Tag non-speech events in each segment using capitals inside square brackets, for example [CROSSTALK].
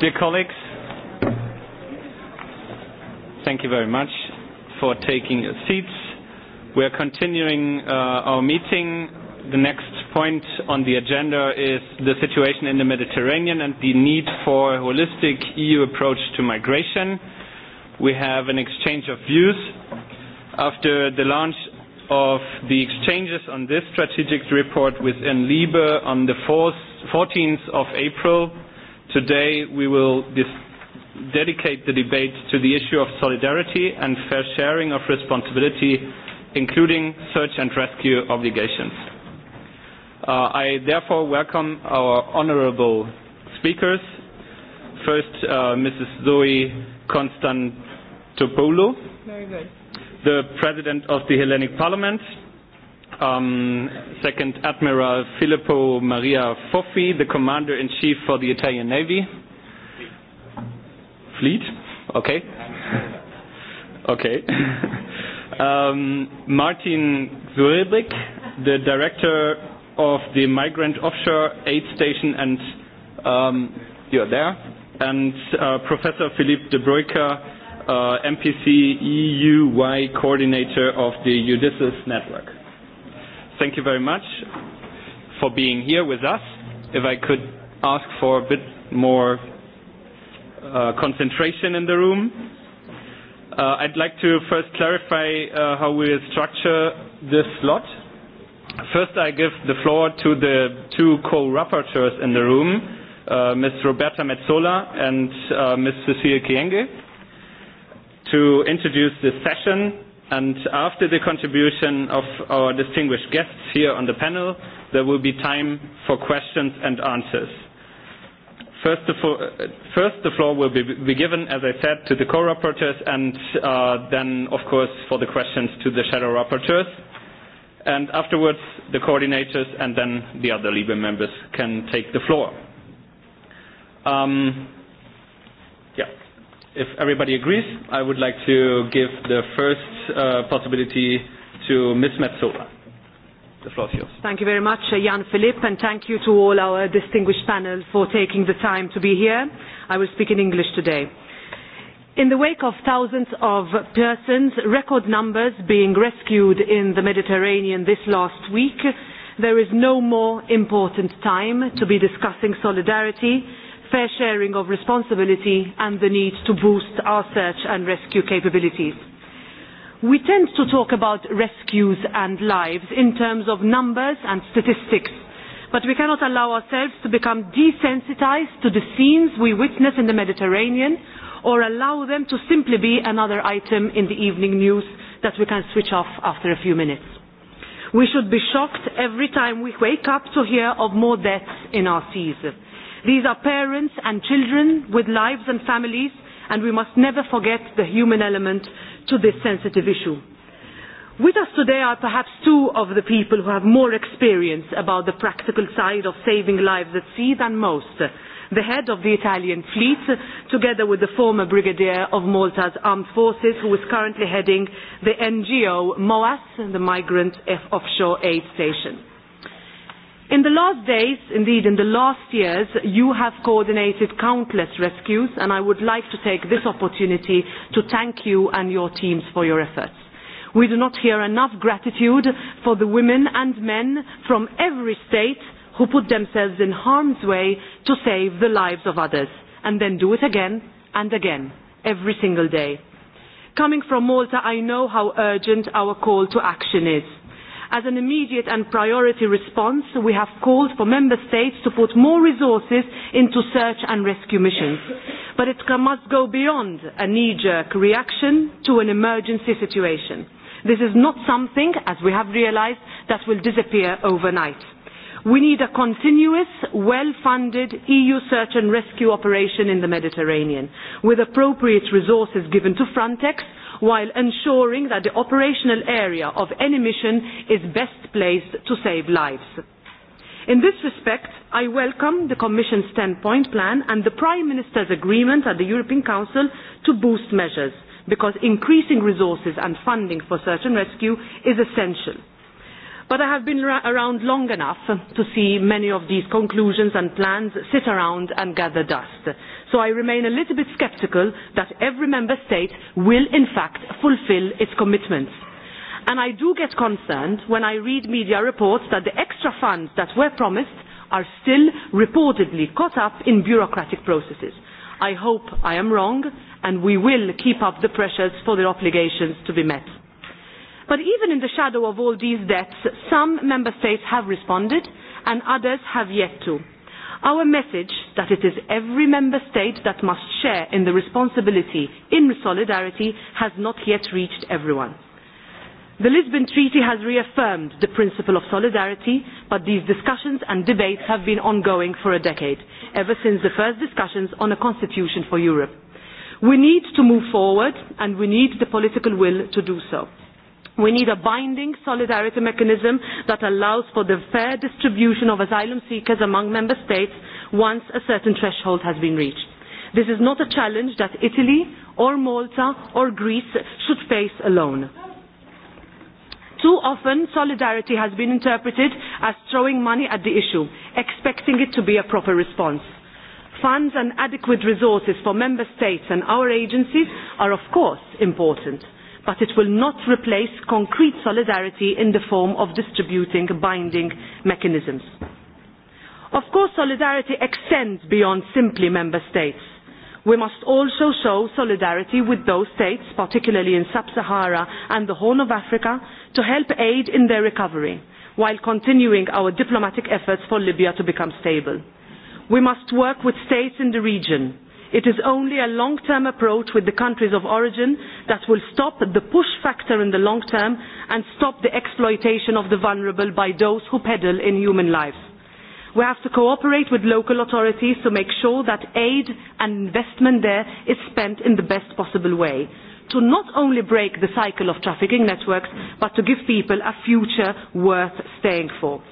Dear colleagues, thank you very much for taking your seats. We are continuing uh, our meeting. The next point on the agenda is the situation in the Mediterranean and the need for a holistic EU approach to migration. We have an exchange of views. After the launch of the exchanges on this strategic report within LIBE on the 4th, 14th of April, Today we will dedicate the debate to the issue of solidarity and fair sharing of responsibility, including search and rescue obligations. Uh, I therefore welcome our honorable speakers. First, uh, Mrs. Zoe Constantopoulou, Very good. the President of the Hellenic Parliament, um, Second Admiral Filippo Maria Foffi, the Commander in Chief for the Italian Navy. Fleet? Okay. Okay. [LAUGHS] um, Martin Zurebrick, the Director of the Migrant Offshore Aid Station, and um, you're there. And uh, Professor Philippe de Broeker, uh, MPC EUY coordinator of the Ulysses Network thank you very much for being here with us. If I could ask for a bit more uh, concentration in the room. Uh, I'd like to first clarify uh, how we structure this slot. First, I give the floor to the two co-rapporteurs in the room, uh, Ms. Roberta Metzola and uh, Ms. Cecile Kienge, to introduce this session And after the contribution of our distinguished guests here on the panel, there will be time for questions and answers. First, the, uh, fo- first, the floor will be, be given, as I said, to the co-rapporteurs and uh, then, of course, for the questions to the shadow rapporteurs. And afterwards, the coordinators and then the other LIBE members can take the floor. Um, if everybody agrees, I would like to give the first uh, possibility to Ms. Metzola. The floor is yours. Thank you very much, uh, Jan Philipp, and thank you to all our distinguished panel for taking the time to be here. I will speak in English today. In the wake of thousands of persons, record numbers being rescued in the Mediterranean this last week, there is no more important time to be discussing solidarity fair sharing of responsibility and the need to boost our search and rescue capabilities. We tend to talk about rescues and lives in terms of numbers and statistics, but we cannot allow ourselves to become desensitized to the scenes we witness in the Mediterranean or allow them to simply be another item in the evening news that we can switch off after a few minutes. We should be shocked every time we wake up to hear of more deaths in our seas These are parents and children with lives and families, and we must never forget the human element to this sensitive issue. With us today are perhaps two of the people who have more experience about the practical side of saving lives at sea than most. The head of the Italian fleet, together with the former brigadier of Malta's armed forces, who is currently heading the NGO MOAS, the Migrant F Offshore Aid Station. In the last days, indeed in the last years, you have coordinated countless rescues and I would like to take this opportunity to thank you and your teams for your efforts. We do not hear enough gratitude for the women and men from every state who put themselves in harm's way to save the lives of others and then do it again and again every single day. Coming from Malta, I know how urgent our call to action is As an immediate and priority response, we have called for Member States to put more resources into search and rescue missions. But it must go beyond a knee-jerk reaction to an emergency situation. This is not something, as we have realised, that will disappear overnight. We need a continuous, well-funded EU search and rescue operation in the Mediterranean, with appropriate resources given to Frontex while ensuring that the operational area of any mission is best placed to save lives. In this respect, I welcome the Commission's 10-point plan and the Prime Minister's agreement at the European Council to boost measures, because increasing resources and funding for search and rescue is essential. But I have been around long enough to see many of these conclusions and plans sit around and gather dust. So I remain a little bit sceptical that every member state will in fact fulfil its commitments. And I do get concerned when I read media reports that the extra funds that were promised are still reportedly caught up in bureaucratic processes. I hope I am wrong and we will keep up the pressures for their obligations to be met. But even in the shadow of all these debts, some member states have responded and others have yet to. Our message that it is every member state that must share in the responsibility in solidarity has not yet reached everyone. The Lisbon Treaty has reaffirmed the principle of solidarity, but these discussions and debates have been ongoing for a decade, ever since the first discussions on a constitution for Europe. We need to move forward and we need the political will to do so. We need a binding solidarity mechanism that allows for the fair distribution of asylum seekers among member states once a certain threshold has been reached. This is not a challenge that Italy or Malta or Greece should face alone. Too often, solidarity has been interpreted as throwing money at the issue, expecting it to be a proper response. Funds and adequate resources for member states and our agencies are of course important but it will not replace concrete solidarity in the form of distributing binding mechanisms. Of course, solidarity extends beyond simply member states. We must also show solidarity with those states, particularly in Sub-Sahara and the Horn of Africa, to help aid in their recovery, while continuing our diplomatic efforts for Libya to become stable. We must work with states in the region, It is only a long-term approach with the countries of origin that will stop the push factor in the long term and stop the exploitation of the vulnerable by those who peddle in human lives. We have to cooperate with local authorities to make sure that aid and investment there is spent in the best possible way to not only break the cycle of trafficking networks, but to give people a future worth staying for.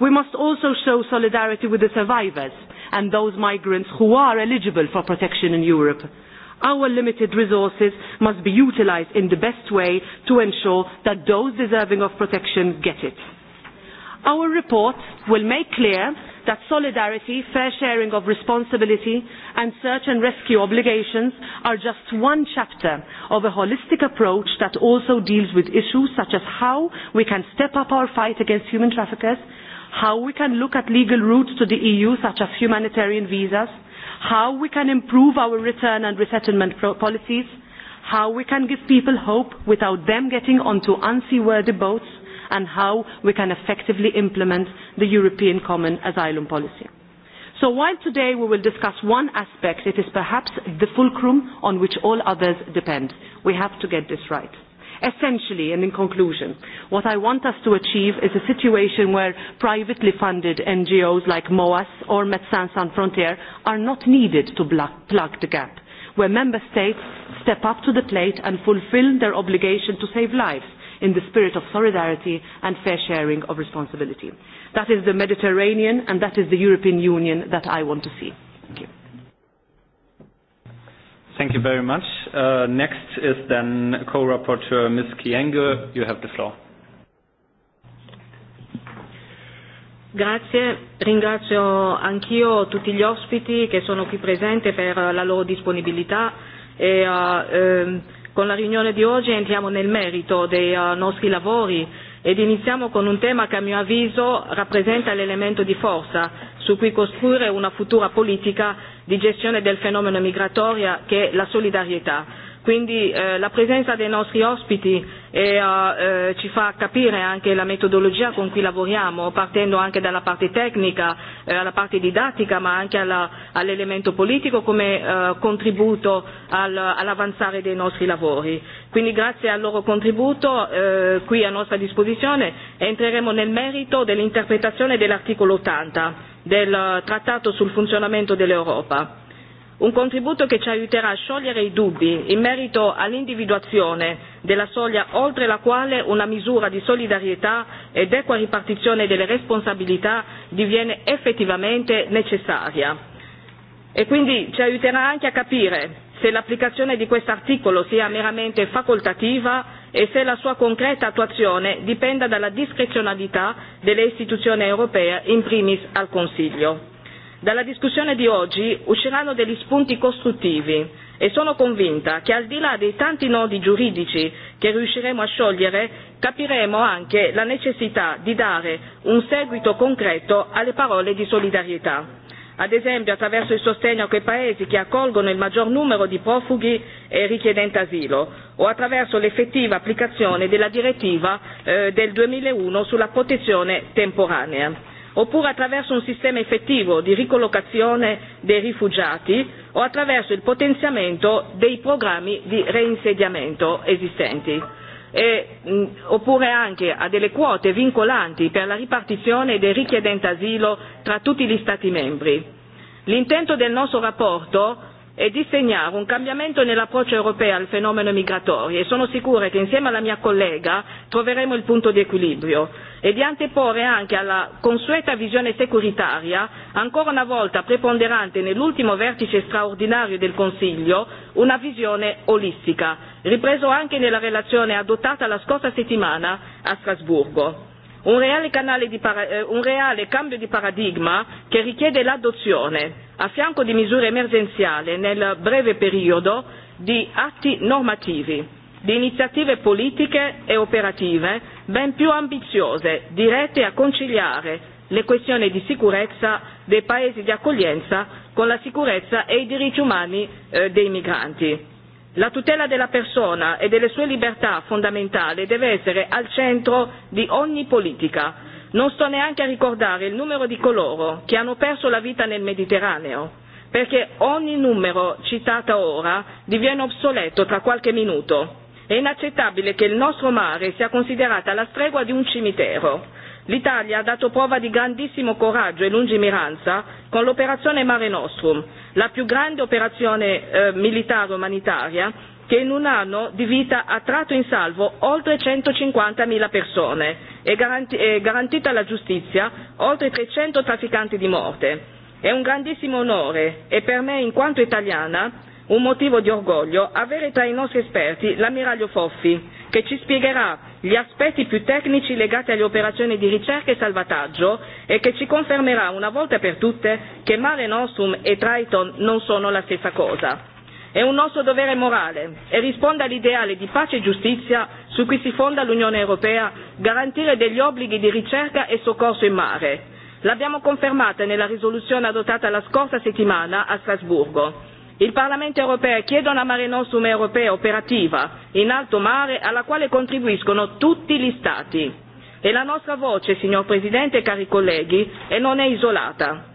We must also show solidarity with the survivors and those migrants who are eligible for protection in Europe. Our limited resources must be utilised in the best way to ensure that those deserving of protection get it. Our report will make clear that solidarity, fair sharing of responsibility and search and rescue obligations are just one chapter of a holistic approach that also deals with issues such as how we can step up our fight against human traffickers how we can look at legal routes to the EU, such as humanitarian visas, how we can improve our return and resettlement policies, how we can give people hope without them getting onto unseaworthy boats, and how we can effectively implement the European Common Asylum Policy. So while today we will discuss one aspect, it is perhaps the fulcrum on which all others depend. We have to get this right. Essentially, and in conclusion, what I want us to achieve is a situation where privately funded NGOs like MOAS or Médecins Sans Frontières are not needed to plug the gap, where member states step up to the plate and fulfill their obligation to save lives in the spirit of solidarity and fair sharing of responsibility. That is the Mediterranean and that is the European Union that I want to see. Thank you. Thank you very much. Uh, next is then co-rapporteur Ms. Kienge. You have the floor. Grazie, ringrazio anch'io tutti gli ospiti che sono qui presenti per la loro disponibilità e uh, ehm, con la riunione di oggi entriamo nel merito dei uh, nostri lavori ed iniziamo con un tema che a mio avviso rappresenta l'elemento di forza su cui costruire una futura politica di gestione del fenomeno migratorio che è la solidarietà. Quindi eh, la presenza dei nostri ospiti è, eh, eh, ci fa capire anche la metodologia con cui lavoriamo, partendo anche dalla parte tecnica, eh, alla parte didattica, ma anche alla, all'elemento politico come eh, contributo al, all'avanzare dei nostri lavori. Quindi grazie al loro contributo eh, qui a nostra disposizione entreremo nel merito dell'interpretazione dell'articolo 80 del eh, Trattato sul funzionamento dell'Europa. Un contributo che ci aiuterà a sciogliere i dubbi in merito all'individuazione della soglia oltre la quale una misura di solidarietà ed equa ripartizione delle responsabilità diviene effettivamente necessaria. E quindi ci aiuterà anche a capire se l'applicazione di questo articolo sia meramente facoltativa e se la sua concreta attuazione dipenda dalla discrezionalità delle istituzioni europee, in primis al Consiglio. Dalla discussione di oggi usciranno degli spunti costruttivi e sono convinta che al di là dei tanti nodi giuridici che riusciremo a sciogliere, capiremo anche la necessità di dare un seguito concreto alle parole di solidarietà ad esempio attraverso il sostegno a quei paesi che accolgono il maggior numero di profughi e richiedenti asilo o attraverso l'effettiva applicazione della direttiva eh, del 2001 sulla protezione temporanea oppure attraverso un sistema effettivo di ricollocazione dei rifugiati o attraverso il potenziamento dei programmi di reinsediamento esistenti e, mh, mm, oppure anche a delle quote vincolanti per la ripartizione dei richiedenti asilo tra tutti gli Stati membri. L'intento del nostro rapporto e disegnare un cambiamento nell'approccio europeo al fenomeno migratorio e sono sicura che insieme alla mia collega troveremo il punto di equilibrio e di anteporre anche alla consueta visione securitaria, ancora una volta preponderante nell'ultimo vertice straordinario del Consiglio, una visione olistica, ripreso anche nella relazione adottata la scorsa settimana a Strasburgo. Un reale, di para- eh, un reale cambio di paradigma che richiede l'adozione a fianco di misure emergenziali nel breve periodo di atti normativi, di iniziative politiche e operative ben più ambiziose, dirette a conciliare le questioni di sicurezza dei paesi di accoglienza con la sicurezza e i diritti umani eh, dei migranti. La tutela della persona e delle sue libertà fondamentali deve essere al centro di ogni politica Non sto neanche a ricordare il numero di coloro che hanno perso la vita nel Mediterraneo, perché ogni numero citato ora diviene obsoleto tra qualche minuto. È inaccettabile che il nostro mare sia considerato la stregua di un cimitero. L'Italia ha dato prova di grandissimo coraggio e lungimiranza con l'operazione Mare Nostrum, la più grande operazione eh, militare umanitaria che in un anno di vita ha tratto in salvo oltre 150.000 persone e, e garantita alla giustizia oltre 300 trafficanti di morte. È un grandissimo onore e per me, in quanto italiana, un motivo di orgoglio avere tra i nostri esperti l'ammiraglio Foffi, che ci spiegherà gli aspetti più tecnici legati alle operazioni di ricerca e salvataggio e che ci confermerà una volta per tutte che Mare Nostrum e Triton non sono la stessa cosa. È un nostro dovere morale e risponde all'ideale di pace e giustizia su cui si fonda l'Unione Europea garantire degli obblighi di ricerca e soccorso in mare. L'abbiamo confermata nella risoluzione adottata la scorsa settimana a Strasburgo. Il Parlamento europeo chiede una Mare Nostrum europea operativa in alto mare alla quale contribuiscono tutti gli Stati. E la nostra voce, signor Presidente e cari colleghi, e non è isolata.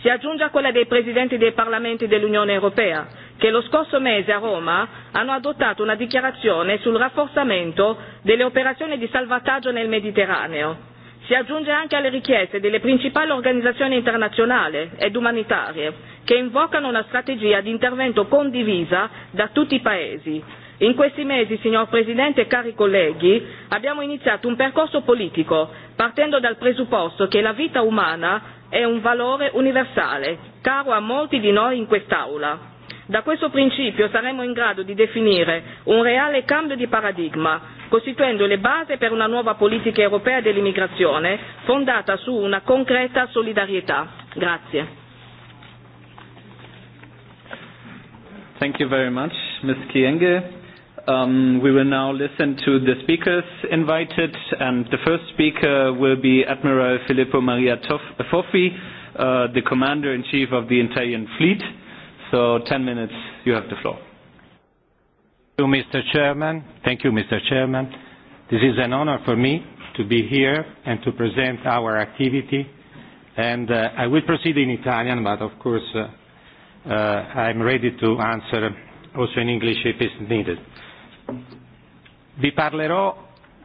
Si aggiunge a quella dei Presidenti dei Parlamenti dell'Unione europea, che lo scorso mese a Roma hanno adottato una dichiarazione sul rafforzamento delle operazioni di salvataggio nel Mediterraneo. Si aggiunge anche alle richieste delle principali organizzazioni internazionali ed umanitarie, che invocano una strategia di intervento condivisa da tutti i Paesi. In questi mesi, signor Presidente e cari colleghi, abbiamo iniziato un percorso politico, partendo dal presupposto che la vita umana è un valore universale, caro a molti di noi in quest'Aula Da questo principio saremo in grado di definire un reale cambio di paradigma, costituendo le basi per una nuova politica europea dell'immigrazione fondata su una concreta solidarietà. Grazie. Thank you very much, Ms. Kienge. Um, we will now listen to the speakers invited, and the first speaker will be Admiral Filippo Maria Toffi, uh, the Commander in Chief of the Italian Fleet. So 10 minutes, you have the floor. Thank you, Mr. Chairman. Thank you, Mr. Chairman. This is an honor for me to be here and to present our activity. And uh, I will proceed in Italian, but of course uh, uh, I'm ready to answer also in English if it's needed. Vi parlerò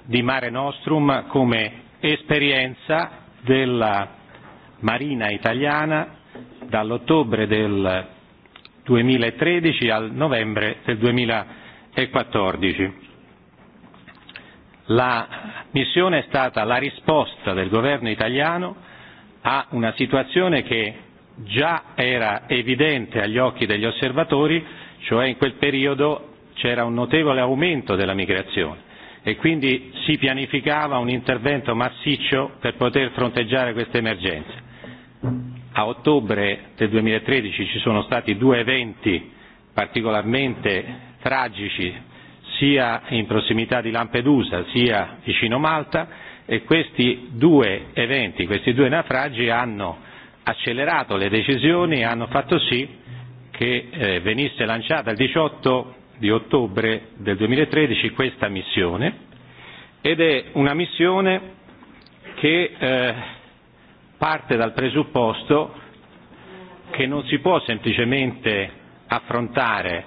di Mare Nostrum come esperienza della Marina italiana dall'ottobre del 2013 al novembre del 2014. La missione è stata la risposta del governo italiano a una situazione che già era evidente agli occhi degli osservatori, cioè in quel periodo c'era un notevole aumento della migrazione e quindi si pianificava un intervento massiccio per poter fronteggiare questa emergenza a ottobre del 2013 ci sono stati due eventi particolarmente tragici sia in prossimità di Lampedusa sia vicino Malta e questi due eventi, questi due naufragi hanno accelerato le decisioni e hanno fatto sì che eh, venisse lanciata il 18 di ottobre del 2013 questa missione ed è una missione che eh, parte dal presupposto che non si può semplicemente affrontare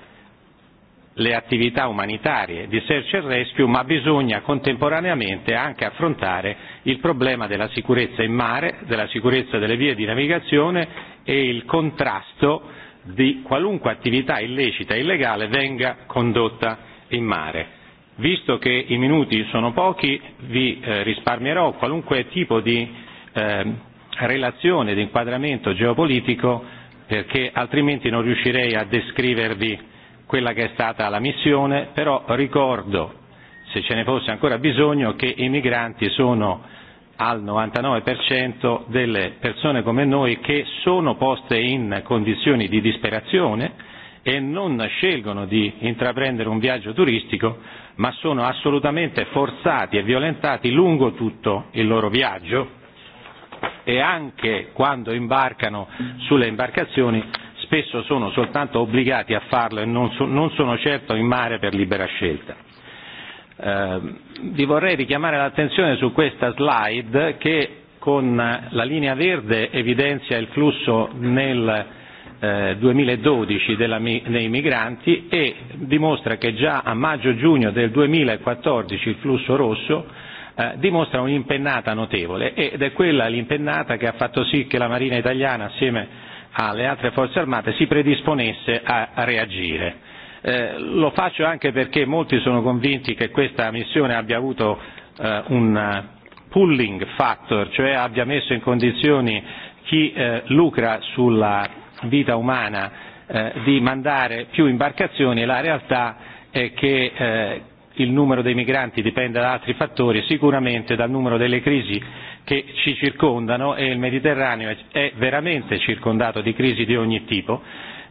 le attività umanitarie di search and rescue, ma bisogna contemporaneamente anche affrontare il problema della sicurezza in mare, della sicurezza delle vie di navigazione e il contrasto di qualunque attività illecita e illegale venga condotta in mare. Visto che i minuti sono pochi, vi eh, risparmierò qualunque tipo di eh, relazione di inquadramento geopolitico perché altrimenti non riuscirei a descrivervi quella che è stata la missione, però ricordo, se ce ne fosse ancora bisogno, che i migranti sono al 99% delle persone come noi che sono poste in condizioni di disperazione e non scelgono di intraprendere un viaggio turistico, ma sono assolutamente forzati e violentati lungo tutto il loro viaggio e anche quando imbarcano sulle imbarcazioni spesso sono soltanto obbligati a farlo e non, so, non sono certo in mare per libera scelta. Eh, vi vorrei richiamare l'attenzione su questa slide che con la linea verde evidenzia il flusso nel eh, 2012 della, dei migranti e dimostra che già a maggio-giugno del 2014 il flusso rosso eh, Eh, dimostra un'impennata notevole ed è quella l'impennata che ha fatto sì che la Marina italiana assieme alle altre forze armate si predisponesse a reagire. Eh, lo faccio anche perché molti sono convinti che questa missione abbia avuto eh, un pulling factor, cioè abbia messo in condizioni chi eh, lucra sulla vita umana eh, di mandare più imbarcazioni e la realtà è che eh, il numero dei migranti dipende da altri fattori, sicuramente dal numero delle crisi che ci circondano e il Mediterraneo è veramente circondato di crisi di ogni tipo.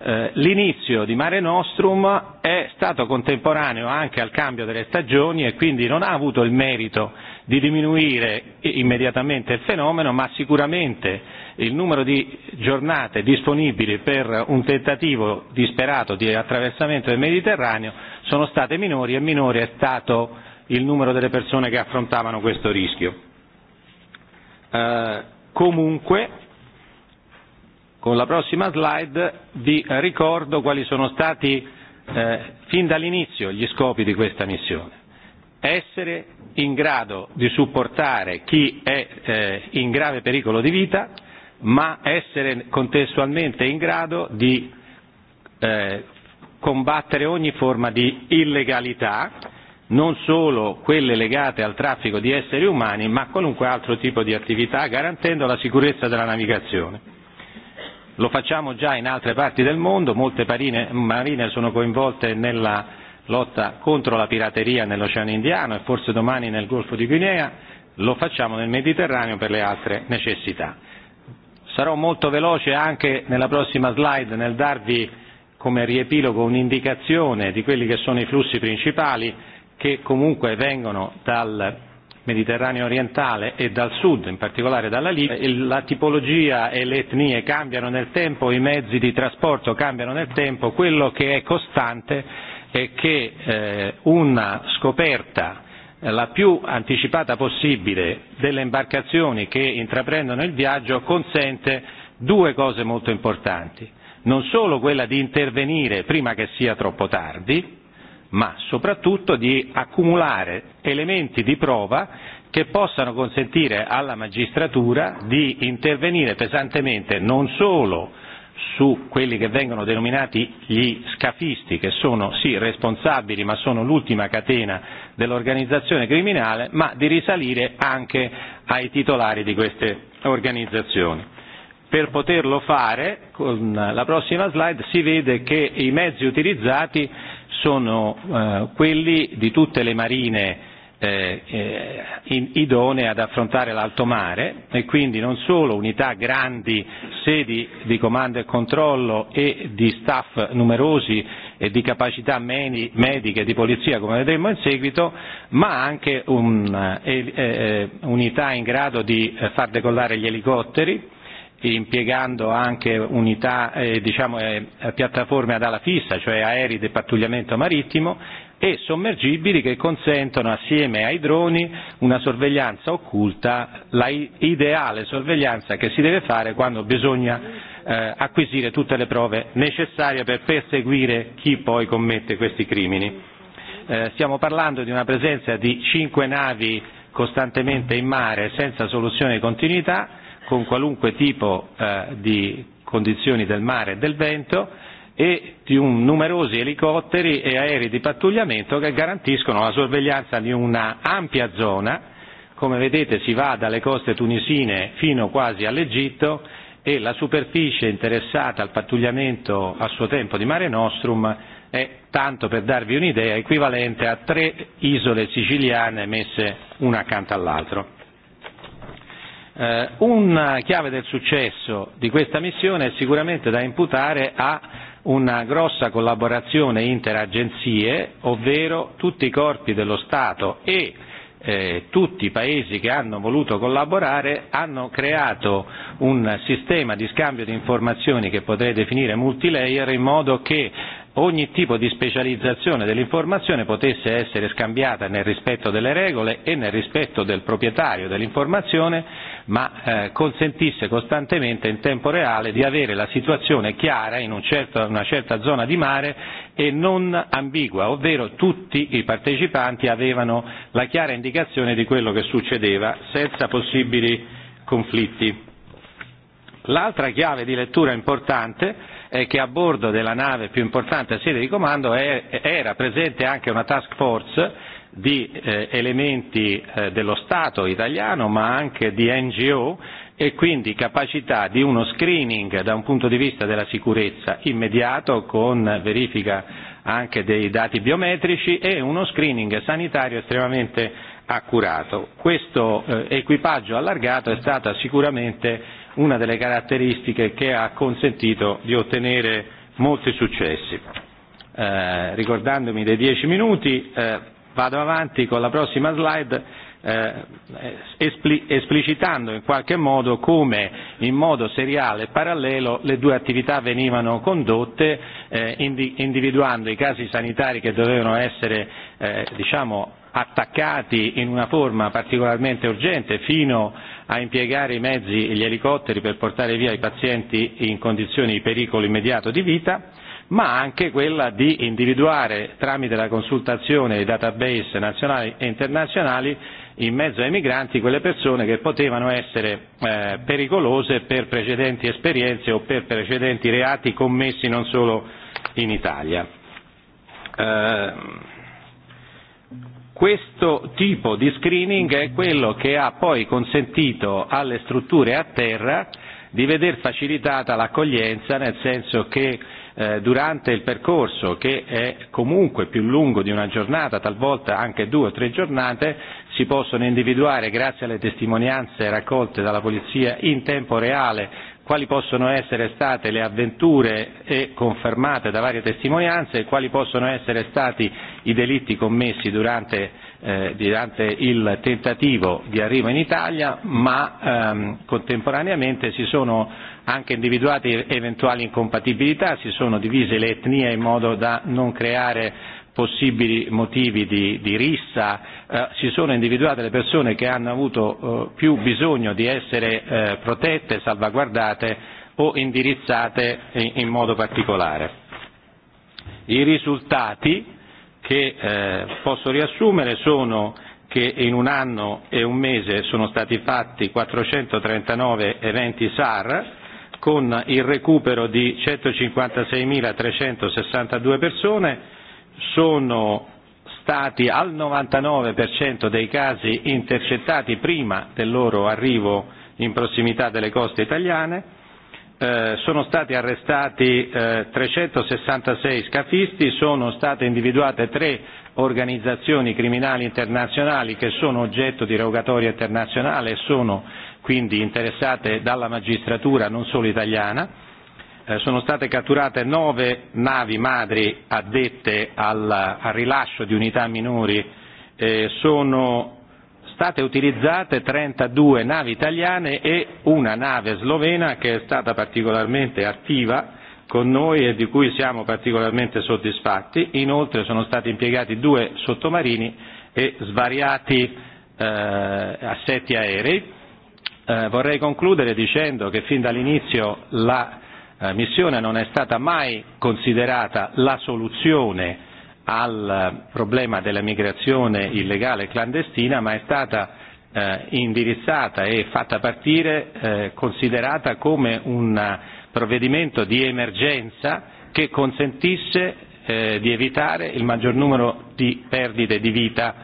Eh, l'inizio di Mare Nostrum è stato contemporaneo anche al cambio delle stagioni e quindi non ha avuto il merito di diminuire immediatamente il fenomeno, ma sicuramente il numero di giornate disponibili per un tentativo disperato di attraversamento del Mediterraneo sono state minori e minore è stato il numero delle persone che affrontavano questo rischio. Eh, comunque, con la prossima slide vi ricordo quali sono stati eh, fin dall'inizio gli scopi di questa missione essere in grado di supportare chi è eh, in grave pericolo di vita, ma essere contestualmente in grado di eh, combattere ogni forma di illegalità, non solo quelle legate al traffico di esseri umani, ma qualunque altro tipo di attività, garantendo la sicurezza della navigazione. Lo facciamo già in altre parti del mondo, molte marine sono coinvolte nella lotta contro la pirateria nell'Oceano Indiano e forse domani nel Golfo di Guinea, lo facciamo nel Mediterraneo per le altre necessità. Sarò molto veloce anche nella prossima slide nel darvi come riepilogo un'indicazione di quelli che sono i flussi principali che comunque vengono dal Mediterraneo orientale e dal sud, in particolare dalla Libia, la tipologia e le etnie cambiano nel tempo, i mezzi di trasporto cambiano nel tempo, quello che è costante è e che eh, una scoperta eh, la più anticipata possibile delle imbarcazioni che intraprendono il viaggio consente due cose molto importanti non solo quella di intervenire prima che sia troppo tardi, ma soprattutto di accumulare elementi di prova che possano consentire alla magistratura di intervenire pesantemente non solo su quelli che vengono denominati gli scafisti, che sono sì responsabili ma sono l'ultima catena dell'organizzazione criminale, ma di risalire anche ai titolari di queste organizzazioni. Per poterlo fare, con la prossima slide si vede che i mezzi utilizzati sono eh, quelli di tutte le marine Eh, eh, in, idonee ad affrontare l'alto mare e quindi non solo unità grandi, sedi di comando e controllo e di staff numerosi e di capacità meni, mediche di polizia come vedremo in seguito, ma anche un, eh, eh, eh, unità in grado di far decollare gli elicotteri impiegando anche unità, eh, diciamo, eh, piattaforme ad ala fissa, cioè aerei di pattugliamento marittimo e sommergibili che consentono assieme ai droni una sorveglianza occulta, la ideale sorveglianza che si deve fare quando bisogna eh, acquisire tutte le prove necessarie per perseguire chi poi commette questi crimini. Eh, stiamo parlando di una presenza di cinque navi costantemente in mare senza soluzione di continuità, con qualunque tipo eh, di condizioni del mare e del vento, e di un, numerosi elicotteri e aerei di pattugliamento che garantiscono la sorveglianza di una ampia zona, come vedete si va dalle coste tunisine fino quasi all'Egitto e la superficie interessata al pattugliamento a suo tempo di Mare Nostrum è, tanto per darvi un'idea, equivalente a tre isole siciliane messe una accanto all'altro. Eh, una chiave del successo di questa missione è sicuramente da imputare a una grossa collaborazione interagenzie, ovvero tutti i corpi dello Stato e eh, tutti i paesi che hanno voluto collaborare hanno creato un sistema di scambio di informazioni che potrei definire multilayer in modo che ogni tipo di specializzazione dell'informazione potesse essere scambiata nel rispetto delle regole e nel rispetto del proprietario dell'informazione, ma eh, consentisse costantemente in tempo reale di avere la situazione chiara in un certo, una certa zona di mare e non ambigua, ovvero tutti i partecipanti avevano la chiara indicazione di quello che succedeva senza possibili conflitti. L'altra chiave di lettura importante è e che a bordo della nave più importante a sede di comando è, era presente anche una task force di eh, elementi eh, dello Stato italiano ma anche di NGO e quindi capacità di uno screening da un punto di vista della sicurezza immediato con verifica anche dei dati biometrici e uno screening sanitario estremamente accurato. Questo eh, equipaggio allargato è stata sicuramente una delle caratteristiche che ha consentito di ottenere molti successi. Eh, ricordandomi dei dieci minuti, eh, vado avanti con la prossima slide eh, espli- esplicitando in qualche modo come in modo seriale e parallelo le due attività venivano condotte, eh, indi- individuando i casi sanitari che dovevano essere eh, diciamo, attaccati in una forma particolarmente urgente fino a impiegare i mezzi e gli elicotteri per portare via i pazienti in condizioni di pericolo immediato di vita, ma anche quella di individuare, tramite la consultazione dei database nazionali e internazionali, in mezzo ai migranti quelle persone che potevano essere eh, pericolose per precedenti esperienze o per precedenti reati commessi non solo in Italia. Eh, Questo tipo di screening è quello che ha poi consentito alle strutture a terra di veder facilitata l'accoglienza, nel senso che eh, durante il percorso, che è comunque più lungo di una giornata, talvolta anche due o tre giornate, si possono individuare, grazie alle testimonianze raccolte dalla polizia in tempo reale, quali possono essere state le avventure e confermate da varie testimonianze e quali possono essere stati i delitti commessi durante, eh, durante il tentativo di arrivo in Italia, ma ehm, contemporaneamente si sono anche individuate eventuali incompatibilità, si sono divise le etnie in modo da non creare possibili motivi di, di rissa, eh, si sono individuate le persone che hanno avuto eh, più bisogno di essere eh, protette, salvaguardate o indirizzate in, in modo particolare. I risultati che eh, posso riassumere sono che in un anno e un mese sono stati fatti 439 eventi SAR, con il recupero di 156.362 persone sono stati al 99% dei casi intercettati prima del loro arrivo in prossimità delle coste italiane, eh, sono stati arrestati eh, 366 scafisti, sono state individuate tre organizzazioni criminali internazionali che sono oggetto di rogatoria internazionale e sono quindi interessate dalla magistratura non solo italiana Eh, sono state catturate nove navi madri addette al, al rilascio di unità minori, eh, sono state utilizzate 32 navi italiane e una nave slovena che è stata particolarmente attiva con noi e di cui siamo particolarmente soddisfatti. Inoltre sono stati impiegati due sottomarini e svariati eh, assetti aerei. Eh, vorrei concludere dicendo che fin dall'inizio la Eh, missione non è stata mai considerata la soluzione al problema della migrazione illegale e clandestina, ma è stata eh, indirizzata e fatta partire, eh, considerata come un provvedimento di emergenza che consentisse eh, di evitare il maggior numero di perdite di vita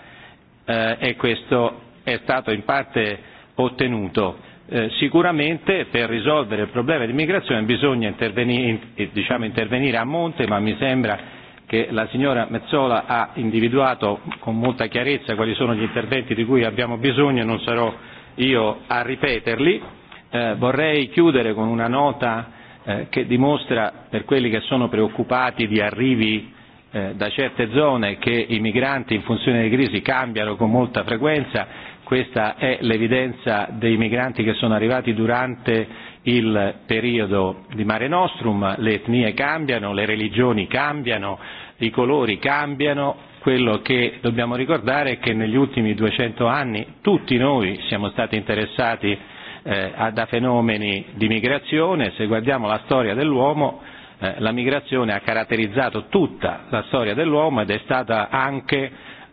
eh, e questo è stato in parte ottenuto Eh, sicuramente per risolvere il problema di immigrazione bisogna intervenire, eh, diciamo, intervenire a monte, ma mi sembra che la signora Mezzola ha individuato con molta chiarezza quali sono gli interventi di cui abbiamo bisogno e non sarò io a ripeterli. Eh, vorrei chiudere con una nota eh, che dimostra per quelli che sono preoccupati di arrivi eh, da certe zone che i migranti in funzione delle crisi cambiano con molta frequenza questa è l'evidenza dei migranti che sono arrivati durante il periodo di Mare Nostrum, le etnie cambiano, le religioni cambiano, i colori cambiano, quello che dobbiamo ricordare è che negli ultimi 200 anni tutti noi siamo stati interessati eh, da fenomeni di migrazione, se guardiamo la storia dell'uomo eh, la migrazione ha caratterizzato tutta la storia dell'uomo ed è stata anche eh,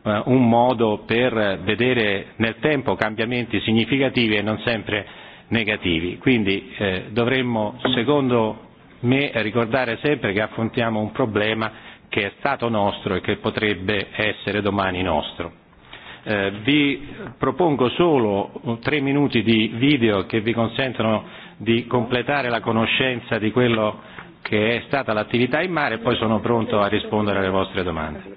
eh, un modo per vedere nel tempo cambiamenti significativi e non sempre negativi. Quindi eh, dovremmo, secondo me, ricordare sempre che affrontiamo un problema che è stato nostro e che potrebbe essere domani nostro. Eh, vi propongo solo eh, tre minuti di video che vi consentono di completare la conoscenza di quello che è stata l'attività in mare e poi sono pronto a rispondere alle vostre domande.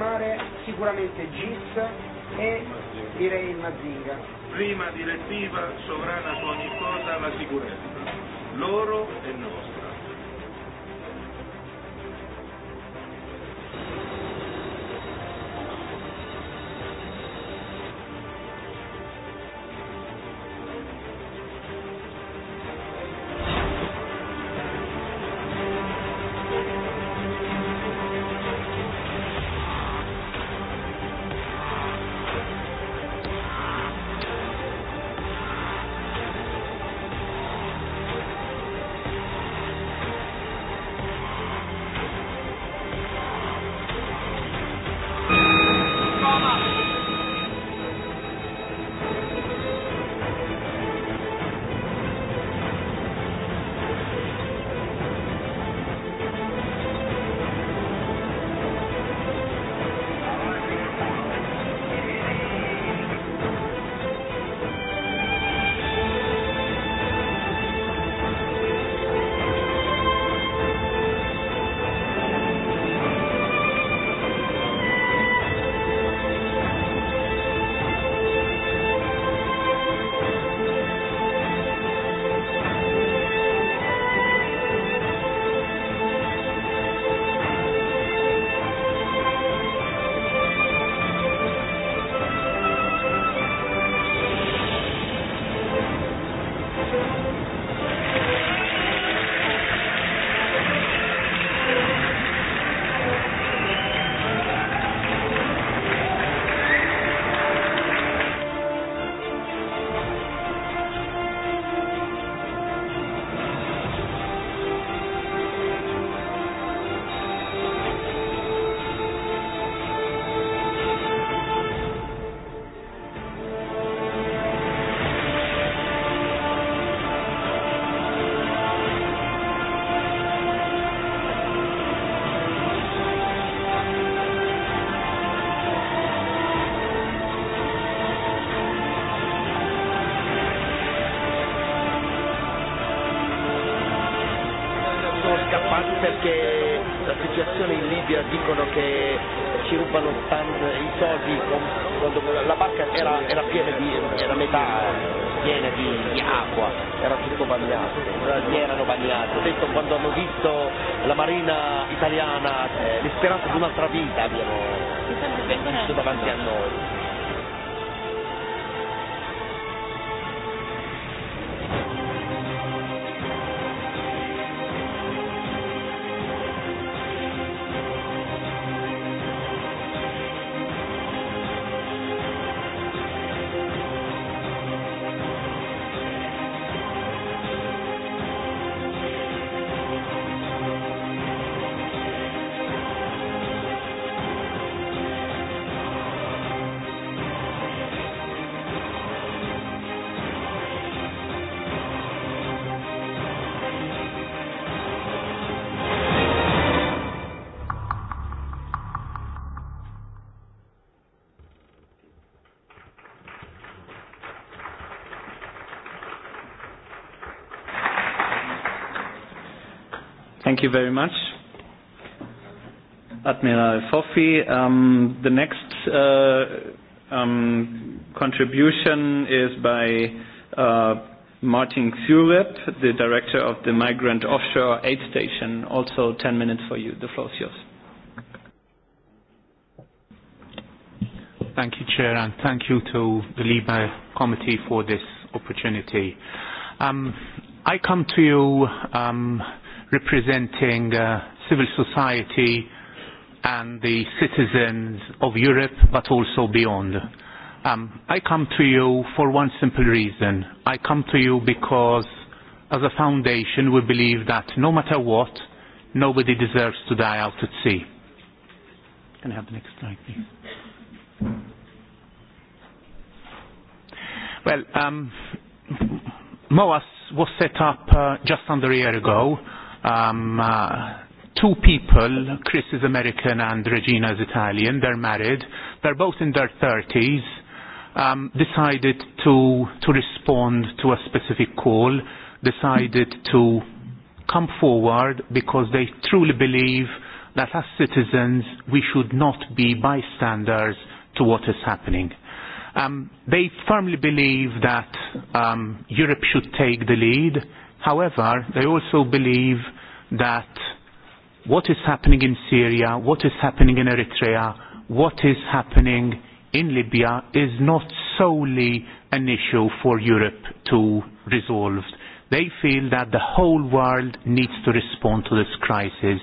confermare sicuramente GIS e direi il Mazinga. Prima direttiva sovrana su ogni cosa la sicurezza, loro e noi. quando hanno visto la marina italiana, eh, l'esperanza di un'altra vita abbiano vissuto davanti a noi. Thank you very much, Admiral Foffi. Um, the next uh, um, contribution is by uh, Martin Zurep, the director of the Migrant Offshore Aid Station. Also 10 minutes for you. The floor is yours. Thank you, Chair, and thank you to the LIBE Committee for this opportunity. Um, I come to you um, representing uh, civil society and the citizens of Europe, but also beyond. Um, I come to you for one simple reason. I come to you because, as a foundation, we believe that no matter what, nobody deserves to die out at sea. Can I have the next slide, please? Well, um, MOAS was set up uh, just under a year ago um, uh, two people, Chris is American and Regina is Italian, they're married, they're both in their 30s, um, decided to, to respond to a specific call, decided to come forward because they truly believe that as citizens we should not be bystanders to what is happening. Um, they firmly believe that um, Europe should take the lead However, they also believe that what is happening in Syria, what is happening in Eritrea, what is happening in Libya is not solely an issue for Europe to resolve. They feel that the whole world needs to respond to this crisis.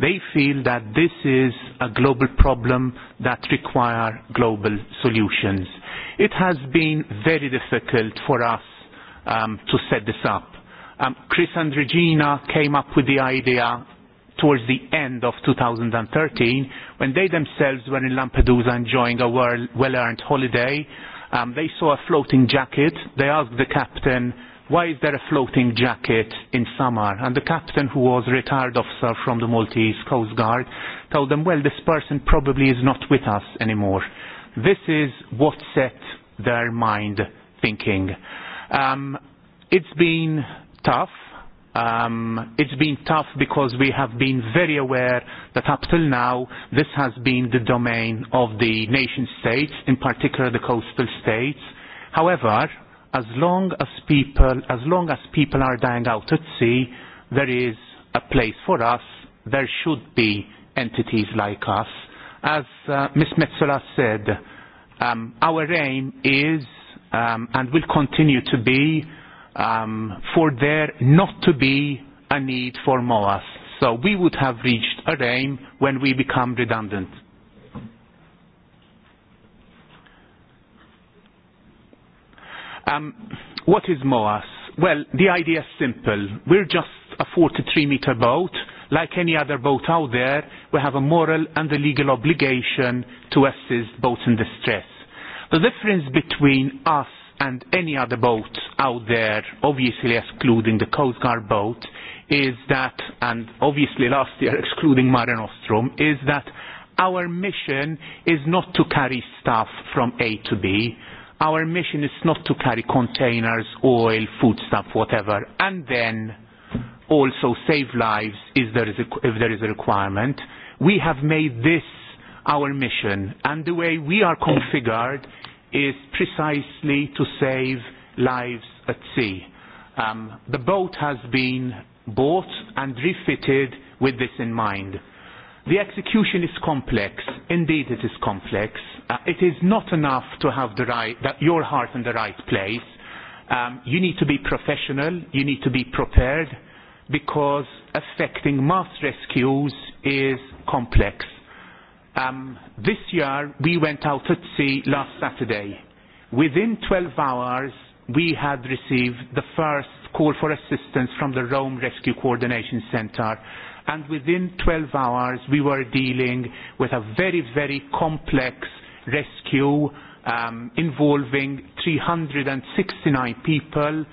They feel that this is a global problem that requires global solutions. It has been very difficult for us um, to set this up Um, Chris and Regina came up with the idea towards the end of 2013 when they themselves were in Lampedusa enjoying a well-earned holiday. Um, they saw a floating jacket. They asked the captain, why is there a floating jacket in summer? And the captain, who was a retired officer from the Maltese Coast Guard, told them, well, this person probably is not with us anymore. This is what set their mind thinking. Um, it's been tough. Um, it's been tough because we have been very aware that up till now this has been the domain of the nation states, in particular the coastal states. However, as long as people, as long as people are dying out at sea, there is a place for us. There should be entities like us. As uh, Ms. Metzola said, um, our aim is um, and will continue to be um, for there not to be a need for MOAS. So we would have reached a aim when we become redundant. Um, what is MOAS? Well, the idea is simple. We're just a 43 meter boat. Like any other boat out there, we have a moral and a legal obligation to assist boats in distress. The difference between us and any other boat out there, obviously excluding the Coast Guard boat, is that, and obviously last year excluding Mare Nostrum, is that our mission is not to carry stuff from A to B. Our mission is not to carry containers, oil, foodstuff, whatever, and then also save lives if there is a, if there is a requirement. We have made this our mission, and the way we are configured is precisely to save lives at sea. Um, the boat has been bought and refitted with this in mind. The execution is complex. Indeed, it is complex. Uh, it is not enough to have the right, that your heart in the right place. Um, you need to be professional. You need to be prepared because affecting mass rescues is complex. Um, this year, we went out at sea last Saturday. Within 12 hours, we had received the first call for assistance from the Rome Rescue Coordination Centre. And within 12 hours, we were dealing with a very, very complex rescue um, involving 369 people,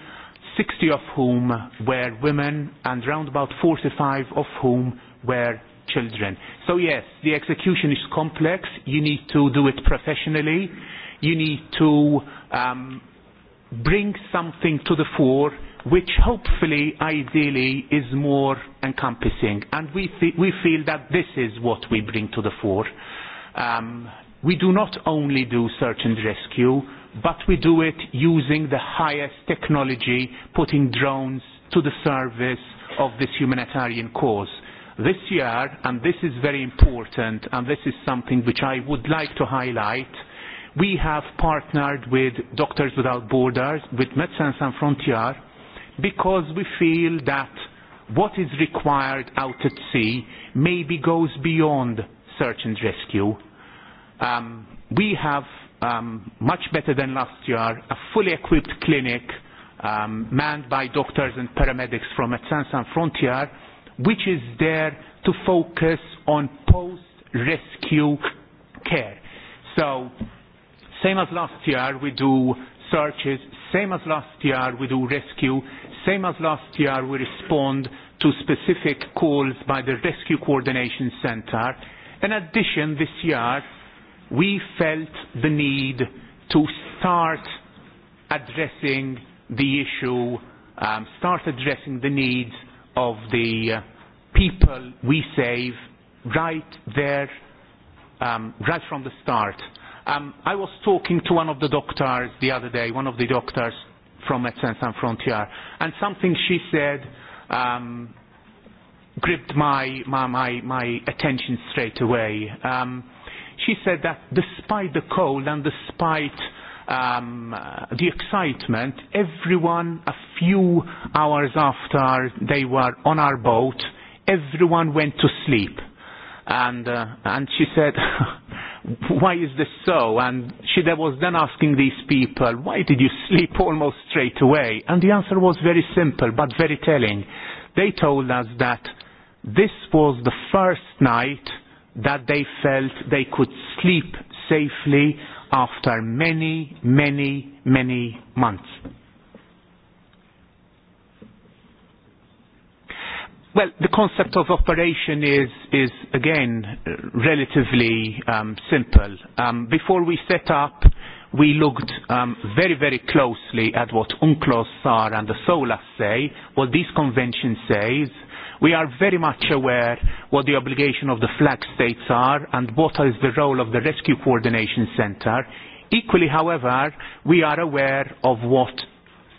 60 of whom were women and round about 45 of whom were children. So yes, the execution is complex. You need to do it professionally. You need to um, bring something to the fore which hopefully, ideally, is more encompassing. And we, th- we feel that this is what we bring to the fore. Um, we do not only do search and rescue, but we do it using the highest technology, putting drones to the service of this humanitarian cause this year, and this is very important, and this is something which I would like to highlight, we have partnered with Doctors Without Borders, with Médecins Sans Frontières, because we feel that what is required out at sea maybe goes beyond search and rescue. Um, we have, um, much better than last year, a fully equipped clinic um, manned by doctors and paramedics from Médecins Sans Frontières which is there to focus on post-rescue care. So, same as last year, we do searches, same as last year, we do rescue, same as last year, we respond to specific calls by the Rescue Coordination Center. In addition, this year, we felt the need to start addressing the issue, um, start addressing the needs of the uh, people we save right there, um, right from the start. Um, I was talking to one of the doctors the other day, one of the doctors from Medicine Sans Frontier, and something she said um, gripped my, my, my, my attention straight away. Um, she said that despite the cold and despite um, uh, the excitement, everyone a few hours after they were on our boat everyone went to sleep. And, uh, and she said, [LAUGHS] why is this so? And she then was then asking these people, why did you sleep almost straight away? And the answer was very simple, but very telling. They told us that this was the first night that they felt they could sleep safely after many, many, many months Well, the concept of operation is, is again, relatively um, simple. Um, before we set up, we looked um, very, very closely at what UNCLOS, SAR and the SOLAS say, what this convention says. We are very much aware what the obligation of the flag states are and what is the role of the Rescue Coordination Center. Equally, however, we are aware of what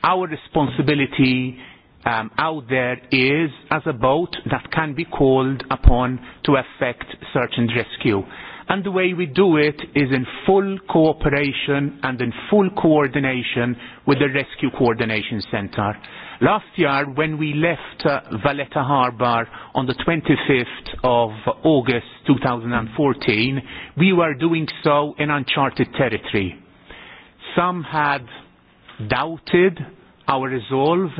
our responsibility is um, out there is as a boat that can be called upon to effect search and rescue. And the way we do it is in full cooperation and in full coordination with the Rescue Coordination Centre. Last year, when we left uh, Valletta Harbour on the 25th of August 2014, we were doing so in uncharted territory. Some had doubted our resolve,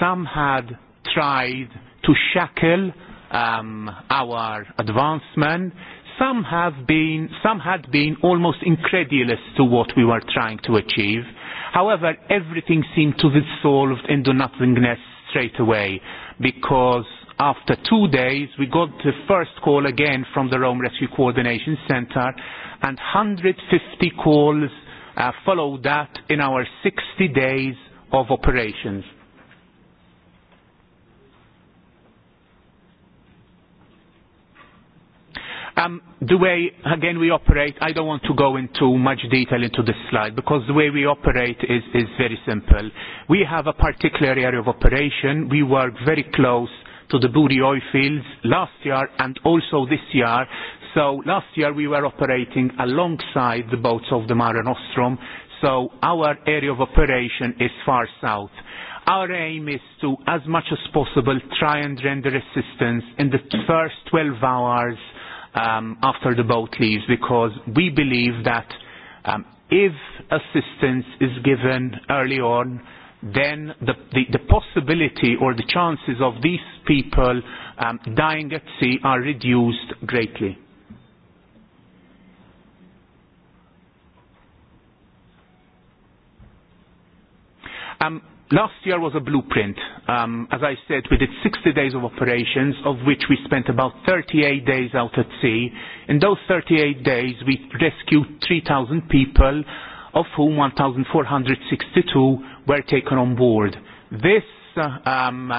some had tried to shackle um, our advancement. Some have been, some had been almost incredulous to what we were trying to achieve. However, everything seemed to be solved into nothingness straight away because after two days we got the first call again from the Rome Rescue Coordination Center and 150 calls uh, followed that in our 60 days of operations. Um, the way, again, we operate, I don't want to go into much detail into this slide because the way we operate is, is very simple. We have a particular area of operation. We work very close to the Booty oil fields last year and also this year. So last year we were operating alongside the boats of the Mare Nostrum, so our area of operation is far south. Our aim is to, as much as possible, try and render assistance in the first 12 hours um, after the boat leaves because we believe that um, if assistance is given early on, then the, the, the possibility or the chances of these people um, dying at sea are reduced greatly. Um, Last year was a blueprint. Um, as I said, we did 60 days of operations, of which we spent about 38 days out at sea. In those 38 days, we rescued 3,000 people, of whom 1,462 were taken on board. This, uh, um,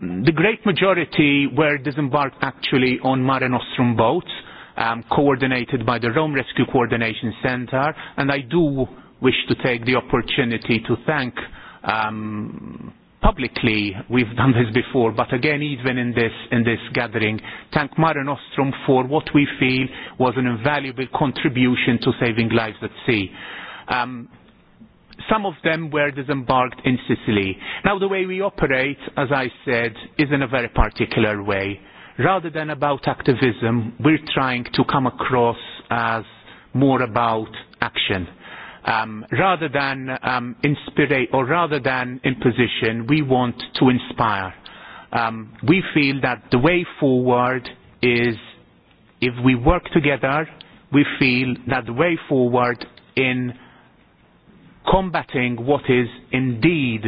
the great majority were disembarked actually on Mare Nostrum boats, um, coordinated by the Rome Rescue Coordination Center, and I do wish to take the opportunity to thank um, publicly we've done this before, but again, even in this, in this gathering, thank Mare Nostrum for what we feel was an invaluable contribution to saving lives at sea. Um, some of them were disembarked in Sicily. Now, the way we operate, as I said, is in a very particular way. Rather than about activism, we're trying to come across as more about action um, rather than um, inspire or rather than imposition, we want to inspire. Um, we feel that the way forward is if we work together, we feel that the way forward in combating what is indeed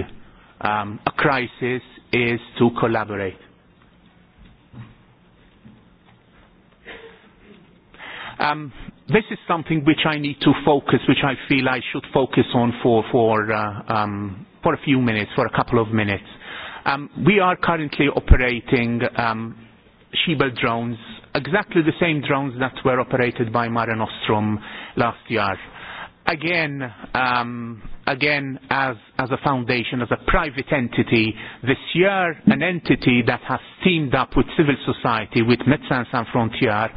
um, a crisis is to collaborate. Um, this is something which I need to focus, which I feel I should focus on for, for, uh, um, for a few minutes, for a couple of minutes. Um, we are currently operating um, Shebel drones, exactly the same drones that were operated by Mare Nostrum last year. Again, um, again as, as a foundation, as a private entity, this year an entity that has teamed up with civil society, with Médecins Sans Frontières,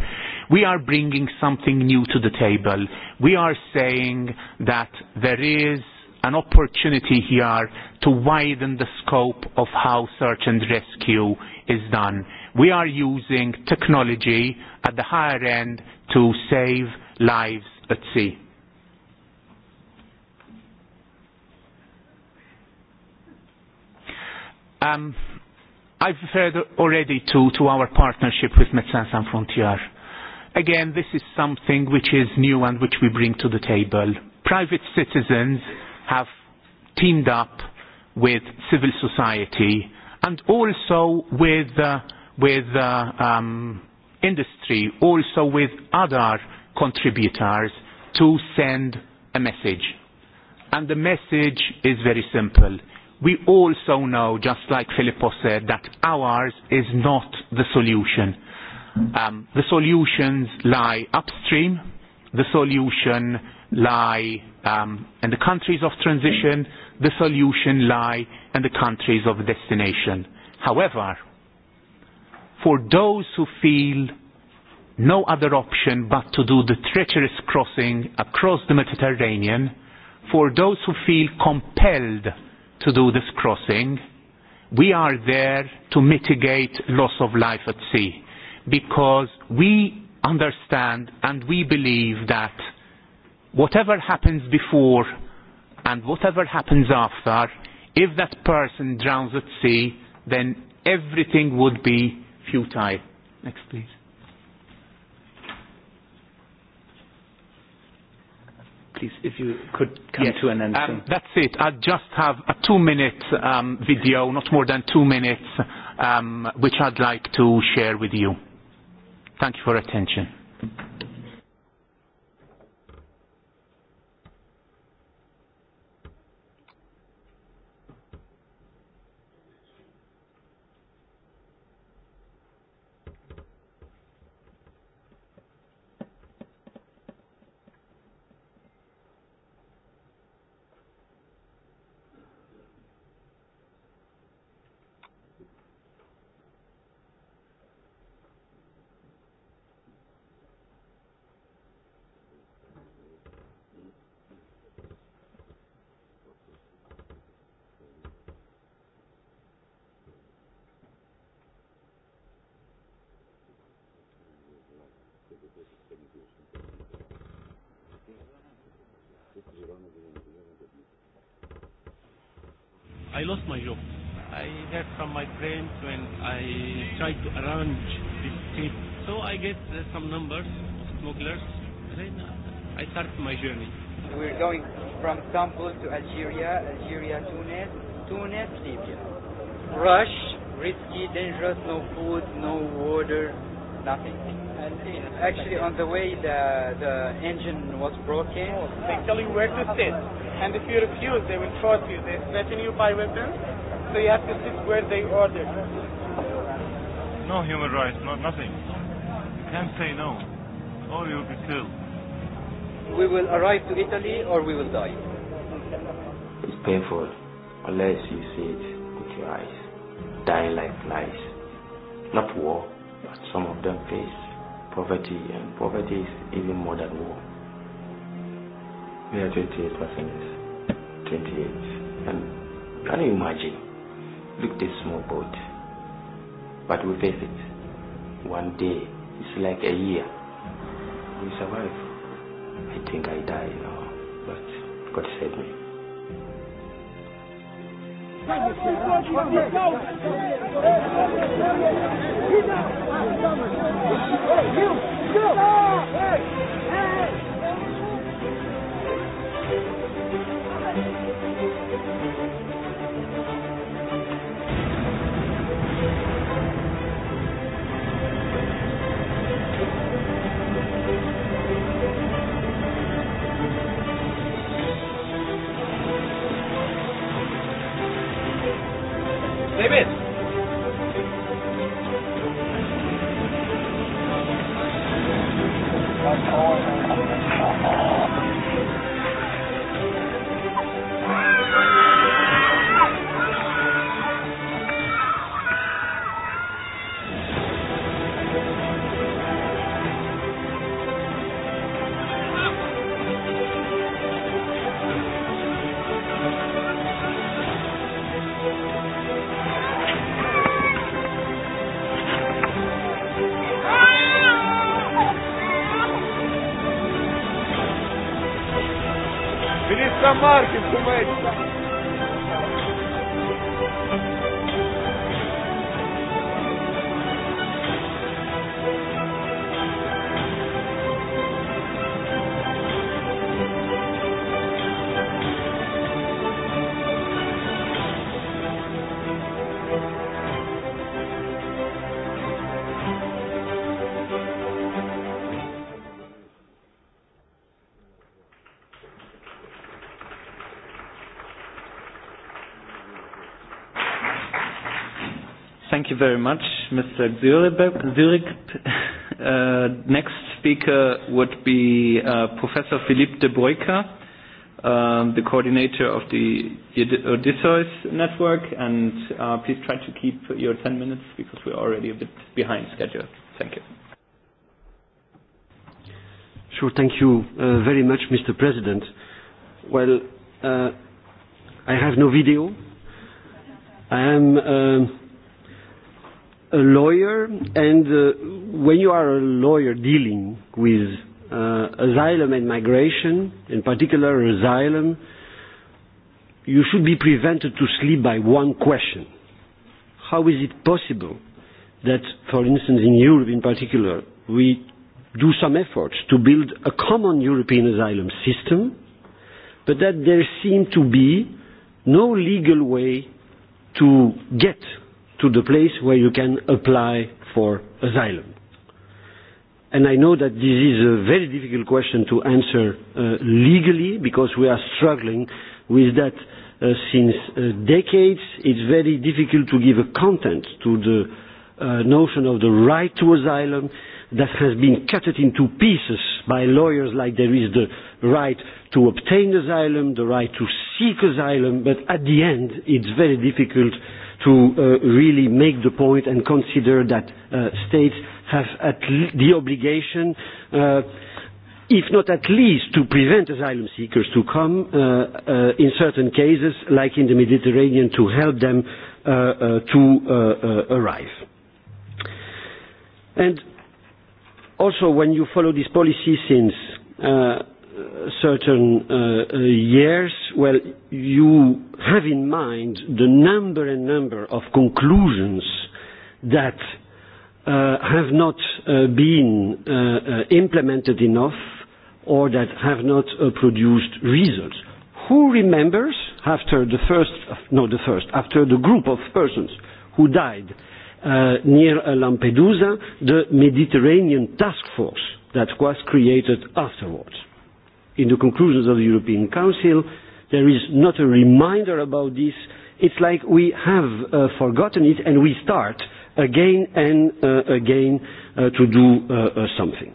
We are bringing something new to the table. We are saying that there is an opportunity here to widen the scope of how search and rescue is done. We are using technology at the higher end to save lives at sea. Um, I've referred already to, to our partnership with Médecins Sans Frontières Again, this is something which is new and which we bring to the table. Private citizens have teamed up with civil society and also with, uh, with uh, um, industry, also with other contributors to send a message. And the message is very simple. We also know, just like Filippo said, that ours is not the solution Um, the solutions lie upstream. The solution lie um, in the countries of transition. The solution lie in the countries of destination. However, for those who feel no other option but to do the treacherous crossing across the Mediterranean, for those who feel compelled to do this crossing, we are there to mitigate loss of life at sea because we understand and we believe that whatever happens before and whatever happens after, if that person drowns at sea, then everything would be futile. Next, please. Please, if you could come yes. to an end. Um, that's it. I just have a two-minute um, video, not more than two minutes, um, which I'd like to share with you. Thank you for attention. journey? We're going from Istanbul to Algeria, Algeria, Tunis, Tunis, Libya. Rush, risky, dangerous, no food, no water, nothing. And actually, on the way, the, the engine was broken. they tell you where to sit. And if you refuse, they will trust you. They threaten you by weapons. So you have to sit where they order. No human rights, not nothing. You can't say no, or you'll be killed we will arrive to Italy or we will die. It's painful unless you see it with your eyes. Dying like flies. Not war, but some of them face poverty, and poverty is even more than war. We are 28 passengers. 28. And can you imagine? Look this small boat. But we face it. One day, it's like a year. We survive. I think I you now, but God saved me. Hey, you, go! Hey, hey. David very much, Mr. Zurek. Uh, next speaker would be uh, Professor Philippe de Broeker, um, the coordinator of the Odysseus network, and uh, please try to keep your 10 minutes because we're already a bit behind schedule. Thank you. Sure, thank you uh, very much, Mr. President. Well, uh, I have no video. I am. Uh, a lawyer, and uh, when you are a lawyer dealing with uh, asylum and migration, in particular asylum, you should be prevented to sleep by one question. How is it possible that, for instance, in Europe in particular, we do some efforts to build a common European asylum system, but that there seem to be no legal way to get to the place where you can apply for asylum. And I know that this is a very difficult question to answer uh, legally because we are struggling with that uh, since uh, decades. It's very difficult to give a content to the uh, notion of the right to asylum that has been cut into pieces by lawyers like there is the right to obtain asylum, the right to seek asylum, but at the end it's very difficult uh, to uh, really make the point and consider that uh, states have at le- the obligation, uh, if not at least, to prevent asylum seekers to come uh, uh, in certain cases, like in the Mediterranean, to help them uh, uh, to uh, uh, arrive. And also, when you follow this policy since uh, certain uh, uh, years, well, you have in mind the number and number of conclusions that uh, have not uh, been uh, uh, implemented enough or that have not uh, produced results. Who remembers after the first, no, the first, after the group of persons who died uh, near uh, Lampedusa, the Mediterranean Task Force that was created afterwards? in the conclusions of the European Council. There is not a reminder about this. It's like we have uh, forgotten it and we start again and uh, again uh, to do uh, uh, something.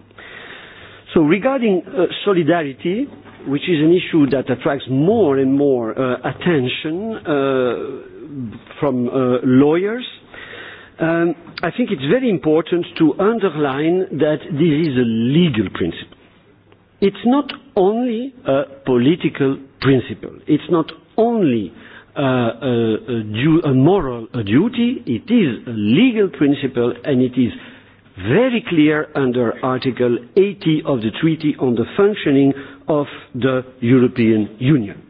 So regarding uh, solidarity, which is an issue that attracts more and more uh, attention uh, from uh, lawyers, um, I think it's very important to underline that this is a legal principle it's not only a political principle. It's not only uh, a, a, du- a moral a duty. It is a legal principle, and it is very clear under Article 80 of the Treaty on the Functioning of the European Union.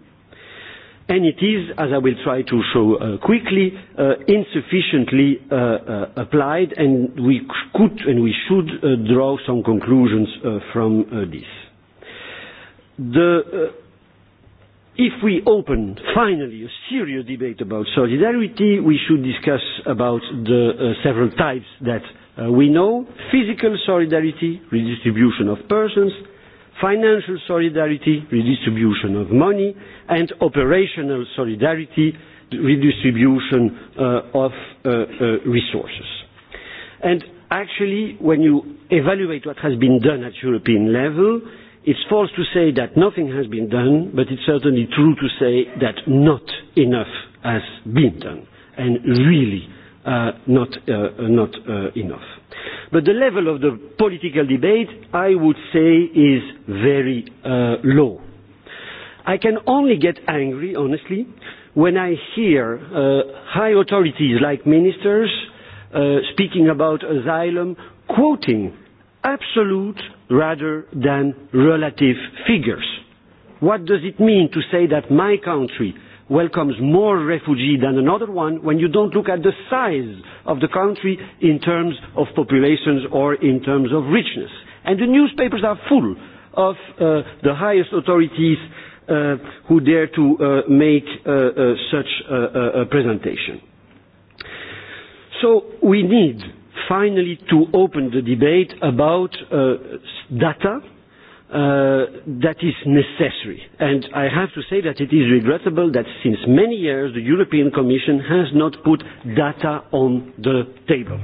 And it is, as I will try to show uh, quickly, uh, insufficiently uh, uh, applied, and we could and we should uh, draw some conclusions uh, from uh, this the uh, if we open finally a serious debate about solidarity, we should discuss about the uh, several types that uh, we know. Physical solidarity, redistribution of persons, financial solidarity, redistribution of money, and operational solidarity, redistribution uh, of uh, uh, resources. And actually, when you evaluate what has been done at European level, uh, It's false to say that nothing has been done, but it's certainly true to say that not enough has been done, and really uh, not, uh, uh, not uh, enough. But the level of the political debate, I would say, is very uh, low. I can only get angry, honestly, when I hear uh, high authorities like ministers uh, speaking about asylum quoting absolute rather than relative figures. What does it mean to say that my country welcomes more refugees than another one when you don't look at the size of the country in terms of populations or in terms of richness? And the newspapers are full of uh, the highest authorities uh, who dare to uh, make uh, uh, such a, a presentation. So we need finally to open the debate about uh, data uh, that is necessary. And I have to say that it is regrettable that since many years the European Commission has not put data on the table.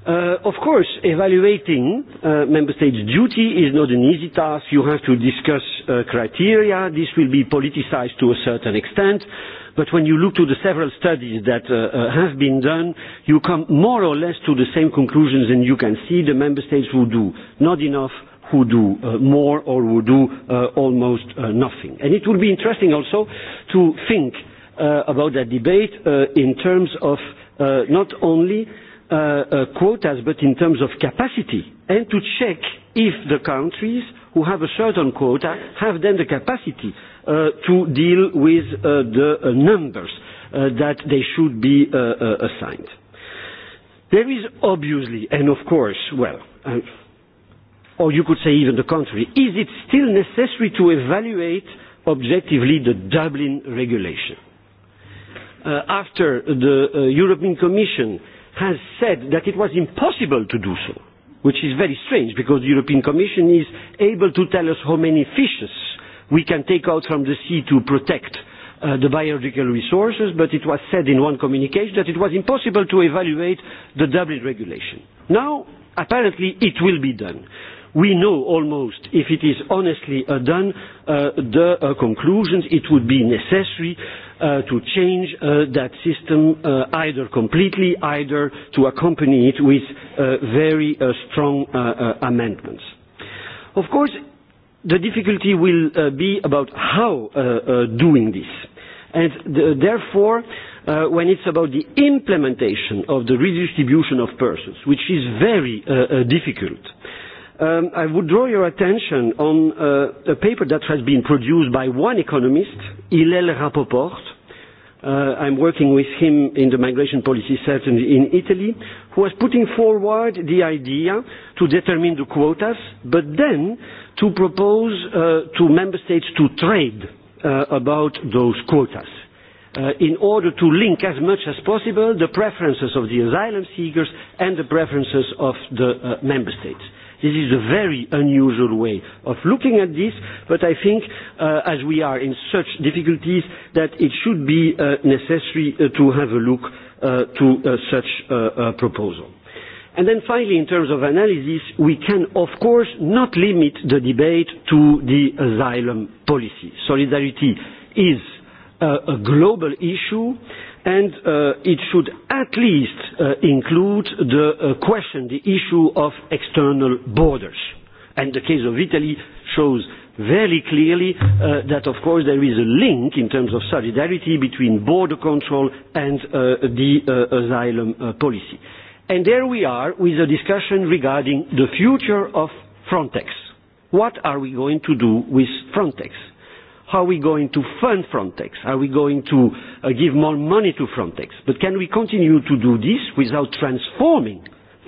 Uh, of course, evaluating uh, member states' duty is not an easy task. You have to discuss uh, criteria. This will be politicized to a certain extent. But when you look to the several studies that uh, uh, have been done, you come more or less to the same conclusions, and you can see the member states who do not enough, who do uh, more, or who do uh, almost uh, nothing. And it will be interesting also to think uh, about that debate uh, in terms of uh, not only uh, uh, uh, quotas but in terms of capacity and to check if the countries who have a certain quota have then the capacity uh, to deal with uh, the uh, numbers uh, that they should be uh, uh, assigned. There is obviously, and of course, well, uh, or you could say even the contrary, is it still necessary to evaluate objectively the Dublin regulation? Uh, after the uh, European Commission uh, has said that it was impossible to do so, which is very strange because the European Commission is able to tell us how many fishes we can take out from the sea to protect uh, the biological resources, but it was said in one communication that it was impossible to evaluate the Dublin regulation. Now, apparently, it will be done. We know almost, if it is honestly uh, done, uh, the uh, conclusions. It would be necessary uh, to change uh, that system uh, either completely, either to accompany it with uh, very uh, strong uh, uh, amendments. Of course, the difficulty will uh, be about how uh, uh, doing this. And the, therefore, uh, when it's about the implementation of the redistribution of persons, which is very uh, uh, difficult, uh, um, I would draw your attention on uh, a paper that has been produced by one economist, Hillel Rapoport. Uh, I'm working with him in the migration policy center in Italy, who was putting forward the idea to determine the quotas, but then to propose uh, to member states to trade uh, about those quotas. Uh, in order to link as much as possible the preferences of the asylum seekers and the preferences of the uh, member states. This is a very unusual way of looking at this, but I think uh, as we are in such difficulties that it should be uh, necessary uh, to have a look uh, to uh, such uh, a uh, uh, proposal. And then finally, in terms of analysis, we can, of course, not limit the debate to the asylum policy. Solidarity is uh, a global issue and uh, it should at least uh, include the uh, question, the issue of external borders. And the case of Italy shows very clearly uh, that, of course, there is a link in terms of solidarity between border control and uh, the uh, asylum uh, policy. And there we are with a discussion regarding the future of Frontex. What are we going to do with Frontex? how are we going to fund Frontex? Are we going to uh, give more money to Frontex? But can we continue to do this without transforming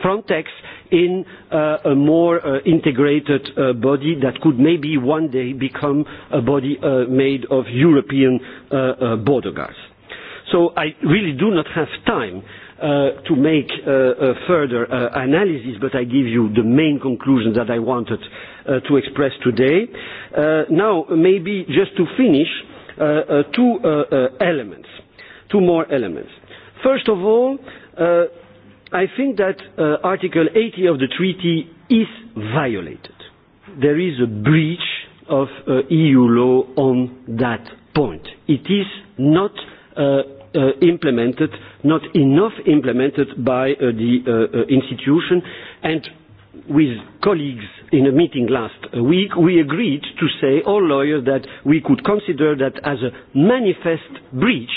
Frontex in uh, a more uh, integrated uh, body that could maybe one day become a body uh, made of European uh, uh, border guards? So I really do not have time uh, to make uh, a uh, further uh, analysis, but I give you the main conclusions that I wanted uh, to express today. Uh, now, maybe just to finish, uh, uh, two uh, uh, elements, two more elements. First of all, uh, I think that uh, Article 80 of the treaty is violated. There is a breach of uh, EU law on that point. It is not uh, uh, implemented not enough implemented by uh, the uh, uh, institution. And with colleagues in a meeting last week, we agreed to say, all lawyers, that we could consider that as a manifest breach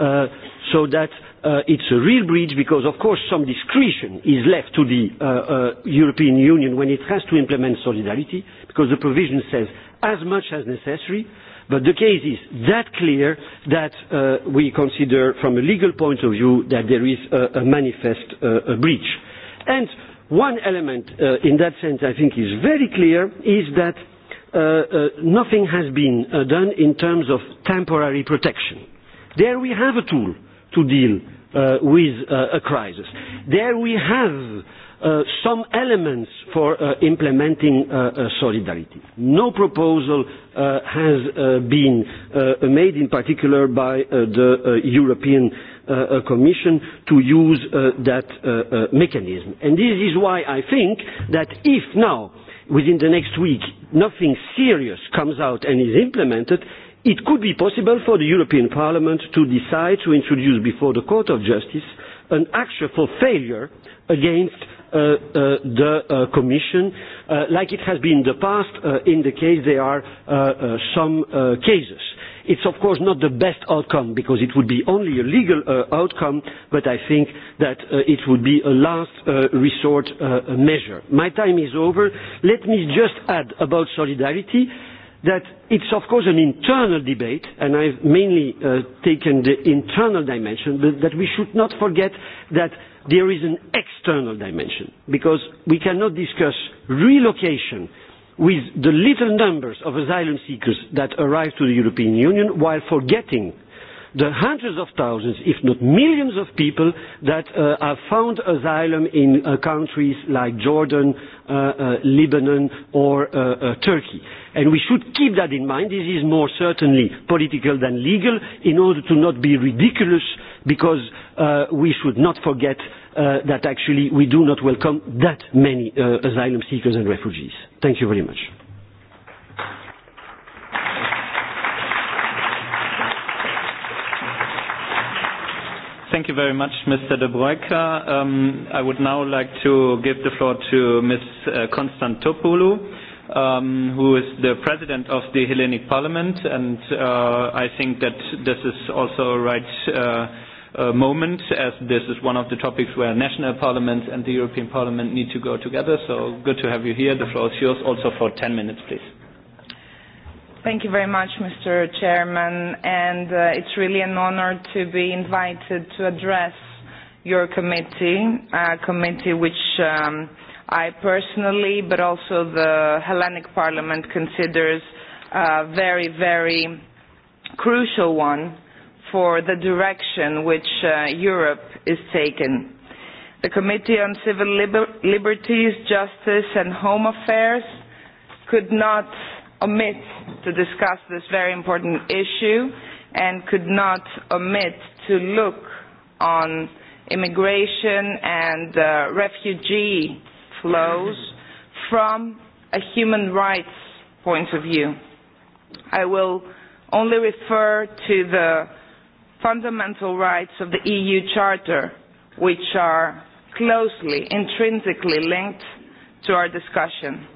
uh, so that uh, it's a real breach because, of course, some discretion is left to the uh, uh, European Union when it has to implement solidarity because the provision says as much as necessary. Uh, But the case is that clear that uh, we consider from a legal point of view that there is a, a manifest uh, a breach. And one element uh, in that sense I think is very clear is that uh, uh, nothing has been uh, done in terms of temporary protection. There we have a tool to deal uh, with uh, a crisis. There we have Uh, some elements for uh, implementing uh, uh, solidarity. No proposal uh, has uh, been uh, made, in particular by uh, the uh, European uh, uh, Commission, to use uh, that uh, uh, mechanism. And this is why I think that if now, within the next week, nothing serious comes out and is implemented, it could be possible for the European Parliament to decide to introduce before the Court of Justice an action for failure against Uh, uh, the uh, Commission. Uh, like it has been in the past, in the case there are some cases. It's of course not the best outcome because it would be only a legal outcome, but I think that it would be a last resort measure. My time is over. Let me just add about solidarity that it's of course an internal debate, and I've mainly uh, taken the internal dimension, but that we should not forget that there is an external dimension because we cannot discuss relocation with the little numbers of asylum seekers that arrive to the European Union while forgetting the hundreds of thousands, if not millions of people that uh, have found asylum in uh, countries like Jordan, uh, uh, Lebanon or uh, uh, Turkey. And we should keep that in mind. This is more certainly political than legal in order to not be ridiculous because uh, we should not forget uh, that actually we do not welcome that many uh, asylum seekers and refugees. Thank you very much. Thank you very much, Mr. De Bruyke. Um, I would now like to give the floor to Ms. Uh, Konstantopoulou, um, who is the president of the Hellenic Parliament, and uh, I think that this is also a right uh, uh, moment, as this is one of the topics where national parliaments and the European Parliament need to go together. So good to have you here. The floor is yours, also for 10 minutes, please. Thank you very much, Mr. Chairman, and uh, it's really an honor to be invited to address your committee, a committee which um, I personally, but also the Hellenic Parliament considers a uh, very, very crucial one for the direction which uh, Europe is taken. The Committee on Civil Liber Liberties, Justice and Home Affairs could not omit to discuss this very important issue and could not omit to look on immigration and uh, refugee flows from a human rights point of view. I will only refer to the fundamental rights of the EU Charter, which are closely, intrinsically linked to our discussion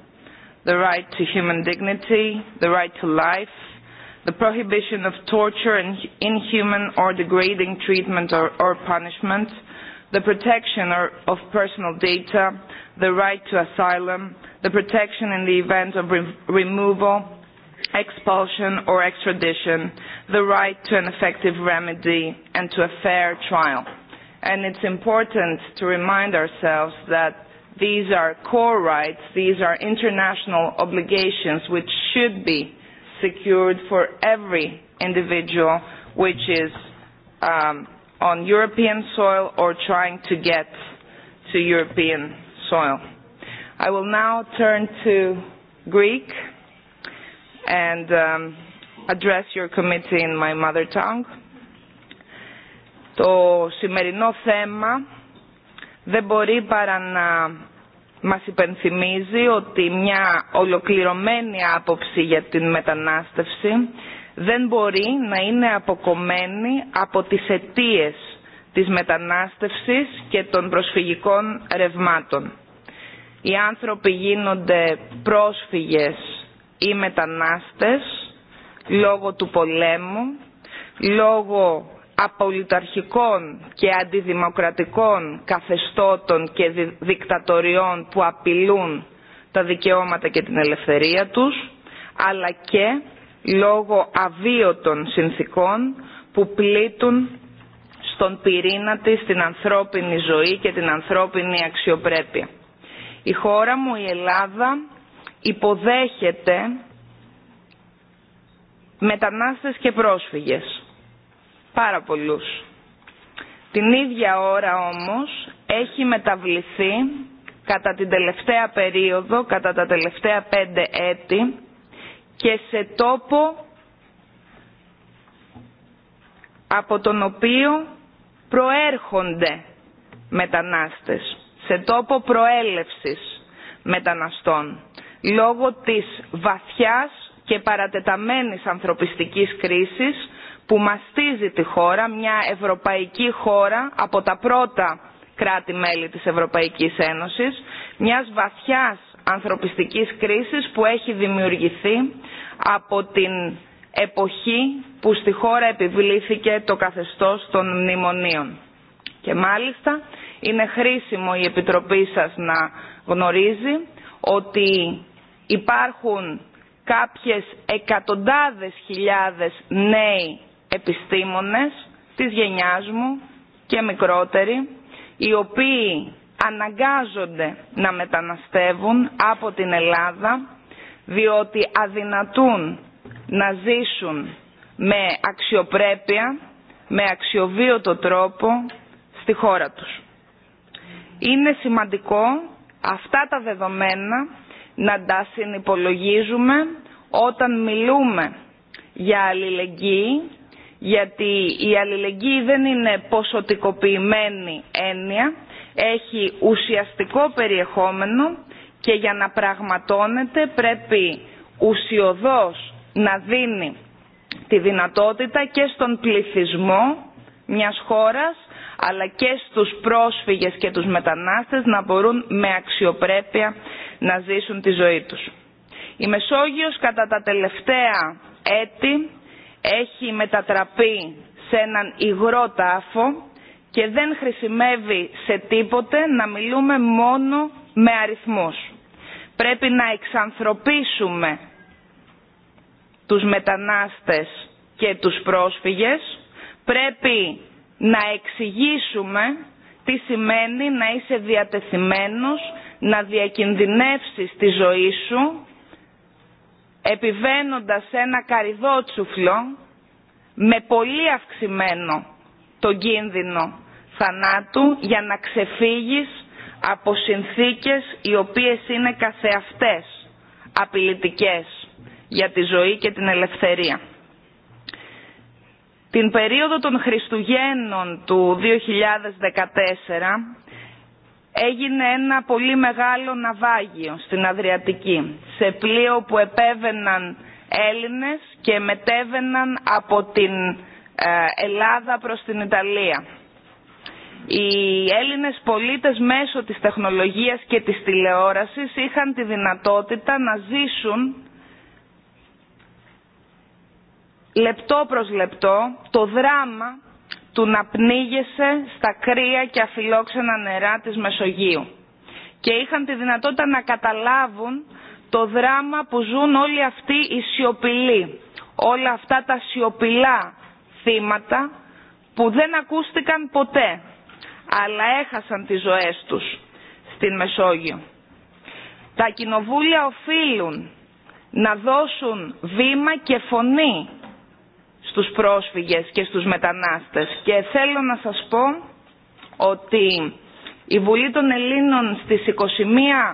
the right to human dignity, the right to life, the prohibition of torture and inhuman or degrading treatment or, or punishment, the protection or, of personal data, the right to asylum, the protection in the event of re removal, expulsion or extradition, the right to an effective remedy and to a fair trial. And it's important to remind ourselves that These are core rights. These are international obligations which should be secured for every individual which is um, on European soil or trying to get to European soil. I will now turn to Greek and um, address your committee in my mother tongue. Το σημερινό θέμα δεν μπορεί παρά να μας υπενθυμίζει ότι μια ολοκληρωμένη άποψη για την μετανάστευση δεν μπορεί να είναι αποκομμένη από τις αιτίες της μετανάστευσης και των προσφυγικών ρευμάτων. Οι άνθρωποι γίνονται πρόσφυγες ή μετανάστες λόγω του πολέμου, λόγω απολυταρχικών και αντιδημοκρατικών καθεστώτων και δικτατοριών που απειλούν τα δικαιώματα και την ελευθερία τους, αλλά και λόγω αβίωτων συνθήκων που πλήττουν στον πυρήνα της την ανθρώπινη ζωή και την ανθρώπινη αξιοπρέπεια. Η χώρα μου, η Ελλάδα, υποδέχεται μετανάστες και πρόσφυγες πάρα πολλούς. Την ίδια ώρα όμως έχει μεταβληθεί κατά την τελευταία περίοδο, κατά τα τελευταία πέντε έτη και σε τόπο από τον οποίο προέρχονται μετανάστες, σε τόπο προέλευσης μεταναστών, λόγω της βαθιάς και παρατεταμένης ανθρωπιστικής κρίσης που μαστίζει τη χώρα, μια ευρωπαϊκή χώρα από τα πρώτα κράτη-μέλη της Ευρωπαϊκής Ένωσης, μιας βαθιάς ανθρωπιστικής κρίσης που έχει δημιουργηθεί από την εποχή που στη χώρα επιβλήθηκε το καθεστώς των μνημονίων. Και μάλιστα είναι χρήσιμο η Επιτροπή σας να γνωρίζει ότι υπάρχουν κάποιες εκατοντάδες χιλιάδες νέοι επιστήμονες της γενιάς μου και μικρότεροι, οι οποίοι αναγκάζονται να μεταναστεύουν από την Ελλάδα διότι αδυνατούν να ζήσουν με αξιοπρέπεια, με αξιοβίωτο τρόπο στη χώρα τους. Είναι σημαντικό αυτά τα δεδομένα να τα συνυπολογίζουμε όταν μιλούμε για αλληλεγγύη γιατί η αλληλεγγύη δεν είναι ποσοτικοποιημένη έννοια, έχει ουσιαστικό περιεχόμενο και για να πραγματώνεται πρέπει ουσιοδός να δίνει τη δυνατότητα και στον πληθυσμό μιας χώρας αλλά και στους πρόσφυγες και τους μετανάστες να μπορούν με αξιοπρέπεια να ζήσουν τη ζωή τους. Η Μεσόγειος κατά τα τελευταία έτη έχει μετατραπεί σε έναν υγρό τάφο και δεν χρησιμεύει σε τίποτε να μιλούμε μόνο με αριθμούς. Πρέπει να εξανθρωπίσουμε τους μετανάστες και τους πρόσφυγες. Πρέπει να εξηγήσουμε τι σημαίνει να είσαι διατεθειμένος να διακινδυνεύσεις τη ζωή σου επιβαίνοντας ένα καριδότσουφλο με πολύ αυξημένο το κίνδυνο θανάτου για να ξεφύγεις από συνθήκες οι οποίες είναι καθεαυτές απειλητικές για τη ζωή και την ελευθερία. Την περίοδο των Χριστουγέννων του 2014 έγινε ένα πολύ μεγάλο ναυάγιο στην Αδριατική σε πλοίο που επέβαιναν Έλληνες και μετέβαιναν από την ε, Ελλάδα προς την Ιταλία. Οι Έλληνες πολίτες μέσω της τεχνολογίας και της τηλεόρασης είχαν τη δυνατότητα να ζήσουν λεπτό προς λεπτό το δράμα του να πνίγεσαι στα κρύα και αφιλόξενα νερά της Μεσογείου. Και είχαν τη δυνατότητα να καταλάβουν το δράμα που ζουν όλοι αυτοί οι σιωπηλοί. Όλα αυτά τα σιωπηλά θύματα που δεν ακούστηκαν ποτέ, αλλά έχασαν τις ζωές τους στην Μεσόγειο. Τα κοινοβούλια οφείλουν να δώσουν βήμα και φωνή στους πρόσφυγες και στους μετανάστες. Και θέλω να σας πω ότι η Βουλή των Ελλήνων στις 21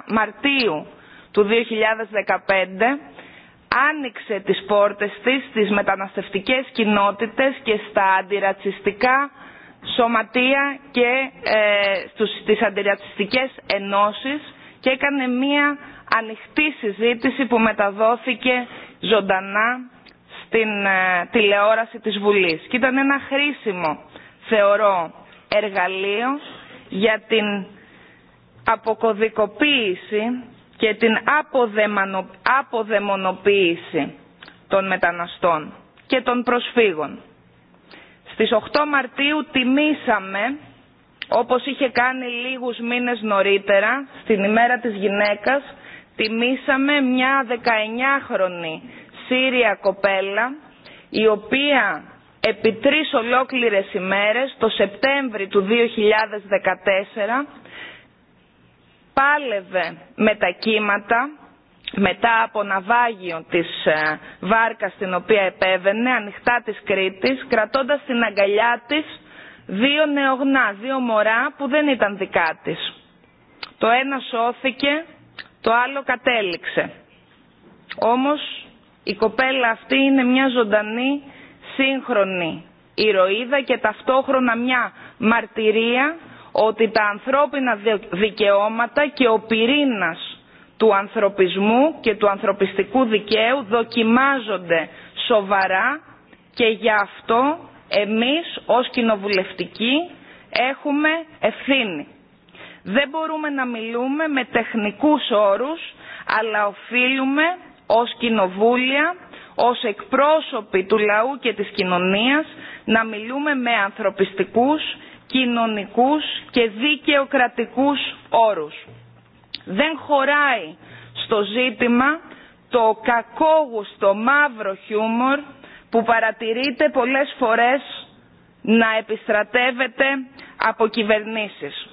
Μαρτίου του 2015 άνοιξε τις πόρτες της στις μεταναστευτικές κοινότητες και στα αντιρατσιστικά σωματεία και ε, στους, στις αντιρατσιστικές ενώσεις και έκανε μία ανοιχτή συζήτηση που μεταδόθηκε ζωντανά στην ε, τηλεόραση της Βουλής. Και ήταν ένα χρήσιμο, θεωρώ, εργαλείο για την αποκωδικοποίηση και την αποδεμανο, αποδεμονοποίηση των μεταναστών και των προσφύγων. Στις 8 Μαρτίου τιμήσαμε, όπως είχε κάνει λίγους μήνες νωρίτερα, στην ημέρα της γυναίκας, τιμήσαμε μια 19χρονη Σύρια κοπέλα η οποία επί τρεις ολόκληρες ημέρες το Σεπτέμβρη του 2014 πάλευε με τα κύματα μετά από ναυάγιο της βάρκας στην οποία επέβαινε ανοιχτά της Κρήτης κρατώντας την αγκαλιά της δύο νεογνά, δύο μωρά που δεν ήταν δικά της. Το ένα σώθηκε, το άλλο κατέληξε. Όμως Η κοπέλα αυτή είναι μια ζωντανή σύγχρονη ηρωίδα και ταυτόχρονα μια μαρτυρία ότι τα ανθρώπινα δικαιώματα και ο πυρήνας του ανθρωπισμού και του ανθρωπιστικού δικαίου δοκιμάζονται σοβαρά και γι' αυτό εμείς ως κοινοβουλευτικοί έχουμε ευθύνη. Δεν μπορούμε να μιλούμε με τεχνικούς όρους, αλλά οφείλουμε ως κοινοβούλια, ως εκπρόσωποι του λαού και της κοινωνίας, να μιλούμε με ανθρωπιστικούς, κοινωνικούς και δικαιοκρατικούς όρους. Δεν χωράει στο ζήτημα το κακόγουστο μαύρο χιούμορ που παρατηρείται πολλές φορές να επιστρατεύεται από κυβερνήσεις.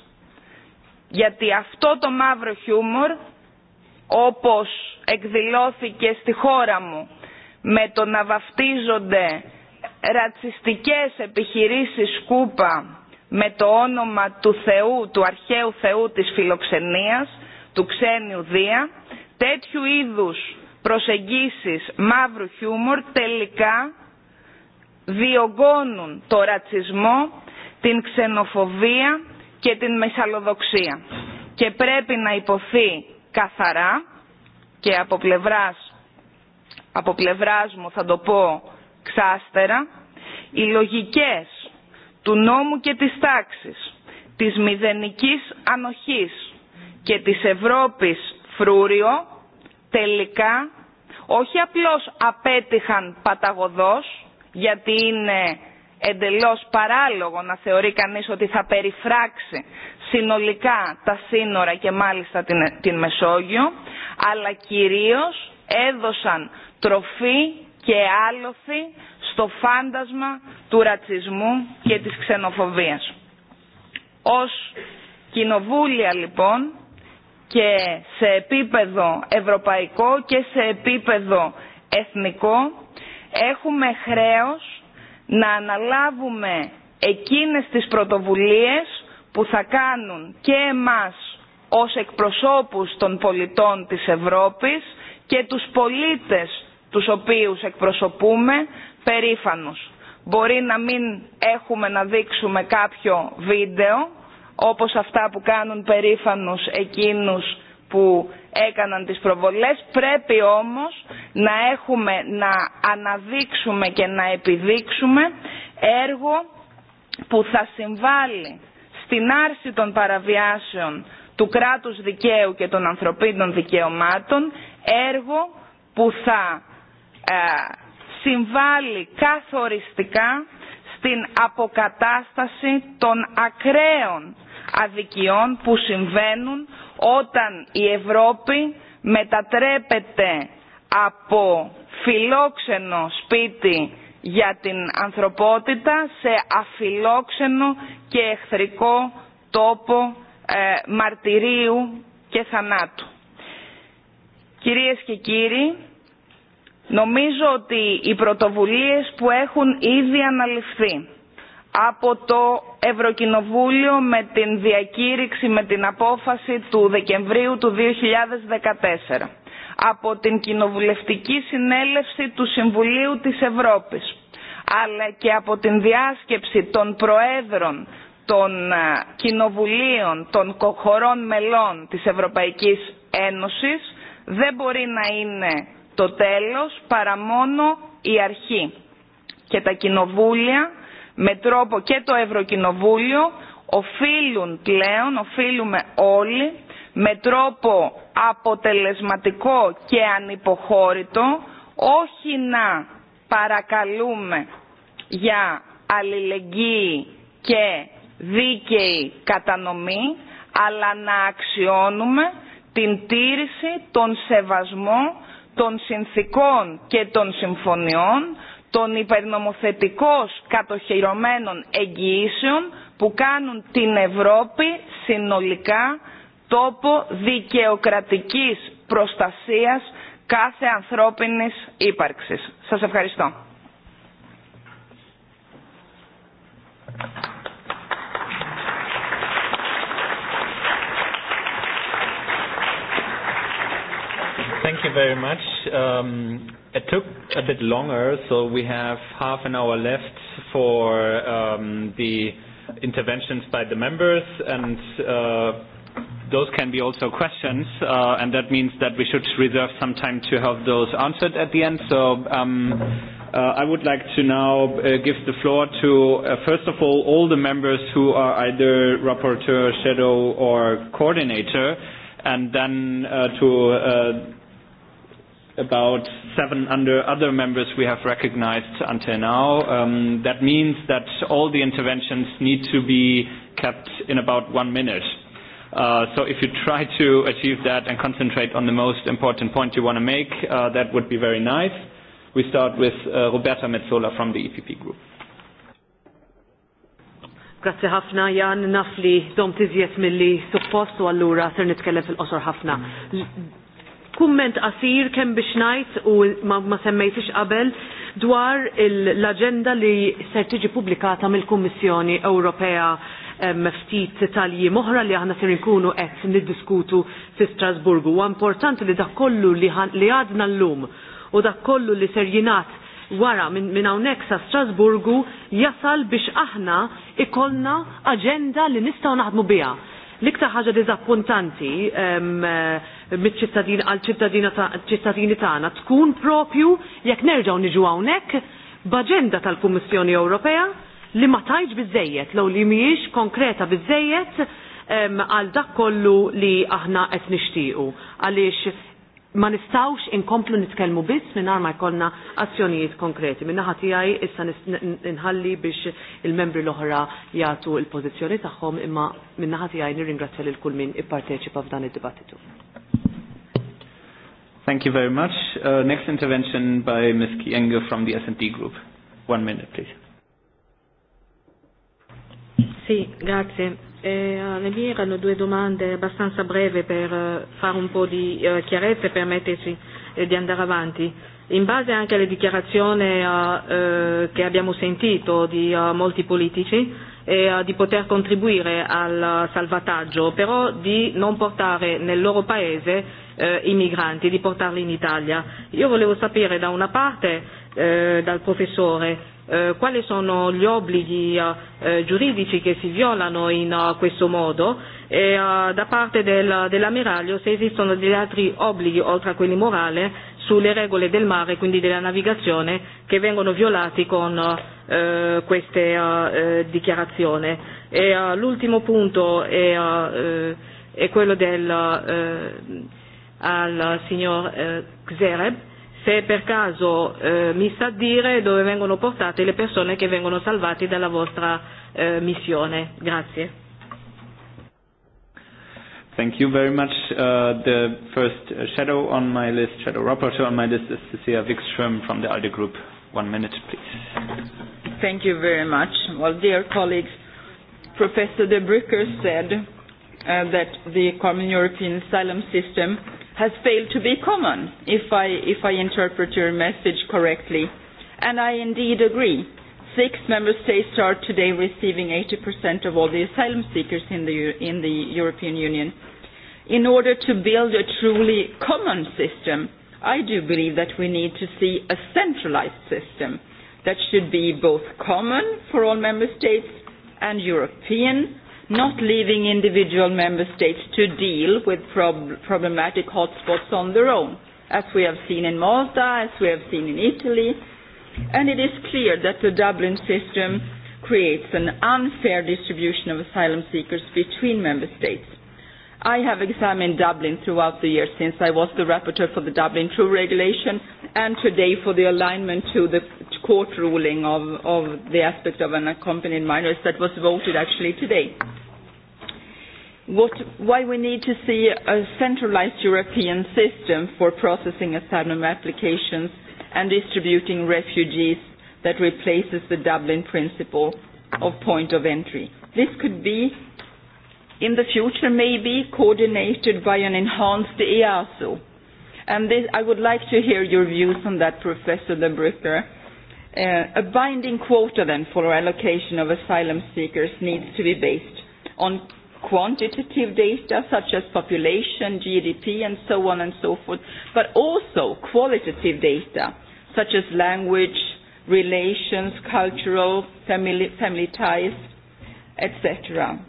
Γιατί αυτό το μαύρο χιούμορ όπως εκδηλώθηκε στη χώρα μου με το να βαφτίζονται ρατσιστικές επιχειρήσεις σκούπα με το όνομα του Θεού, του αρχαίου Θεού της φιλοξενίας, του ξένιου Δία, τέτοιου είδους προσεγγίσεις μαύρου χιούμορ τελικά διωγγώνουν το ρατσισμό, την ξενοφοβία και την μεσαλοδοξία. Και πρέπει να υποθεί καθαρά και από πλευράς, από πλευράς μου θα το πω ξάστερα, οι λογικές του νόμου και της τάξης, της μηδενικής ανοχής και της Ευρώπης φρούριο, τελικά όχι απλώς απέτυχαν παταγωδός, γιατί είναι εντελώς παράλογο να θεωρεί κανείς ότι θα περιφράξει συνολικά τα σύνορα και μάλιστα την, την Μεσόγειο, αλλά κυρίως έδωσαν τροφή και άλοθη στο φάντασμα του ρατσισμού και της ξενοφοβίας. Ως κοινοβούλια λοιπόν και σε επίπεδο ευρωπαϊκό και σε επίπεδο εθνικό έχουμε χρέος να αναλάβουμε εκείνες τις πρωτοβουλίες που θα κάνουν και εμάς ως εκπροσώπους των πολιτών της Ευρώπης και τους πολίτες τους οποίους εκπροσωπούμε περήφανους. Μπορεί να μην έχουμε να δείξουμε κάποιο βίντεο, όπως αυτά που κάνουν περήφανους εκείνους που έκαναν τις προβολές. Πρέπει όμως να έχουμε να αναδείξουμε και να επιδείξουμε έργο που θα συμβάλλει στην άρση των παραβιάσεων του κράτους δικαίου και των ανθρωπίνων δικαιωμάτων, έργο που θα ε, συμβάλλει καθοριστικά στην αποκατάσταση των ακραίων αδικιών που συμβαίνουν όταν η Ευρώπη μετατρέπεται από φιλόξενο σπίτι για την ανθρωπότητα σε αφιλόξενο και εχθρικό τόπο ε, μαρτυρίου και θανάτου. Κυρίες και κύριοι, νομίζω ότι οι πρωτοβουλίες που έχουν ήδη αναλυφθεί από το Ευρωκοινοβούλιο με την διακήρυξη, με την απόφαση του Δεκεμβρίου του 2014 από την Κοινοβουλευτική Συνέλευση του Συμβουλίου της Ευρώπης αλλά και από την διάσκεψη των προέδρων των κοινοβουλίων των χωρών μελών της Ευρωπαϊκής Ένωσης δεν μπορεί να είναι το τέλος παρά μόνο η αρχή. Και τα κοινοβούλια με τρόπο και το Ευρωκοινοβούλιο οφείλουν πλέον, οφείλουμε όλοι με τρόπο αποτελεσματικό και ανυποχώρητο, όχι να παρακαλούμε για αλληλεγγύη και δίκαιη κατανομή, αλλά να αξιώνουμε την τήρηση, τον σεβασμό των συνθήκων και των συμφωνιών, των υπερνομοθετικώς κατοχυρωμένων εγγυήσεων που κάνουν την Ευρώπη συνολικά τόπο δικαιοκρατικής προστασίας κάθε ανθρώπινης ύπαρξης. Σας ευχαριστώ. Thank you very much. Um, it took a bit longer, so we have half an hour left for um, the interventions by the members, and uh, those can be also questions, uh, and that means that we should reserve some time to have those answered at the end. So um, uh, I would like to now uh, give the floor to, uh, first of all, all the members who are either rapporteur, shadow, or coordinator, and then uh, to uh, about seven under other members we have recognized until now. Um, that means that all the interventions need to be kept in about one minute. Uh, so if you try to achieve that and concentrate on the most important point you want to make, uh, that would be very nice. We start with uh, Roberta Metzola from the EPP Group. Grazie ħafna, Jan, nafli dom tizjet mill-li suppost u għallura ser nitkellem fil-qosor ħafna. Kumment asir kem biex ngħid u ma, ma semmejtix qabel dwar l-aġenda li ser tiġi pubblikata mill-Kummissjoni Ewropea ftit talji moħra li għanna ser nkunu għet niddiskutu fi Strasburgu. U importanti li dak kollu li għadna l-lum u dak kollu li ser jingħad wara minn hawnhekk sa Strasburgu jasal biex aħna ikollna agenda li nistgħu naħdmu biha. L-iktar ħaġa diżappuntanti mill-ċittadin għal ċittadini tagħna tkun propju jekk nerġgħu niġu hawnhekk b'aġenda tal-Kummissjoni Ewropea li ma tajġ bizzejiet, law li miex konkreta bizzejiet għal dak kollu li aħna qed nixtiequ. Għaliex ma nistawx inkomplu nitkellmu biss mingħajr ma jkollna azzjonijiet konkreti. Min-naħa għaj issa nħalli biex il-membri l-oħra jagħtu l-pożizzjoni tagħhom imma min-naħa għaj nirringrazzja lil kull min ipparteċipa f'dan id-dibattitu. Thank you very much. Uh, next intervention by Ms. Kienge from the S&D Group. One minute, please. Sì, grazie. Eh, le mie erano due domande abbastanza breve per eh, fare un po' di eh, chiarezza e permetterci eh, di andare avanti. In base anche alle dichiarazioni eh, eh, che abbiamo sentito di eh, molti politici, eh, di poter contribuire al salvataggio, però di non portare nel loro paese eh, i migranti, di portarli in Italia. Io volevo sapere da una parte eh, dal professore Eh, quali sono gli obblighi eh, eh, giuridici che si violano in uh, questo modo e uh, da parte del, dell'ammiraglio se esistono degli altri obblighi oltre a quelli morali sulle regole del mare, quindi della navigazione, che vengono violati con uh, queste uh, dichiarazioni. E, uh, l'ultimo punto è, uh, uh, è quello del, uh, al signor uh, Xereb se per caso eh, mi sa dire dove vengono portate le persone che vengono salvate dalla vostra eh, missione. Grazie. Thank you very much. Uh, the first shadow on my list, shadow rapporteur on my list is Cecilia Wikström from the ALDE Group. One minute, please. Thank you very much. Well, dear colleagues, Professor De Brucker said uh, that the Common European Asylum System has failed to be common, if I, if I interpret your message correctly. And I indeed agree. Six member states are today receiving 80% of all the asylum seekers in the, in the European Union. In order to build a truly common system, I do believe that we need to see a centralized system that should be both common for all member states and European not leaving individual member states to deal with prob problematic hotspots on their own, as we have seen in Malta, as we have seen in Italy. And it is clear that the Dublin system creates an unfair distribution of asylum seekers between member states. I have examined Dublin throughout the year since I was the rapporteur for the Dublin True Regulation and today for the alignment to the court ruling of, of the aspect of unaccompanied minors that was voted actually today what, why we need to see a centralized European system for processing asylum applications and distributing refugees that replaces the Dublin principle of point of entry. This could be, in the future maybe, coordinated by an enhanced EASO. And this, I would like to hear your views on that, Professor De Brucker. Uh, a binding quota then for allocation of asylum seekers needs to be based on quantitative data such as population, GDP, and so on and so forth, but also qualitative data such as language, relations, cultural, family, family ties, etc.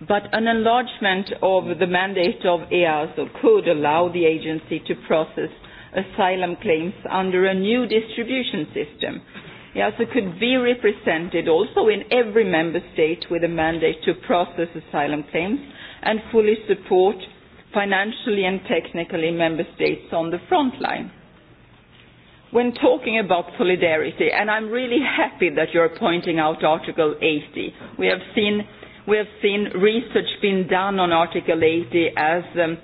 But an enlargement of the mandate of EASO could allow the agency to process asylum claims under a new distribution system Yeah, so could be represented also in every member state with a mandate to process asylum claims and fully support financially and technically member states on the front line. When talking about solidarity, and I'm really happy that you're pointing out Article 80. We have seen, we have seen research being done on Article 80 as, um,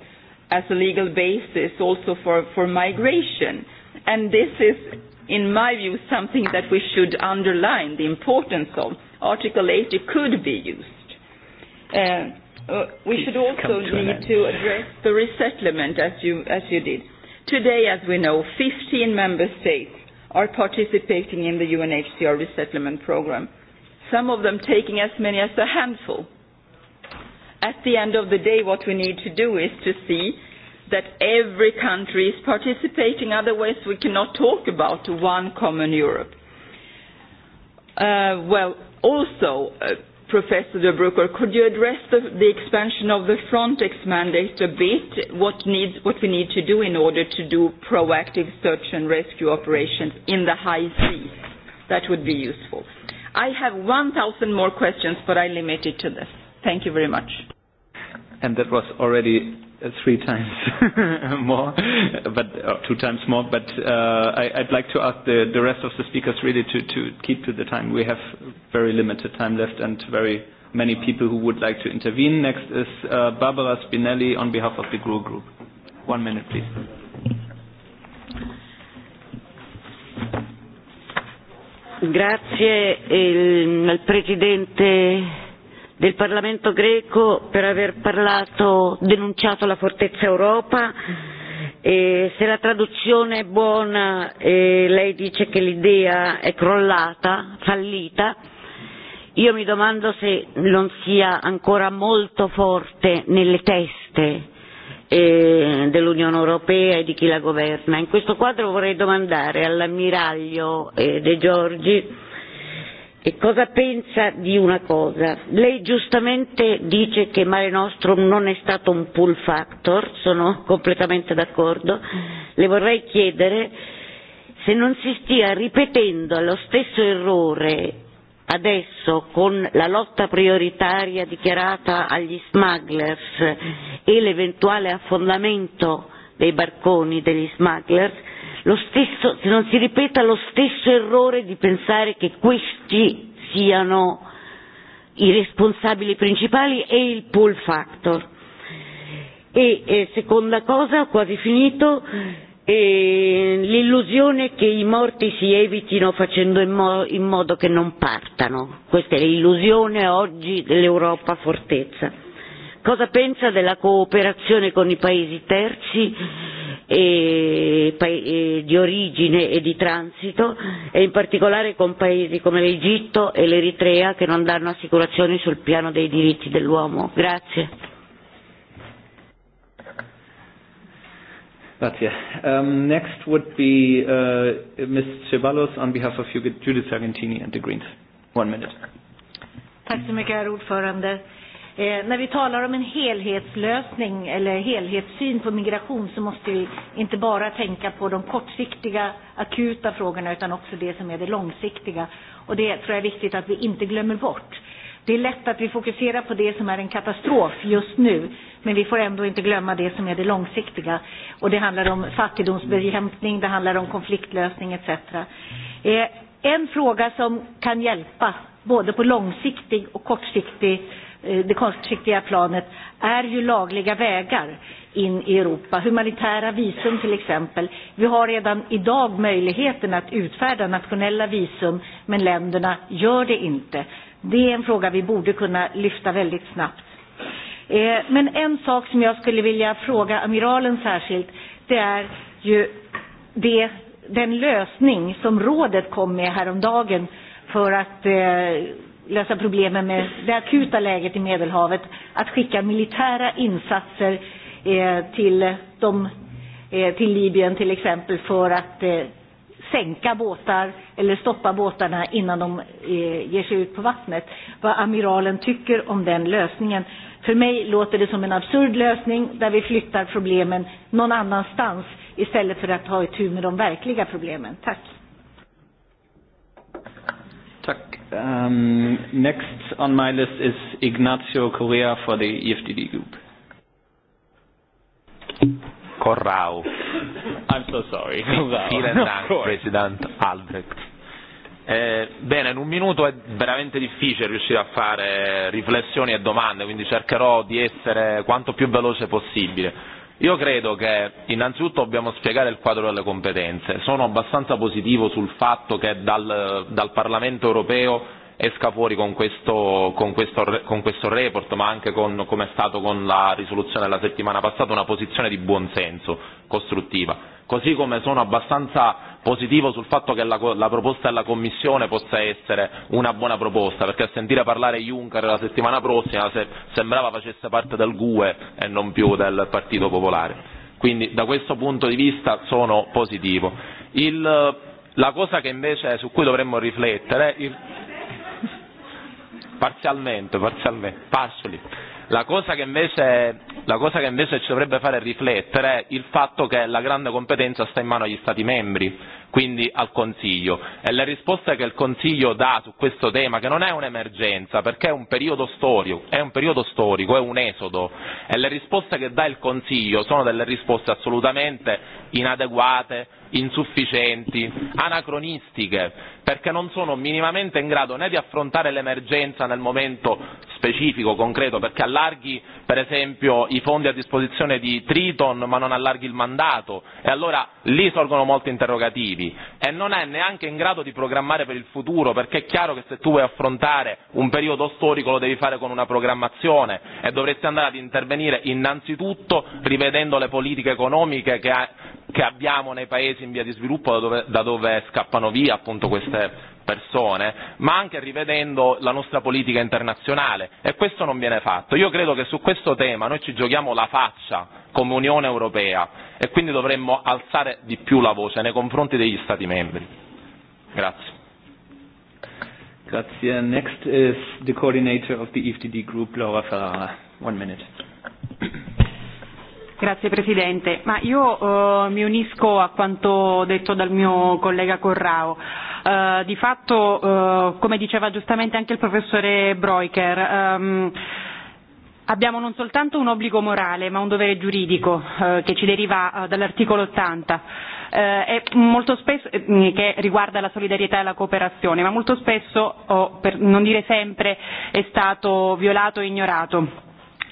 as a legal basis also for, for migration. And this is in my view, something that we should underline the importance of. Article 80 could be used. Uh, uh, we should also to need to address the resettlement, as you, as you did. Today, as we know, 15 member states are participating in the UNHCR resettlement program, some of them taking as many as a handful. At the end of the day, what we need to do is to see that every country is participating, otherwise we cannot talk about one common Europe. Uh, well, also, uh, Professor De Brucker, could you address the, the expansion of the Frontex mandate a bit, what, needs, what we need to do in order to do proactive search and rescue operations in the high seas? That would be useful. I have 1,000 more questions, but I limit it to this. Thank you very much. And that was already Uh, three times [LAUGHS] more, but oh, two times more. But uh, I, I'd like to ask the, the rest of the speakers really to, to keep to the time. We have very limited time left and very many people who would like to intervene. Next is uh, Barbara Spinelli on behalf of the GRU Group. One minute, please. Grazie, il, ehm, il Presidente del Parlamento greco per aver parlato, denunciato la fortezza Europa. E se la traduzione è buona, eh, lei dice che l'idea è crollata, fallita. Io mi domando se non sia ancora molto forte nelle teste eh, dell'Unione Europea e di chi la governa. In questo quadro vorrei domandare all'ammiraglio eh, De Giorgi E cosa pensa di una cosa? Lei giustamente dice che Mare Nostrum non è stato un pull factor, sono completamente d'accordo. Le vorrei chiedere se non si stia ripetendo lo stesso errore adesso con la lotta prioritaria dichiarata agli smugglers e l'eventuale affondamento dei barconi degli smugglers lo stesso, se non si ripeta lo stesso errore di pensare che questi siano i responsabili principali e il pull factor. E eh, seconda cosa, ho quasi finito, eh, l'illusione che i morti si evitino facendo in, mo- in modo che non partano. Questa è l'illusione oggi dell'Europa fortezza. Cosa pensa della cooperazione con i paesi terzi? e, pa- e, di origine e di transito e in particolare con paesi come l'Egitto e l'Eritrea che non danno assicurazioni sul piano dei diritti dell'uomo. Grazie. Grazie. Um, next would be uh, Ms. Ceballos on behalf of Judith Sargentini and the Greens. One minute. Tack så mycket, herr ordförande. Eh, när vi talar om en helhetslösning eller helhetssyn på migration så måste vi inte bara tänka på de kortsiktiga akuta frågorna utan också det som är det långsiktiga. Och det tror jag är viktigt att vi inte glömmer bort. Det är lätt att vi fokuserar på det som är en katastrof just nu, men vi får ändå inte glömma det som är det långsiktiga. Och det handlar om fattigdomsbekämpning, det handlar om konfliktlösning etc. Eh, en fråga som kan hjälpa både på långsiktig och kortsiktig Eh, det kortsiktiga planet är ju lagliga vägar in i Europa. Humanitära visum till exempel. Vi har redan idag möjligheten att utfärda nationella visum men länderna gör det inte. Det är en fråga vi borde kunna lyfta väldigt snabbt. Eh, men en sak som jag skulle vilja fråga amiralen särskilt det är ju det, den lösning som rådet kom med häromdagen för att eh, lösa problemen med det akuta läget i Medelhavet, att skicka militära insatser eh, till, de, eh, till Libyen till exempel för att eh, sänka båtar eller stoppa båtarna innan de eh, ger sig ut på vattnet. Vad amiralen tycker om den lösningen. För mig låter det som en absurd lösning där vi flyttar problemen någon annanstans istället för att ta itu med de verkliga problemen. Tack. Um, next on my list is Ignacio Correa for the EFDD group. Corrao. I'm so sorry. Vielen [LAUGHS] Dank, President Albrecht. Eh, bene, in un minuto è veramente difficile riuscire a fare riflessioni e domande, quindi cercherò di essere quanto più veloce possibile Io credo che innanzitutto dobbiamo spiegare il quadro delle competenze. Sono abbastanza positivo sul fatto che dal, dal Parlamento europeo esca fuori con questo, con questo, con questo report, ma anche con, come è stato con la risoluzione della settimana passata, una posizione di buonsenso, costruttiva. Così come sono abbastanza positivo sul fatto che la, la proposta della Commissione possa essere una buona proposta, perché a sentire parlare Juncker la settimana prossima se, sembrava facesse parte del GUE e non più del Partito Popolare. Quindi da questo punto di vista sono positivo. Il, la cosa che invece su cui dovremmo riflettere, il, Parzialmente, parzialmente, partially. La cosa, che invece, la cosa che invece ci dovrebbe fare riflettere è il fatto che la grande competenza sta in mano agli Stati membri, quindi al Consiglio. E le risposte che il Consiglio dà su questo tema, che non è un'emergenza, perché è un periodo storico, è un periodo storico, è un esodo, e le risposte che dà il Consiglio sono delle risposte assolutamente inadeguate, insufficienti, anacronistiche, perché non sono minimamente in grado né di affrontare l'emergenza nel momento specifico, concreto, perché allarghi per esempio i fondi a disposizione di Triton ma non allarghi il mandato e allora lì sorgono molti interrogativi e non è neanche in grado di programmare per il futuro perché è chiaro che se tu vuoi affrontare un periodo storico lo devi fare con una programmazione e dovresti andare ad intervenire innanzitutto rivedendo le politiche economiche che ha che abbiamo nei paesi in via di sviluppo da dove, da dove scappano via appunto queste persone, ma anche rivedendo la nostra politica internazionale e questo non viene fatto. Io credo che su questo tema noi ci giochiamo la faccia come Unione Europea e quindi dovremmo alzare di più la voce nei confronti degli Stati membri. Grazie. Grazie. Next is the coordinator of the EFTD group, Laura Ferrara. One minute. Grazie Presidente, ma io eh, mi unisco a quanto detto dal mio collega Corrao. Uh, di fatto, uh, come diceva giustamente anche il professore Broiker, um, ehm, Abbiamo non soltanto un obbligo morale ma un dovere giuridico uh, che ci deriva uh, dall'articolo 80 eh, è e molto spesso, eh, mm, che riguarda la solidarietà e la cooperazione, ma molto spesso, o oh, per non dire sempre, è stato violato e ignorato.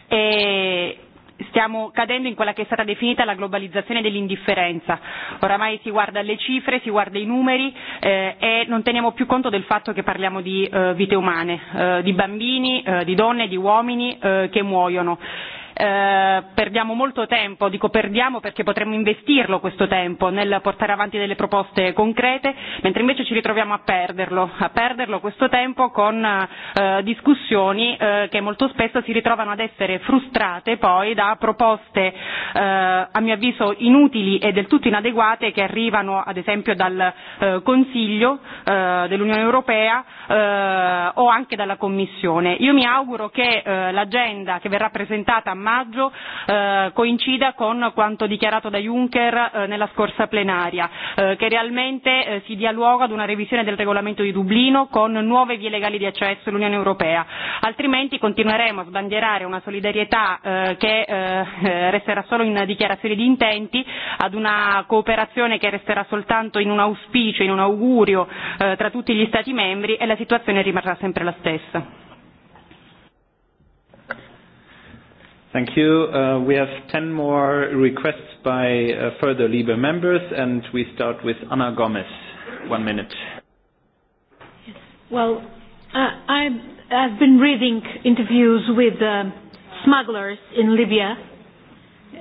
E stiamo cadendo in quella che è stata definita la globalizzazione dell'indifferenza. Oramai si guarda le cifre, si guarda i numeri eh, e non teniamo più conto del fatto che parliamo di eh, vite umane, eh, di bambini, eh, di donne, di uomini eh, che muoiono. Eh, perdiamo molto tempo, dico perdiamo perché potremmo investirlo questo tempo nel portare avanti delle proposte concrete, mentre invece ci ritroviamo a perderlo, a perderlo questo tempo con eh, discussioni eh, che molto spesso si ritrovano ad essere frustrate poi da proposte eh, a mio avviso inutili e del tutto inadeguate che arrivano ad esempio dal eh, Consiglio eh, dell'Unione Europea eh, o anche dalla Commissione. Io mi auguro che eh, l'agenda che verrà presentata a maggio eh, coincida con quanto dichiarato da Juncker eh, nella scorsa plenaria, eh, che realmente eh, si dia luogo ad una revisione del regolamento di Dublino con nuove vie legali di accesso all'Unione Europea, altrimenti continueremo a sbandierare una solidarietà eh, che eh, eh resterà solo in dichiarazioni di intenti, ad una cooperazione che resterà soltanto in un auspicio, in un augurio eh, tra tutti gli Stati membri e la situazione rimarrà sempre la stessa. Thank you. Uh, we have 10 more requests by uh, further LIBE members, and we start with Ana Gomez. One minute. Well, uh, I, I've been reading interviews with uh, smugglers in Libya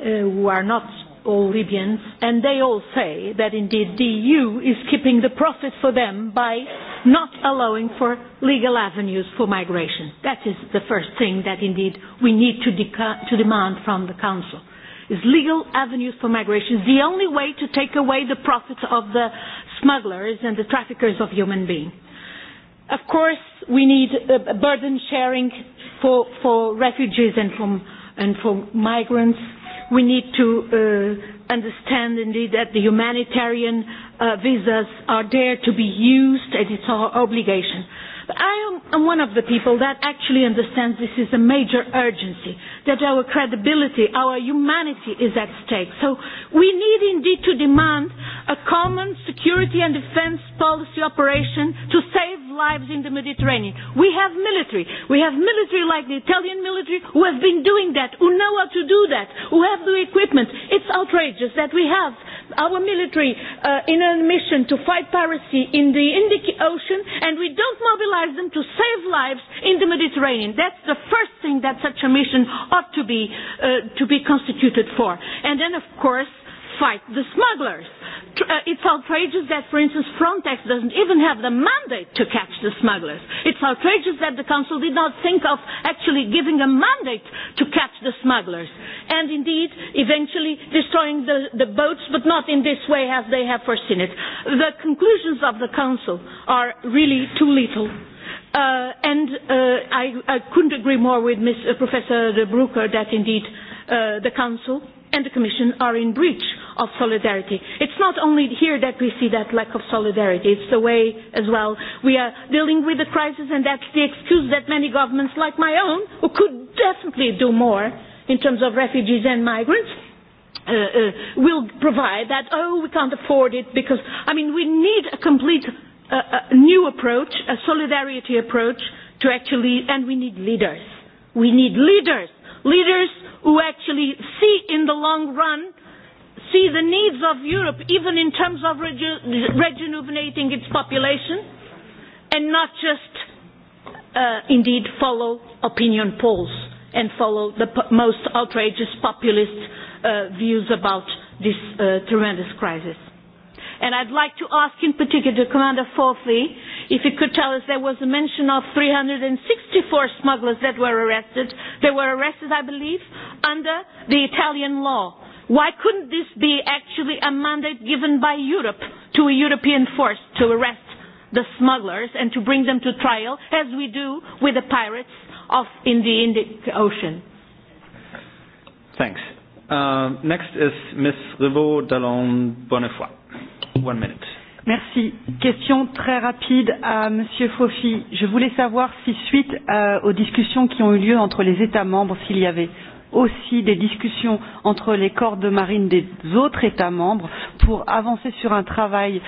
uh, who are not all Libyans, and they all say that indeed the EU is keeping the profit for them by not allowing for legal avenues for migration. That is the first thing that indeed we need to, to demand from the Council. Is legal avenues for migration the only way to take away the profits of the smugglers and the traffickers of human beings. Of course, we need a burden sharing for, for refugees and for, and for migrants We need to uh, understand indeed that the humanitarian uh, visas are there to be used and it's our obligation. But I am one of the people that actually understands this is a major urgency, that our credibility, our humanity is at stake. So we need indeed to demand a common security and defense policy operation to save lives in the Mediterranean. We have military. We have military like the Italian military who have been doing that, who know how to do that, who have the equipment. It's outrageous that we have our military uh, in a mission to fight piracy in the Indic Ocean and we don't mobilize mobilize them to save lives in the Mediterranean. That's the first thing that such a mission ought to be, uh, to be constituted for. And then, of course, fight the smugglers. Uh, it's outrageous that, for instance, Frontex doesn't even have the mandate to catch the smugglers. It's outrageous that the Council did not think of actually giving a mandate to catch the smugglers. And indeed, eventually destroying the, the boats, but not in this way as they have foreseen it. The conclusions of the Council are really too little. Uh, and uh, I, I couldn't agree more with Ms. Uh, Professor De Brucker that indeed uh, the Council and the Commission are in breach of solidarity. It's not only here that we see that lack of solidarity, it's the way as well we are dealing with the crisis, and that's the excuse that many governments, like my own, who could definitely do more in terms of refugees and migrants, uh, uh, will provide that, oh, we can't afford it because, I mean, we need a complete uh, a uh, new approach, a solidarity approach to actually, and we need leaders. We need leaders. Leaders who actually see in the long run see the needs of Europe, even in terms of reju- rejuvenating its population, and not just, uh, indeed, follow opinion polls and follow the p- most outrageous populist uh, views about this uh, tremendous crisis. And I'd like to ask in particular Commander Fourthly if he could tell us there was a mention of 364 smugglers that were arrested. They were arrested, I believe, under the Italian law Why couldn't this be actually a mandate given by Europe to a European force to arrest the smugglers and to bring them to trial, as we do with the pirates of in the Indic Ocean? Thanks. Uh, next is Ms. Rivaud Dallon Bonnefoy. One minute. Merci. Question très rapide à Monsieur Fofi. Je voulais savoir si suite euh, aux discussions qui ont eu lieu entre les États membres, s'il y avait aussi des discussions entre les corps de marine des autres États membres pour avancer sur un travail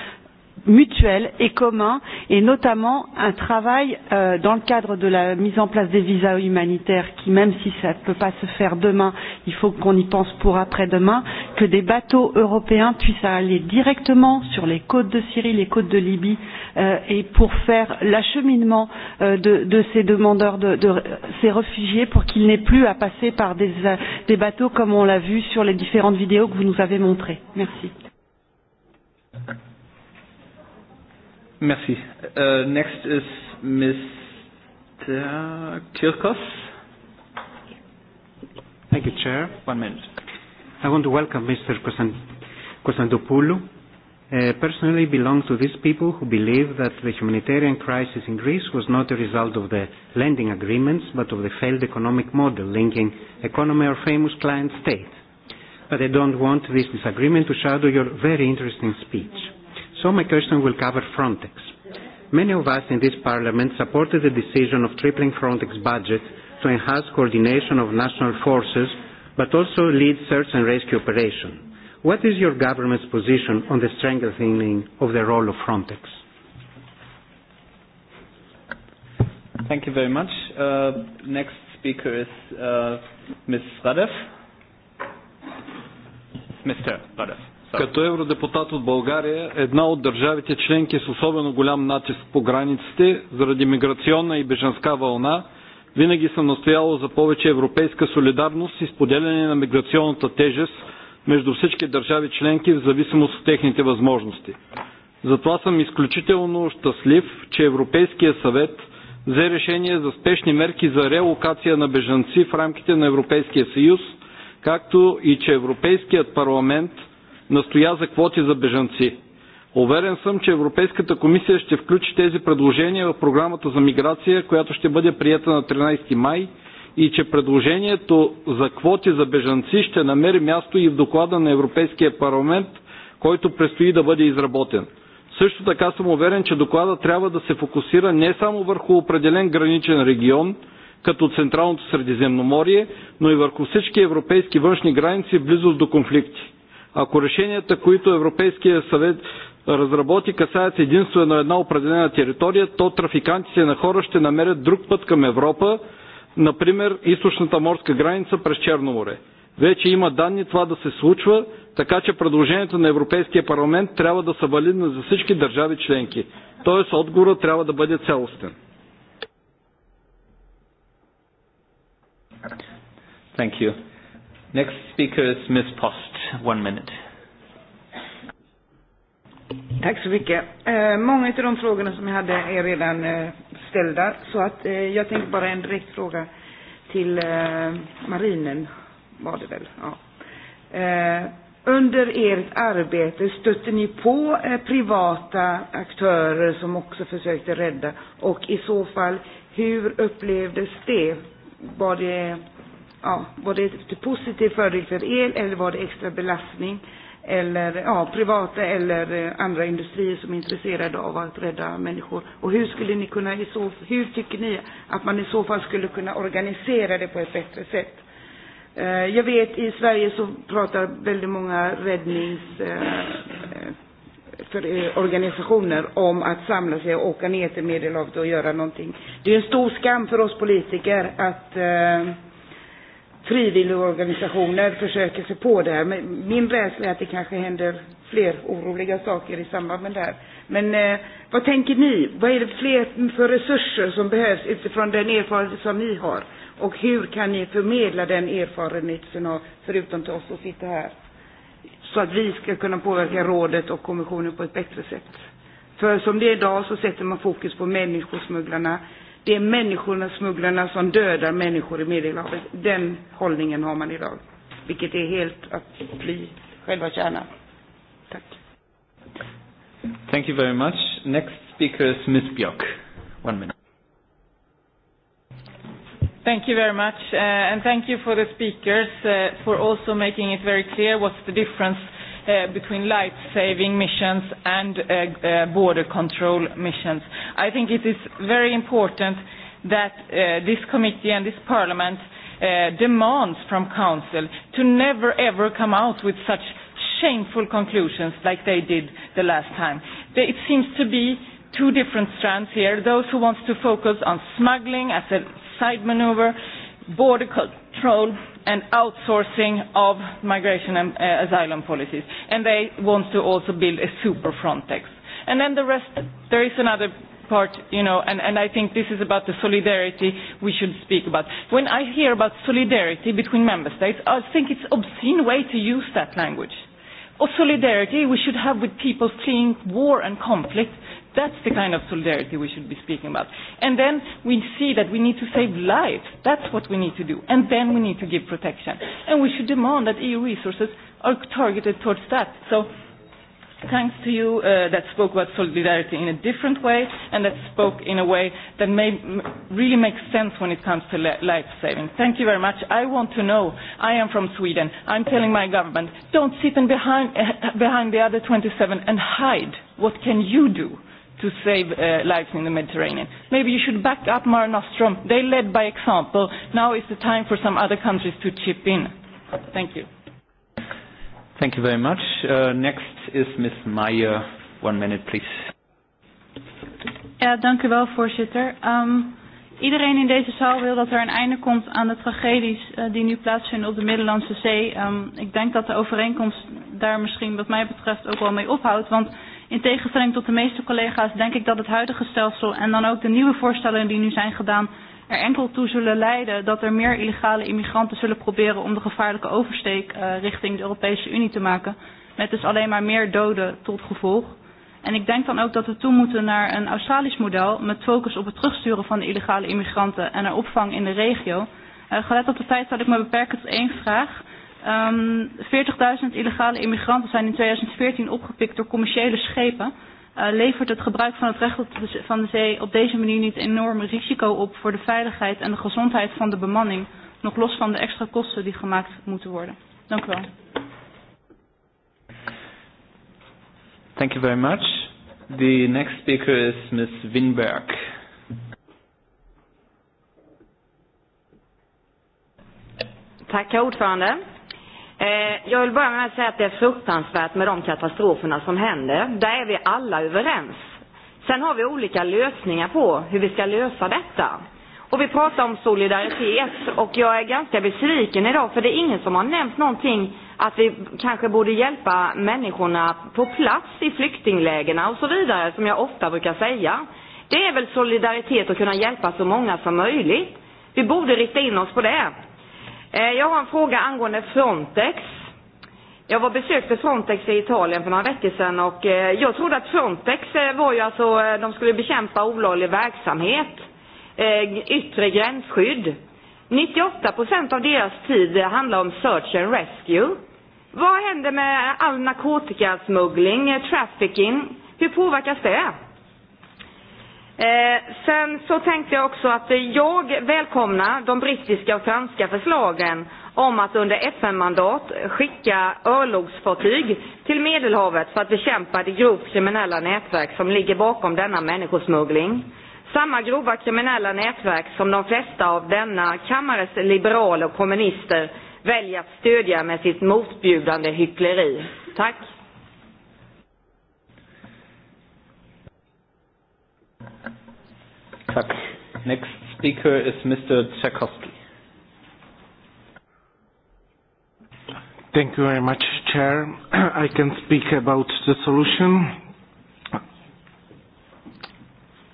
mutuel et commun et notamment un travail euh, dans le cadre de la mise en place des visas humanitaires qui même si ça ne peut pas se faire demain il faut qu'on y pense pour après demain que des bateaux européens puissent aller directement sur les côtes de Syrie, les côtes de Libye euh, et pour faire l'acheminement euh, de, de ces demandeurs de, de ces réfugiés pour qu'ils n'aient plus à passer par des, euh, des bateaux comme on l'a vu sur les différentes vidéos que vous nous avez montrées. Merci. Merci. Uh, next is Mr. Kirkos. Thank you, Chair. One minute. I want to welcome Mr. Kostantopoulou. Uh, personally belong to these people who believe that the humanitarian crisis in Greece was not a result of the lending agreements but of the failed economic model linking economy or famous client state. But I don't want this disagreement to shadow your very interesting speech. So my question will cover Frontex. Many of us in this parliament supported the decision of tripling Frontex budget to enhance coordination of national forces, but also lead search and rescue operation. What is your government's position on the strengthening of the role of Frontex? Thank you very much. Uh, next speaker is uh, Ms. Radev. Mr. Radev. Като евродепутат от България, една от държавите членки с особено голям натиск по границите, заради миграционна и беженска вълна, винаги съм настоявал за повече европейска солидарност и споделяне на миграционната тежест между всички държави членки в зависимост от техните възможности. Затова съм изключително щастлив, че Европейския съвет взе решение за спешни мерки за релокация на бежанци в рамките на Европейския съюз, както и че Европейският парламент – настоя за квоти за бежанци. Уверен съм, че Европейската комисия ще включи тези предложения в програмата за миграция, която ще бъде приета на 13 май и че предложението за квоти за бежанци ще намери място и в доклада на Европейския парламент, който предстои да бъде изработен. Също така съм уверен, че доклада трябва да се фокусира не само върху определен граничен регион, като Централното Средиземноморие, но и върху всички европейски външни граници в близост до конфликти ако решенията, които Европейския съвет разработи, касаят единствено една определена територия, то трафикантите на хора ще намерят друг път към Европа, например източната морска граница през Черно море. Вече има данни това да се случва, така че предложението на Европейския парламент трябва да са валидно за всички държави членки. Тоест отговора трябва да бъде цялостен. Thank you. Next speaker is Ms. Post. One minute. Tack så mycket. Eh, många av de frågorna som jag hade är redan eh, ställda. Så att, eh, jag tänkte bara en direkt fråga till eh, marinen, var det väl? Ja. Eh, under ert arbete stötte ni på eh, privata aktörer som också försökte rädda och i så fall, hur upplevdes det? Var det ja, var det ett positiv fördel för el er eller var det extra belastning? Eller ja, privata eller eh, andra industrier som är intresserade av att rädda människor. Och hur skulle ni kunna, i så, hur tycker ni att man i så fall skulle kunna organisera det på ett bättre sätt? Eh, Jag vet i Sverige så pratar väldigt många räddnings eh, eh för eh, organisationer om att samla sig och åka ner till Medelhavet och göra någonting. Det är en stor skam för oss politiker att eh, frivilligorganisationer försöker sig på det här. Men min rädsla är att det kanske händer fler oroliga saker i samband med det här. Men eh, vad tänker ni? Vad är det fler för resurser som behövs utifrån den erfarenhet som ni har? Och hur kan ni förmedla den erfarenheten av, förutom till oss som sitter här? Så att vi ska kunna påverka rådet och kommissionen på ett bättre sätt. För som det är idag så sätter man fokus på människosmugglarna, det är människorna, smugglarna, som dödar människor i Medelhavet. Den hållningen har man idag. Vilket är helt att bli själva kärnan. Tack. Thank you very much. Next speaker is Miss Björk. One minute. Thank you very much, uh, and thank you for the speakers uh, for also making it very clear what's the difference uh, between light saving missions and uh, uh, border control missions. I think it is very important that uh, this committee and this parliament uh, demands from council to never ever come out with such shameful conclusions like they did the last time. It seems to be two different strands here, those who want to focus on smuggling as a side maneuver border control and outsourcing of migration and uh, asylum policies. And they want to also build a super Frontex. And then the rest, there is another part, you know, and, and I think this is about the solidarity we should speak about. When I hear about solidarity between member states, I think it's obscene way to use that language. Or solidarity we should have with people fleeing war and conflict That's the kind of solidarity we should be speaking about. And then we see that we need to save lives. That's what we need to do. And then we need to give protection. And we should demand that EU resources are targeted towards that. So thanks to you uh, that spoke about solidarity in a different way and that spoke in a way that may, really makes sense when it comes to life saving. Thank you very much. I want to know. I am from Sweden. I'm telling my government, don't sit in behind, uh, [LAUGHS] behind the other 27 and hide. What can you do? to save uh, lives in the Mediterranean. Maybe you should back up Mare Nostrum. They led by example. Now is the time for some other countries to chip in. Thank you. Thank you very much. Uh, next is Ms. Meyer. One minute, please. Ja, dank u wel, voorzitter. Um, iedereen in deze zaal wil dat er een einde komt aan de tragedies uh, die nu plaatsvinden op de Middellandse Zee. Um, ik denk dat de overeenkomst daar misschien wat mij betreft ook wel mee ophoudt. Want In tegenstelling tot de meeste collega's denk ik dat het huidige stelsel en dan ook de nieuwe voorstellen die nu zijn gedaan er enkel toe zullen leiden dat er meer illegale immigranten zullen proberen om de gevaarlijke oversteek uh, richting de Europese Unie te maken. Met dus alleen maar meer doden tot gevolg. En ik denk dan ook dat we toe moeten naar een Australisch model met focus op het terugsturen van de illegale immigranten en haar opvang in de regio. Uh, gelet op de tijd zal ik me beperken tot één vraag. Um, ehm, 40.000 illegale immigranten zijn in 2014 opgepikt door commerciële schepen. Uh, levert het gebruik van het recht op de, van de zee op deze manier niet enorm risico op voor de veiligheid en de gezondheid van de bemanning, nog los van de extra kosten die gemaakt moeten worden? Dank u wel. Thank you very much. The next speaker is Ms. Winberg. Tack, ordförande. Eh, jag vill börja med att säga att det är fruktansvärt med de katastroferna som händer. Där är vi alla överens. Sen har vi olika lösningar på hur vi ska lösa detta. Och vi pratar om solidaritet och jag är ganska besviken idag för det är ingen som har nämnt någonting att vi kanske borde hjälpa människorna på plats i flyktinglägerna och så vidare som jag ofta brukar säga. Det är väl solidaritet att kunna hjälpa så många som möjligt. Vi borde rikta in oss på det. Eh, jag har en fråga angående Frontex. Jag var besökte Frontex i Italien för några veckor sedan och eh, jag trodde att Frontex eh, var ju alltså, de skulle bekämpa olaglig verksamhet, yttre gränsskydd. 98 procent av deras tid handlar om search and rescue. Vad händer med all narkotikasmuggling, trafficking? Hur påverkas det? Eh, sen så tänkte jag också att jag välkomnar de brittiska och franska förslagen om att under FN-mandat skicka örlogsfartyg till Medelhavet för att bekämpa det grovt kriminella nätverk som ligger bakom denna människosmuggling. Samma grova kriminella nätverk som de flesta av denna kammares liberaler och kommunister väljer att stödja med sitt motbjudande hyckleri. Tack! Tak. Next speaker is Mr. Tchaikovsky. Thank you very much, Chair. [CLEARS THROAT] I can speak about the solution.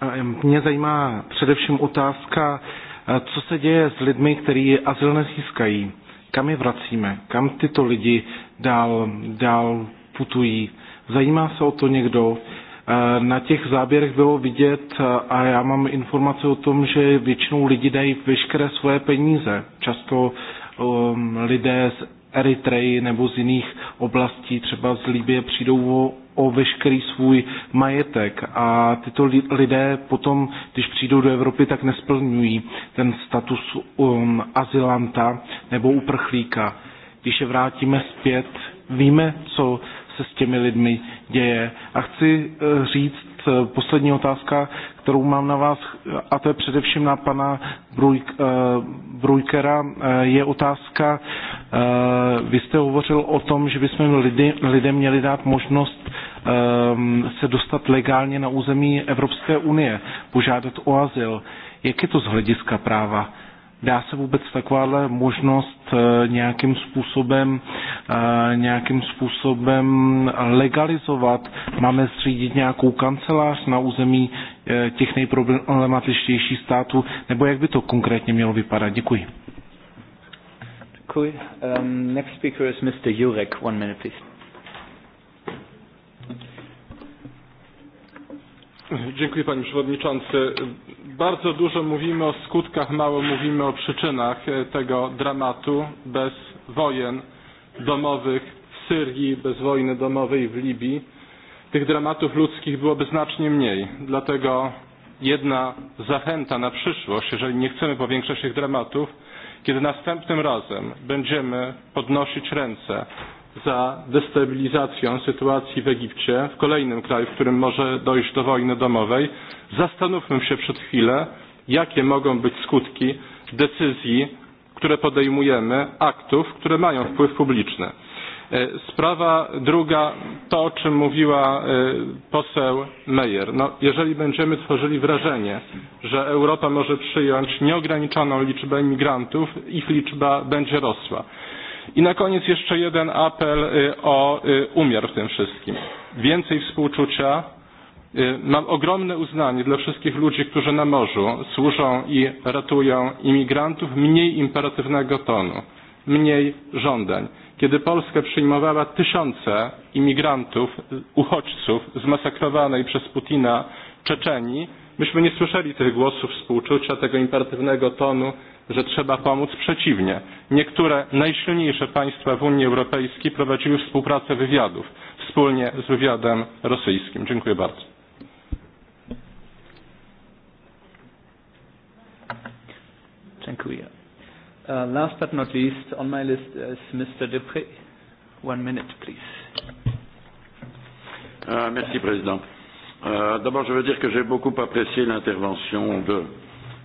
Uh, mě zajímá především otázka, uh, co se děje s lidmi, kteří azyl nezískají. Kam je vracíme? Kam tyto lidi dál, dál putují? Zajímá se o to někdo? Eh, na těch záběrech bylo vidět, eh, a já mám informace o tom, že většinou lidi dají veškeré svoje peníze. Často um, lidé z Eritreji nebo z jiných oblastí, třeba z Libie, přijdou o, o veškerý svůj majetek a tyto lidé potom, když přijdou do Evropy, tak nesplňují ten status um, azylanta nebo uprchlíka. Když je vrátíme zpět, víme, co se s těmi lidmi děje. A chci eh, říct, eh, poslední otázka, kterou mám na vás, a to je především na pana eh, Brujkera, je otázka, vy jste hovořil o tom, že bychom lidi, lidem měli dát možnost se dostat legálně na území Evropské unie, požádat o azyl. Jak je to z hlediska práva? Dá se vůbec takováhle možnost eh, nějakým způsobem, eh, nějakým způsobem legalizovat? Máme zřídit nějakou kancelář na území eh, těch nejproblematičtějších států? Nebo jak by to konkrétně mělo vypadat? Děkuji. Děkuji. Um, next speaker is Mr. Jurek. One minute, please. Dziękuję Panie Przewodniczący. Bardzo dużo mówimy o skutkach, mało mówimy o przyczynach tego dramatu bez wojen domowych w Syrii, bez wojny domowej w Libii. Tych dramatów ludzkich byłoby znacznie mniej. Dlatego jedna zachęta na przyszłość, jeżeli nie chcemy powiększać tych dramatów, kiedy następnym razem będziemy podnosić ręce za destabilizacją sytuacji w Egipcie, w kolejnym kraju, w którym może dojść do wojny domowej, zastanówmy się przed chwilę, jakie mogą być skutki decyzji, które podejmujemy, aktów, które mają wpływ publiczny. E, sprawa druga, to o czym mówiła e, poseł Meyer. No, jeżeli będziemy tworzyli wrażenie, że Europa może przyjąć nieograniczoną liczbę imigrantów, ich liczba będzie rosła. I na koniec jeszcze jeden apel o umiar w tym wszystkim. Więcej współczucia. Mam ogromne uznanie dla wszystkich ludzi, którzy na morzu służą i ratują imigrantów, mniej imperatywnego tonu, mniej żądań. Kiedy Polska przyjmowała tysiące imigrantów, uchodźców zmasakrowanej przez Putina Czeczeni, myśmy nie słyszeli tych głosów współczucia, tego imperatywnego tonu, że trzeba pomóc. Przeciwnie, niektóre najsilniejsze państwa w Unii Europejskiej prowadziły współpracę wywiadów wspólnie z wywiadem rosyjskim. Dziękuję bardzo. Dziękuję. Uh, last but not least on my list is Mr. Dupré. One minute, please. Uh, merci, Président. Euh, D'abord, je veux dire que j'ai beaucoup apprécié l'intervention de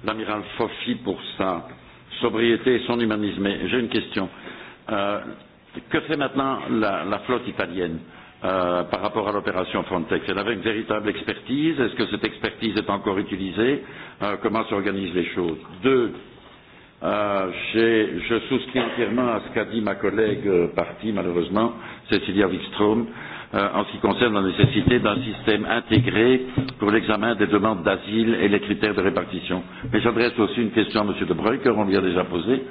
l'amiral Fofi pour sa sobriété et son humanisme. Mais J'ai une question. Euh, que fait maintenant la, la flotte italienne euh, par rapport à l'opération Frontex Elle avait une véritable expertise. Est-ce que cette expertise est encore utilisée euh, Comment s'organisent les choses Deux, euh, je souscris entièrement à ce qu'a dit ma collègue euh, partie, malheureusement, Cécilia Wikström. Euh, Euh, en ce qui concerne la nécessité d'un système intégré pour l'examen des demandes d'asile et les critères de répartition. Mais j'adresse aussi une question à M. De Bruyker, on lui a déjà posé.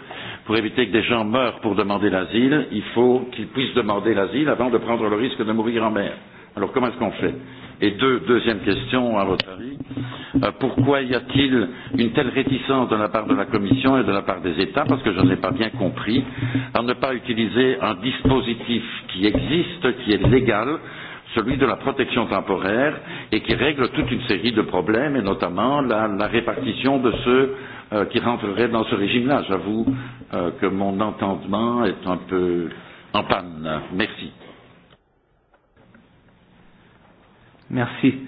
Pour éviter que des gens meurent pour demander l'asile, il faut qu'ils puissent demander l'asile avant de prendre le risque de mourir en mer. Alors comment est-ce qu'on fait et deux, deuxième question à votre avis, euh, pourquoi y a-t-il une telle réticence de la part de la Commission et de la part des États, parce que je n'ai pas bien compris, à ne pas utiliser un dispositif qui existe, qui est légal, celui de la protection temporaire, et qui règle toute une série de problèmes, et notamment la, la répartition de ceux euh, qui rentreraient dans ce régime-là. J'avoue euh, que mon entendement est un peu en panne. Merci. Merci.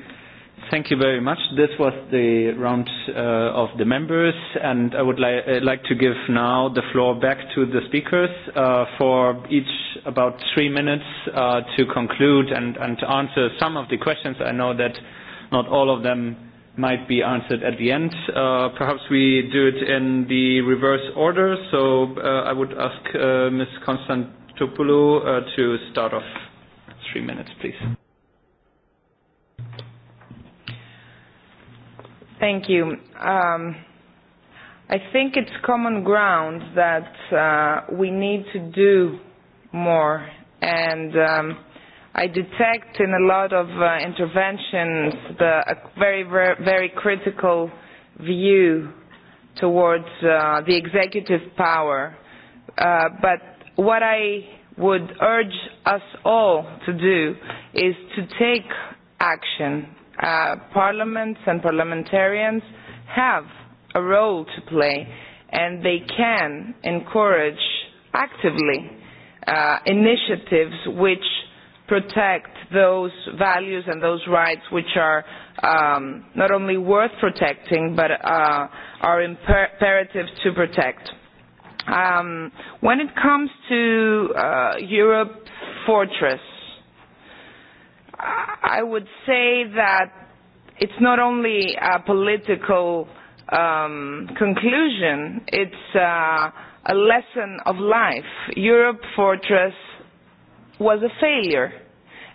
Thank you very much. This was the round uh, of the members, and I would li uh, like to give now the floor back to the speakers uh, for each about three minutes uh, to conclude and, and to answer some of the questions. I know that not all of them might be answered at the end. Uh, perhaps we do it in the reverse order, so uh, I would ask uh, Ms. Konstantopoulou uh, to start off. Three minutes, please. Thank you. Um, I think it's common ground that uh, we need to do more. And um, I detect in a lot of uh, interventions the a very, very, very critical view towards uh, the executive power. Uh, but what I would urge us all to do is to take action uh, parliaments and parliamentarians have a role to play and they can encourage actively uh, initiatives which protect those values and those rights which are um, not only worth protecting but uh, are imper- imperative to protect. Um, when it comes to uh, Europe Fortress, I would say that it's not only a political um, conclusion, it's uh, a lesson of life. Europe Fortress was a failure,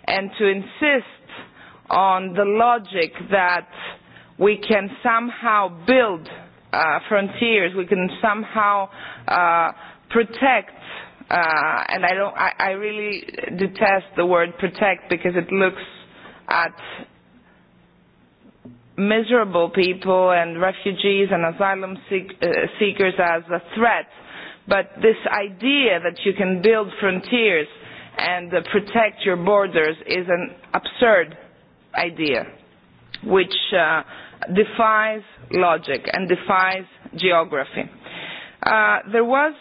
and to insist on the logic that we can somehow build uh, frontiers, we can somehow uh, protect uh, and I don't, I, I really detest the word protect because it looks at miserable people and refugees and asylum seek, uh, seekers as a threat. But this idea that you can build frontiers and uh, protect your borders is an absurd idea, which uh, defies logic and defies geography. Uh, there was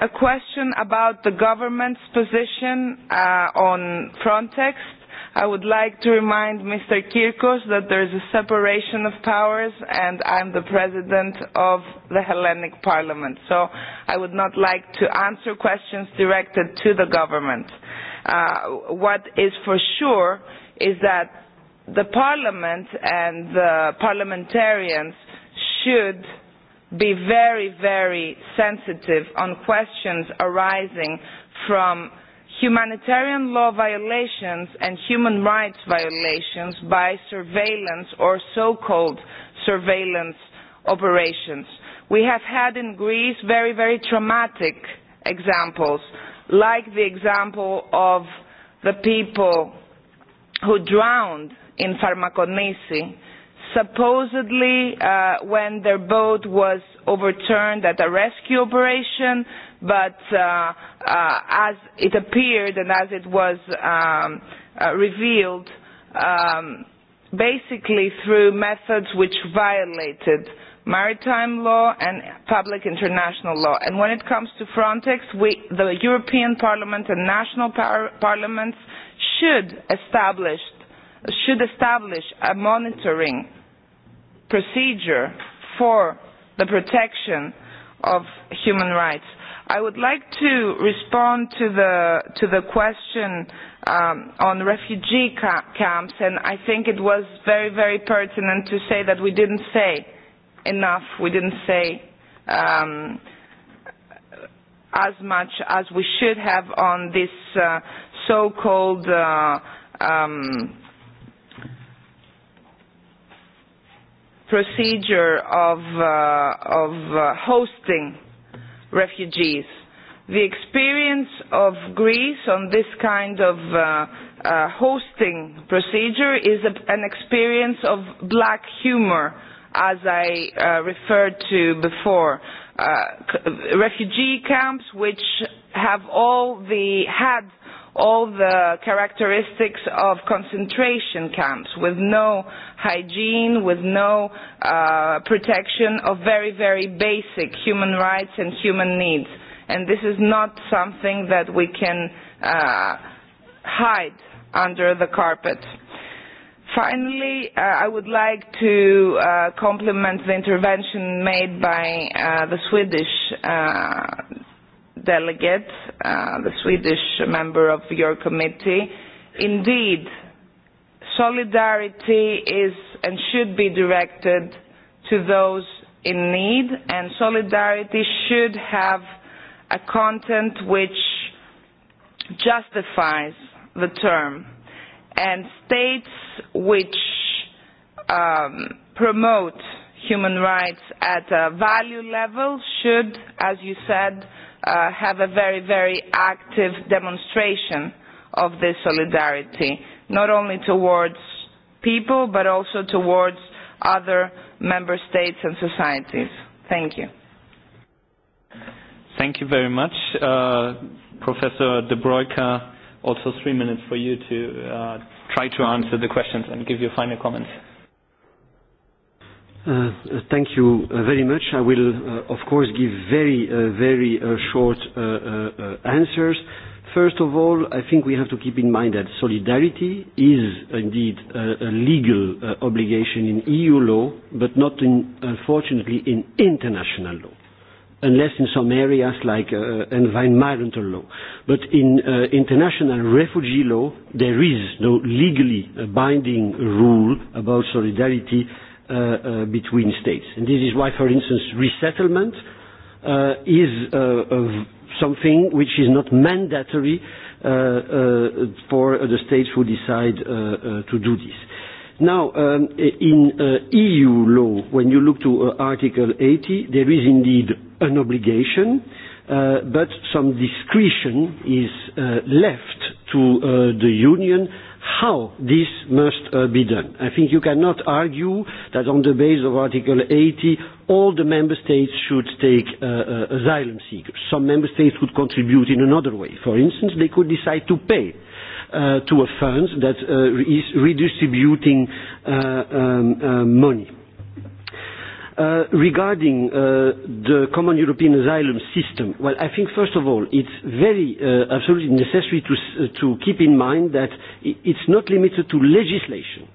a question about the government's position uh, on Frontex. I would like to remind Mr. Kirkos that there is a separation of powers and I'm the president of the Hellenic Parliament. So I would not like to answer questions directed to the government. Uh, what is for sure is that the Parliament and the parliamentarians should uh, be very, very sensitive on questions arising from humanitarian law violations and human rights violations by surveillance or so-called surveillance operations. We have had in Greece very, very traumatic examples, like the example of the people who drowned in Pharmakonisi supposedly uh, when their boat was overturned at a rescue operation, but uh, uh, as it appeared and as it was um, uh, revealed, um, basically through methods which violated maritime law and public international law. And when it comes to Frontex, we, the European Parliament and national par- parliaments should establish should establish a monitoring procedure for the protection of human rights. I would like to respond to the, to the question um, on refugee ca camps, and I think it was very, very pertinent to say that we didn't say enough, we didn't say um, as much as we should have on this uh, so-called uh, um, procedure of, uh, of uh, hosting refugees. The experience of Greece on this kind of uh, uh, hosting procedure is a, an experience of black humor, as I uh, referred to before. Uh, refugee camps which have all the had all the characteristics of concentration camps with no hygiene, with no uh, protection of very, very basic human rights and human needs. And this is not something that we can uh, hide under the carpet. Finally, uh, I would like to uh, compliment the intervention made by uh, the Swedish uh, delegate, uh, the Swedish member of your committee. Indeed, solidarity is and should be directed to those in need, and solidarity should have a content which justifies the term. And states which um, promote human rights at a value level should, as you said, uh, have a very, very active demonstration of this solidarity, not only towards people, but also towards other member states and societies. Thank you. Thank you very much. Uh, Professor De Broeke, also three minutes for you to uh, try to answer the questions and give your final comments. Uh, thank you uh, very much. I will, uh, of course, give very, uh, very uh, short uh, uh, uh, answers. First of all, I think we have to keep in mind that solidarity is indeed a, a legal uh, obligation in EU law, but not, in, unfortunately, in international law unless in some areas like uh, environmental law. But in uh, international refugee law, there is no legally binding rule about solidarity Uh, uh, between states. And this is why, for instance, resettlement uh, is something which is not mandatory for the states who decide to do this. Now, um, in EU law, when you look to Article 80, there is indeed an obligation, but some discretion is left to the Union how this must uh, be done. I think you cannot argue that on the basis of Article 80, all the member states should take uh, uh, asylum seekers. Some member states would contribute in another way. For instance, they could decide to pay uh, to a fund that uh, is redistributing uh, um, uh, money. Uh, regarding uh, the common European asylum system, well, I think first of all, it's very uh, absolutely necessary to, uh, to keep in mind that it's not limited to legislation.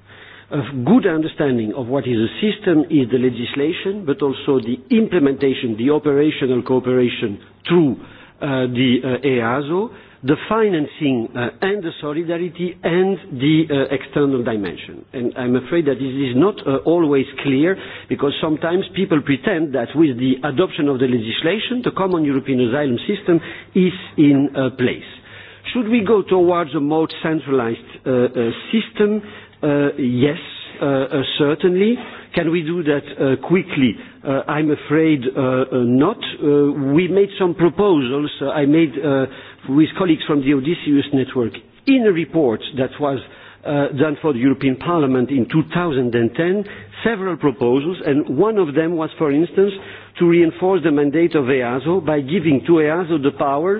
A good understanding of what is a system is the legislation, but also the implementation, the operational cooperation through uh, the uh, EASO, the financing uh, and the solidarity and the uh, external dimension. And I'm afraid that this is not uh, always clear because sometimes people pretend that with the adoption of the legislation, the common European asylum system is in uh, place. Should we go towards a more centralized uh, uh, system? Uh, yes, uh, uh, certainly. Can we do that uh, quickly? Uh, I'm afraid uh, uh, not. Uh, we made some proposals. Uh, I made uh, with colleagues from the Odysseus Network in a report that was uh, done for the European Parliament in 2010 several proposals, and one of them was, for instance, to reinforce the mandate of EASO by giving to EASO the power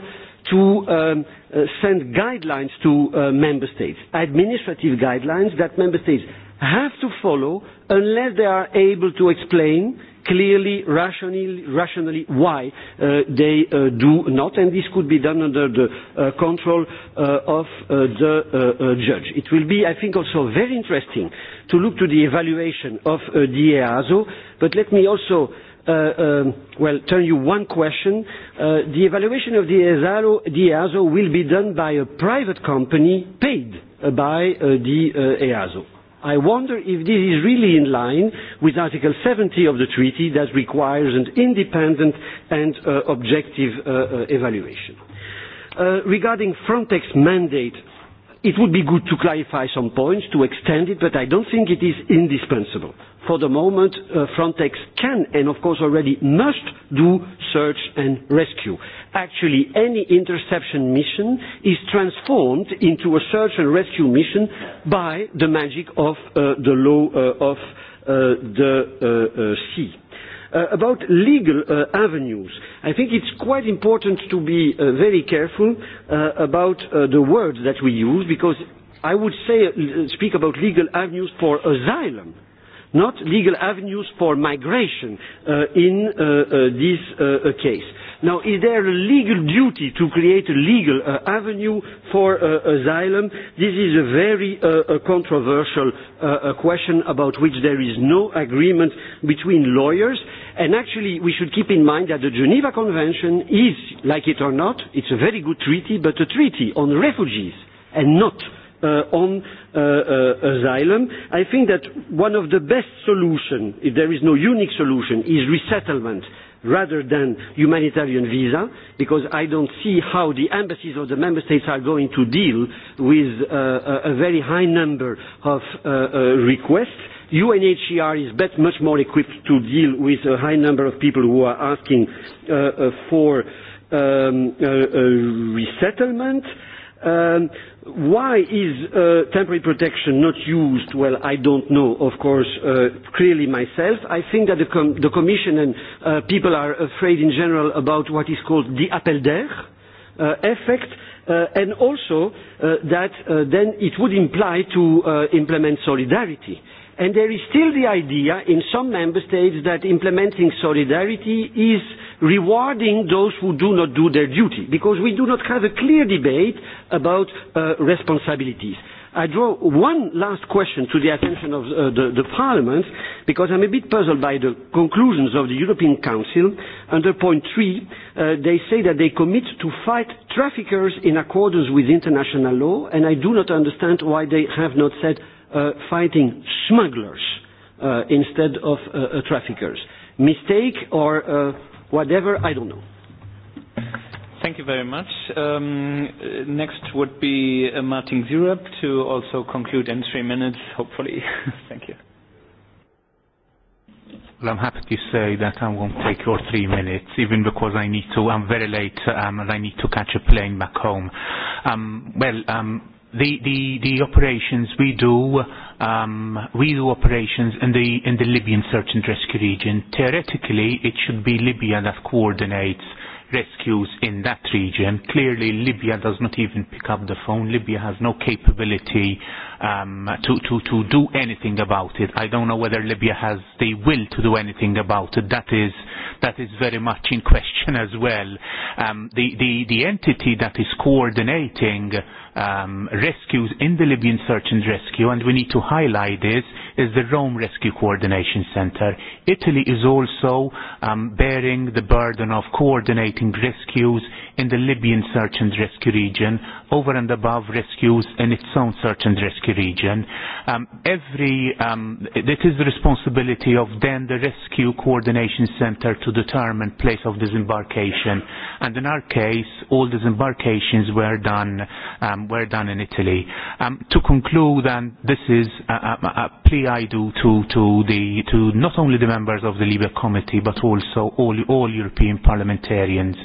to um, uh, send guidelines to uh, member states, administrative guidelines that member states have to follow unless they are able to explain clearly, rationally, rationally why uh, they uh, do not, and this could be done under the uh, control uh, of uh, the uh, uh, judge. It will be, I think, also very interesting to look to the evaluation of uh, the EASO, but let me also uh, um, well, turn you one question. Uh, the evaluation of the EASO, the EASO will be done by a private company paid by uh, the uh, EASO I wonder if this is really in line with Article 70 of the treaty that requires an independent and uh, objective uh, uh, evaluation. Uh, regarding Frontex mandate, it would be good to clarify some points, to extend it, but I don't think it is indispensable for the moment, uh, Frontex can and of course already must do search and rescue. Actually, any interception mission is transformed into a search and rescue mission by the magic of uh, the law uh, of uh, the uh, uh, sea. Uh, about legal uh, avenues, I think it's quite important to be uh, very careful uh, about uh, the words that we use because I would say, uh, speak about legal avenues for asylum not legal avenues for migration uh, in uh, uh, this uh, uh, case. Now, is there a legal duty to create a legal uh, avenue for uh, asylum? This is a very uh, a controversial uh, a question about which there is no agreement between lawyers. And actually, we should keep in mind that the Geneva Convention is, like it or not, it's a very good treaty, but a treaty on refugees and not uh, on uh, uh, asylum. I think that one of the best solutions, if there is no unique solution, is resettlement rather than humanitarian visa, because I don't see how the embassies of the member states are going to deal with uh, uh a very high number of uh, uh, requests. UNHCR is bet much more equipped to deal with a high number of people who are asking uh, uh, for um, uh, uh, resettlement. Um, Why is uh, temporary protection not used? Well, I don't know, of course, uh, clearly myself. I think that the, com- the Commission and uh, people are afraid in general about what is called the appel d'air uh, effect, uh, and also uh, that uh, then it would imply to uh, implement solidarity And there is still the idea in some member states that implementing solidarity is rewarding those who do not do their duty, because we do not have a clear debate about uh, responsibilities. I draw one last question to the attention of uh, the, the Parliament, because I'm a bit puzzled by the conclusions of the European Council. Under point three, uh, they say that they commit to fight traffickers in accordance with international law, and I do not understand why they have not said uh, fighting smugglers uh, instead of uh, uh, traffickers. Mistake or uh, whatever, I don't know. Thank you very much. Um, uh, next would be uh, Martin Zirup to also conclude in three minutes, hopefully. [LAUGHS] Thank you. Well, I'm happy to say that I won't take your three minutes, even because I need to. I'm very late um, and I need to catch a plane back home. Um, well, um, the the the operations we do um, we do operations in the in the Libyan search and rescue region. Theoretically, it should be Libya that coordinates rescues in that region. Clearly, Libya does not even pick up the phone. Libya has no capability um, to, to, to do anything about it. I don't know whether Libya has the will to do anything about it. That is, that is very much in [LAUGHS] question as well. Um, the, the, the entity that is coordinating uh, um, rescues in the Libyan search and rescue, and we need to highlight this, is the Rome Rescue Coordination Center. Italy is also um, bearing the burden of coordinating rescues in the Libyan search and rescue region over and above rescues in its own search and rescue region. Um, every, um, it is the responsibility of then the rescue coordination centre to determine place of disembarkation. And in our case, all disembarkations were done, um, were done in Italy. Um, to conclude, and this is a, a, a plea I do to, to, the, to not only the members of the Libya Committee, but also all, all European parliamentarians,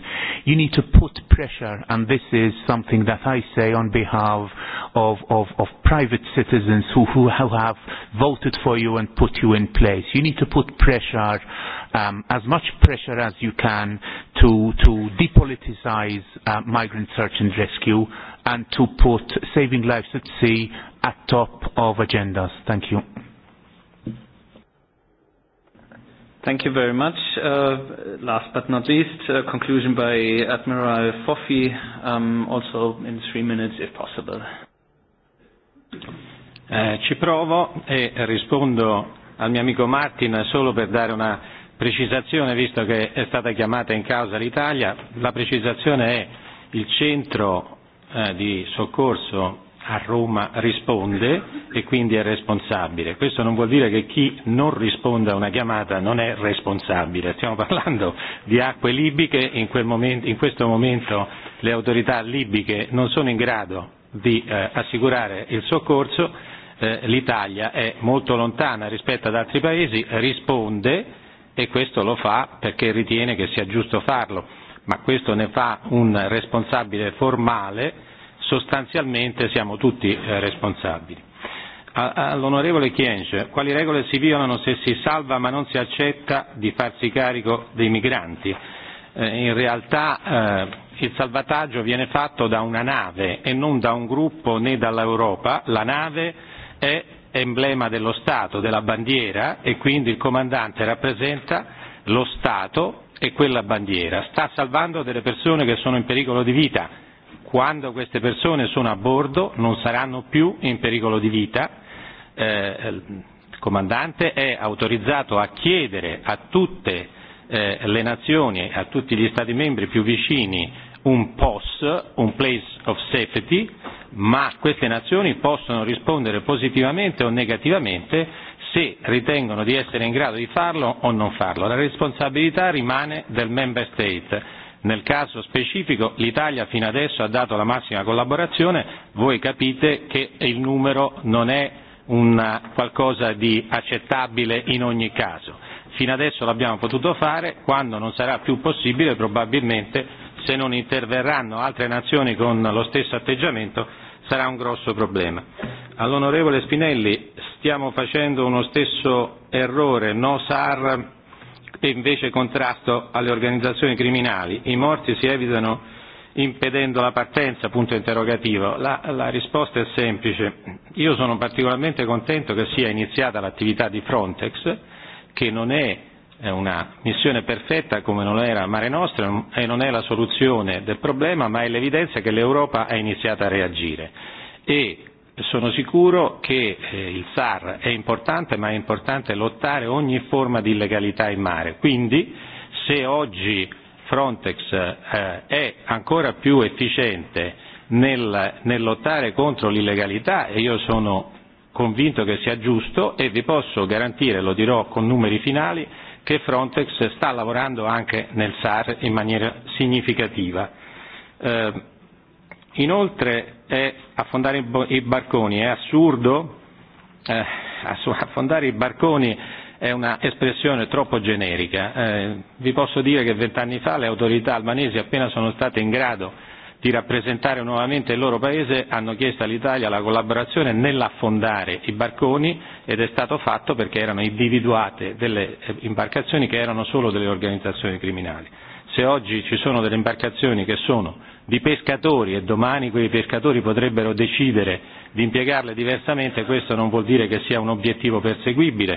you need to put pressure, and this is something that I say on behalf of, of, of private citizens who, who have voted for you and put you in place. You need to put pressure, um, as much pressure as you can, to, to depoliticize uh, migrant search and rescue and to put saving lives at sea at top of agendas. Thank you. Thank you very much. Uh, last but not least, uh, conclusion by Admiral Foffi, um, also in three minutes if possible. Eh, ci provo e rispondo al mio amico Martin solo per dare una precisazione, visto che è stata chiamata in causa l'Italia. La precisazione è il centro eh, di soccorso a Roma risponde e quindi è responsabile. Questo non vuol dire che chi non risponde a una chiamata non è responsabile. Stiamo parlando di acque libiche, in, quel momento, in questo momento le autorità libiche non sono in grado di eh, assicurare il soccorso, eh, l'Italia è molto lontana rispetto ad altri paesi, risponde e questo lo fa perché ritiene che sia giusto farlo, ma questo ne fa un responsabile formale sostanzialmente siamo tutti eh, responsabili. All'onorevole Chienge, quali regole si violano se si salva ma non si accetta di farsi carico dei migranti? Eh, in realtà eh, il salvataggio viene fatto da una nave e non da un gruppo né dall'Europa, la nave è emblema dello Stato, della bandiera e quindi il comandante rappresenta lo Stato e quella bandiera, sta salvando delle persone che sono in pericolo di vita quando queste persone sono a bordo non saranno più in pericolo di vita, eh, il comandante è autorizzato a chiedere a tutte eh, le nazioni, a tutti gli Stati membri più vicini un POS, un place of safety, ma queste nazioni possono rispondere positivamente o negativamente se ritengono di essere in grado di farlo o non farlo. La responsabilità rimane del Member State Nel caso specifico l'Italia fino adesso ha dato la massima collaborazione, voi capite che il numero non è un qualcosa di accettabile in ogni caso. Fino adesso l'abbiamo potuto fare, quando non sarà più possibile probabilmente, se non interverranno altre nazioni con lo stesso atteggiamento, sarà un grosso problema. All'onorevole Spinelli stiamo facendo uno stesso errore, no SAR e invece contrasto alle organizzazioni criminali. I morti si evitano impedendo la partenza, punto interrogativo. La, la risposta è semplice. Io sono particolarmente contento che sia iniziata l'attività di Frontex, che non è una missione perfetta come non era Mare Nostra e non è la soluzione del problema, ma è l'evidenza che l'Europa ha iniziato a reagire. E Sono sicuro che eh, il SAR è importante, ma è importante lottare ogni forma di illegalità in mare. Quindi, se oggi Frontex eh, è ancora più efficiente nel, nel lottare contro l'illegalità, e io sono convinto che sia giusto, e vi posso garantire, lo dirò con numeri finali, che Frontex sta lavorando anche nel SAR in maniera significativa. Eh, Inoltre è affondare i barconi è assurdo, eh, affondare i barconi è un'espressione troppo generica. Eh, vi posso dire che vent'anni fa le autorità albanesi appena sono state in grado di rappresentare nuovamente il loro paese hanno chiesto all'Italia la collaborazione nell'affondare i barconi ed è stato fatto perché erano individuate delle eh, imbarcazioni che erano solo delle organizzazioni criminali. Se oggi ci sono delle imbarcazioni che sono di pescatori e domani quei pescatori potrebbero decidere di impiegarle diversamente, questo non vuol dire che sia un obiettivo perseguibile.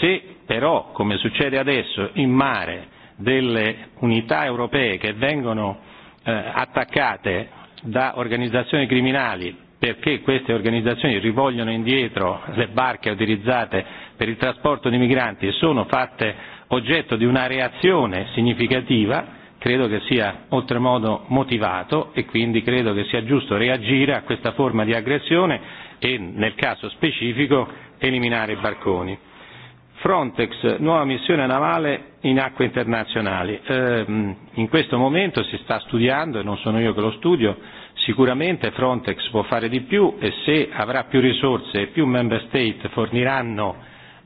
Se però, come succede adesso, in mare delle unità europee che vengono eh, attaccate da organizzazioni criminali perché queste organizzazioni rivogliono indietro le barche utilizzate per il trasporto di migranti e sono fatte oggetto di una reazione significativa, credo che sia oltremodo motivato e quindi credo che sia giusto reagire a questa forma di aggressione e nel caso specifico eliminare i barconi. Frontex, nuova missione navale in acque internazionali. Eh, In questo momento si sta studiando, e non sono io che lo studio, sicuramente Frontex può fare di più e se avrà più risorse e più Member State forniranno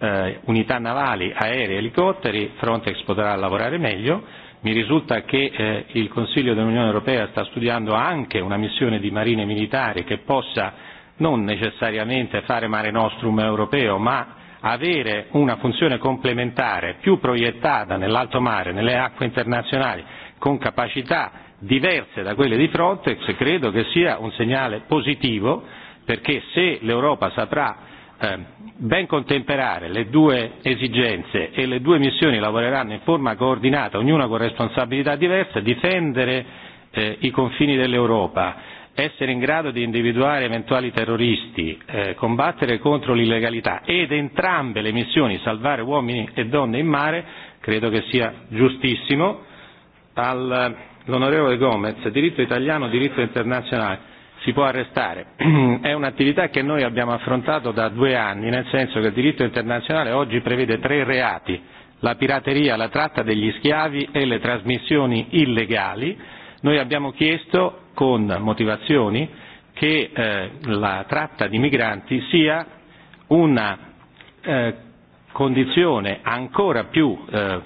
eh, unità navali, aeree, elicotteri, Frontex potrà lavorare meglio Mi risulta che eh, il Consiglio dell'Unione Europea sta studiando anche una missione di marine militari che possa non necessariamente fare mare nostrum europeo, ma avere una funzione complementare più proiettata nell'alto mare, nelle acque internazionali, con capacità diverse da quelle di Frontex, credo che sia un segnale positivo perché se l'Europa saprà eh, ben contemperare le due esigenze e le due missioni lavoreranno in forma coordinata, ognuna con responsabilità diverse, difendere eh, i confini dell'Europa, essere in grado di individuare eventuali terroristi, eh, combattere contro l'illegalità ed entrambe le missioni salvare uomini e donne in mare, credo che sia giustissimo. All'onorevole Gomez, diritto italiano, diritto internazionale si può arrestare. [CLEARS THROAT] È un'attività che noi abbiamo affrontato da due anni, nel senso che il diritto internazionale oggi prevede tre reati la pirateria, la tratta degli schiavi e le trasmissioni illegali. Noi abbiamo chiesto, con motivazioni, che eh, la tratta di migranti sia una eh, condizione ancora più eh,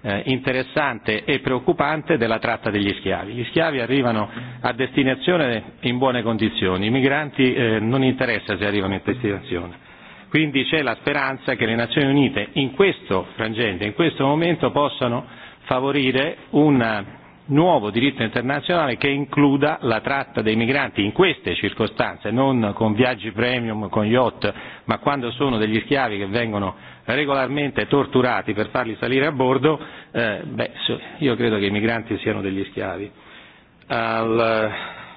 eh, interessante e preoccupante della tratta degli schiavi. Gli schiavi arrivano a destinazione in buone condizioni, i migranti eh, non interessa se arrivano in destinazione. Quindi c'è la speranza che le Nazioni Unite in questo frangente, in questo momento, possano favorire un nuovo diritto internazionale che includa la tratta dei migranti in queste circostanze, non con viaggi premium, con yacht, ma quando sono degli schiavi che vengono regolarmente torturati per farli salire a bordo, eh, beh, io credo che i migranti siano degli schiavi. Al,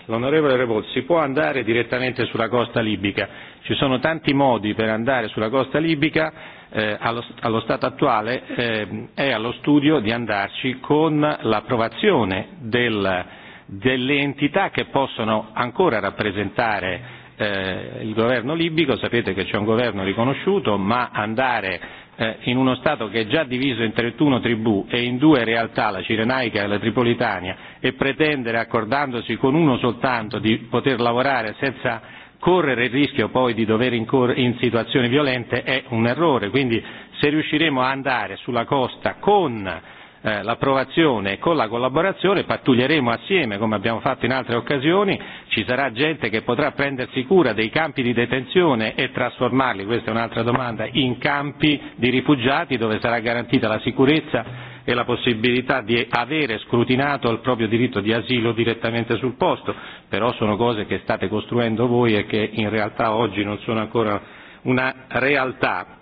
l'onorevole Revol, si può andare direttamente sulla costa libica, ci sono tanti modi per andare sulla costa libica, eh, allo, allo stato attuale eh, è allo studio di andarci con l'approvazione del, delle entità che possono ancora rappresentare eh, il governo libico, sapete che c'è un governo riconosciuto, ma andare eh, in uno Stato che è già diviso in 31 tribù e in due realtà, la Cirenaica e la Tripolitania, e pretendere, accordandosi con uno soltanto, di poter lavorare senza correre il rischio poi di dover incorrere in situazioni violente è un errore. Quindi se riusciremo a andare sulla costa con Eh, l'approvazione e con la collaborazione, pattuglieremo assieme come abbiamo fatto in altre occasioni, ci sarà gente che potrà prendersi cura dei campi di detenzione e trasformarli, questa è un'altra domanda, in campi di rifugiati dove sarà garantita la sicurezza e la possibilità di avere scrutinato il proprio diritto di asilo direttamente sul posto, però sono cose che state costruendo voi e che in realtà oggi non sono ancora una realtà.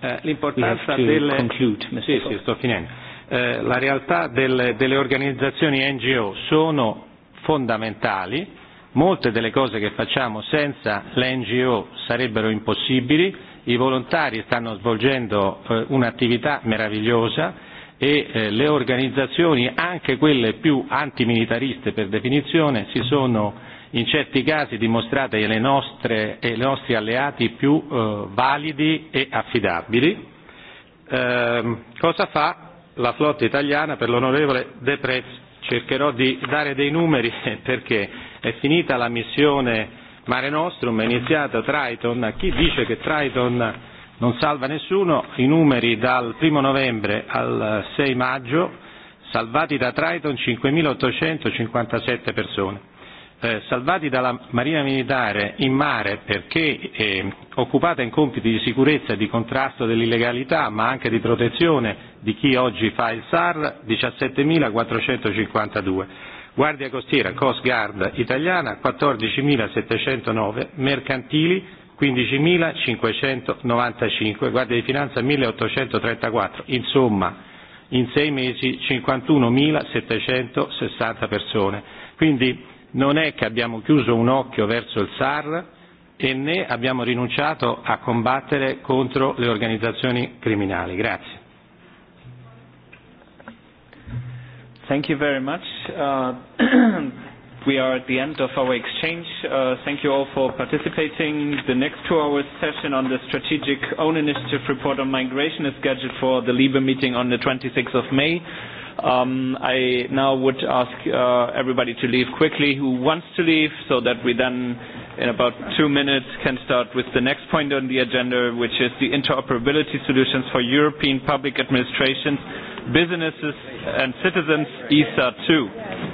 Eh, l'importanza delle... Conclude, sì, sì, sto finendo Eh, la realtà del, delle organizzazioni NGO sono fondamentali, molte delle cose che facciamo senza le NGO sarebbero impossibili, i volontari stanno svolgendo eh, un'attività meravigliosa e eh, le organizzazioni, anche quelle più antimilitariste per definizione, si sono in certi casi dimostrate le nostre e i nostri alleati più eh, validi e affidabili. Eh, cosa fa la flotta italiana per l'onorevole De Prez cercherò di dare dei numeri [LAUGHS] perché è finita la missione Mare Nostrum, è iniziata Triton, chi dice che Triton non salva nessuno, i numeri dal 1 novembre al 6 maggio, salvati da Triton 5.857 persone. Eh, salvati dalla Marina Militare in mare perché eh, occupata in compiti di sicurezza e di contrasto dell'illegalità, ma anche di protezione di chi oggi fa il SAR 17.452, Guardia Costiera Coast Guard italiana 14.709, mercantili 15.595, Guardia di Finanza 1.834, insomma in sei mesi 51.760 persone. Quindi non è che abbiamo chiuso un occhio verso il SAR e né abbiamo rinunciato a combattere contro le organizzazioni criminali. Grazie. Thank you very much. Uh, [CLEARS THROAT] We are at the end of our exchange. Uh, thank you all for participating. The next two hours session on the strategic own initiative report on migration is scheduled for the LIBE meeting on the 26th of May. Um, I now would ask uh, everybody to leave quickly who wants to leave so that we then in about two minutes can start with the next point on the agenda, which is the interoperability solutions for European public administrations, businesses and citizens, ESA 2.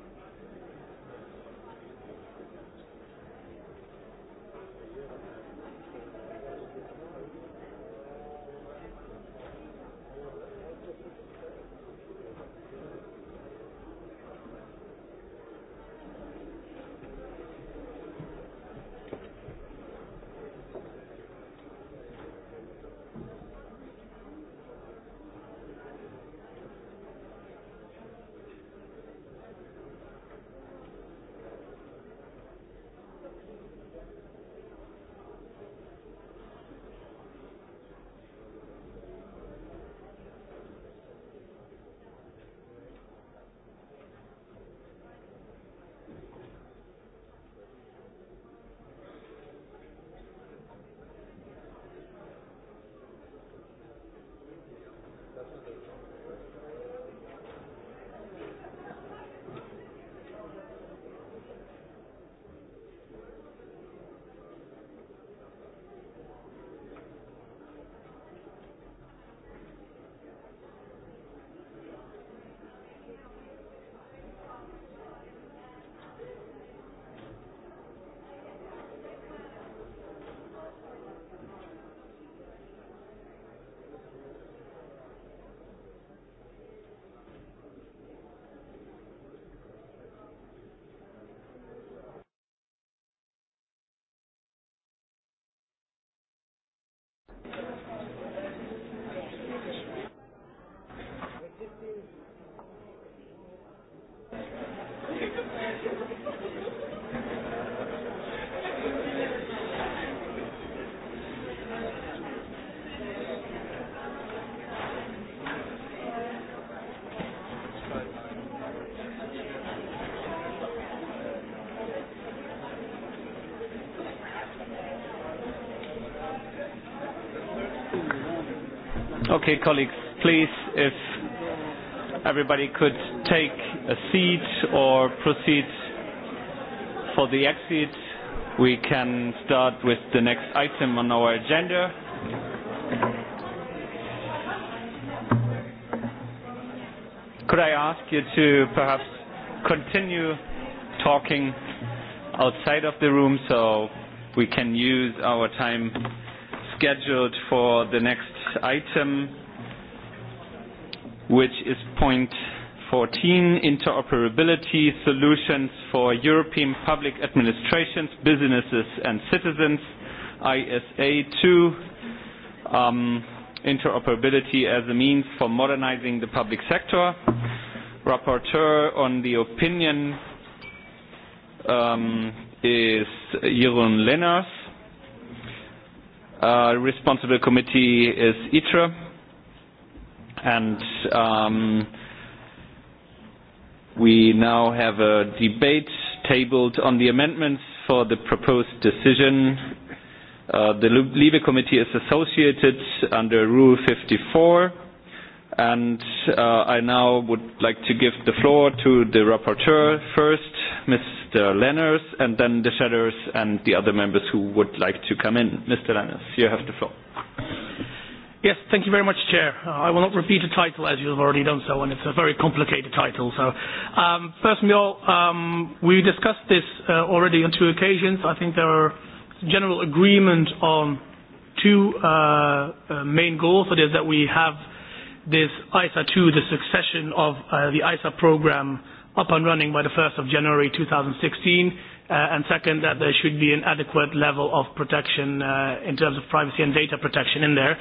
Okay, colleagues, please, if everybody could take a seat or proceed for the exit, we can start with the next item on our agenda. Could I ask you to perhaps continue talking outside of the room so we can use our time scheduled for the next item, which is point 14, interoperability solutions for European public administrations, businesses and citizens, ISA 2, um, interoperability as a means for modernizing the public sector. Rapporteur on the opinion um, is Jeroen Lenners Uh, responsible committee is ITRE, and um, we now have a debate tabled on the amendments for the proposed decision. Uh, the Liebe Committee is associated under Rule 54, and uh, I now would like to give the floor to the rapporteur first, Ms. Mr. Uh, Lenners, and then the shadows and the other members who would like to come in. Mr. Lenners, you have the floor. Yes, thank you very much, Chair. Uh, I will not repeat the title as you have already done so, and it's a very complicated title. So, um, first of all, um, we discussed this uh, already on two occasions. I think there are general agreement on two uh, uh, main goals. It is that we have this ISA 2, the succession of uh, the ISA program up and running by the 1st of January 2016, uh, and second, that there should be an adequate level of protection uh, in terms of privacy and data protection in there.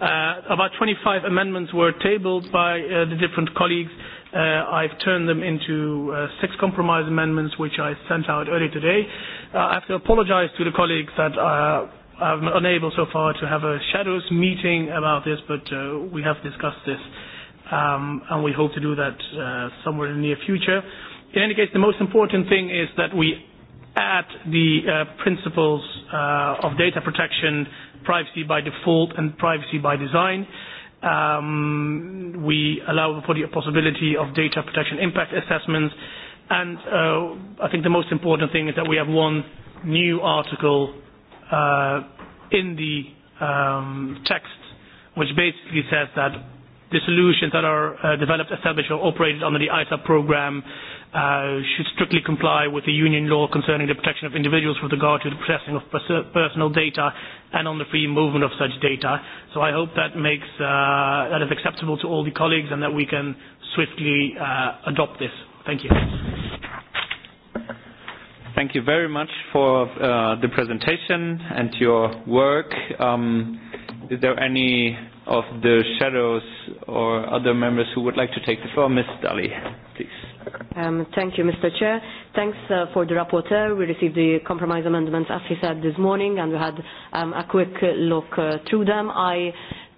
Uh, about 25 amendments were tabled by uh, the different colleagues. Uh, I've turned them into uh, six compromise amendments, which I sent out earlier today. Uh, I have to apologize to the colleagues that uh, I'm unable so far to have a shadows meeting about this, but uh, we have discussed this um, and we hope to do that uh, somewhere in the near future. In any case, the most important thing is that we add the uh, principles uh, of data protection, privacy by default, and privacy by design. Um, we allow for the possibility of data protection impact assessments, and uh, I think the most important thing is that we have one new article uh, in the um, text which basically says that the solutions that are uh, developed, established, or operated under the ISAP program uh, should strictly comply with the union law concerning the protection of individuals with regard to the processing of personal data and on the free movement of such data. So I hope that makes uh, that is acceptable to all the colleagues and that we can swiftly uh, adopt this. Thank you. Thank you very much for uh, the presentation and your work. Um, is there any of the shadows or other members who would like to take the floor. Ms. Daly, please. Um, thank you, Mr. Chair. Thanks uh, for the rapporteur. We received the compromise amendments, as he said, this morning, and we had um, a quick look uh, through them. I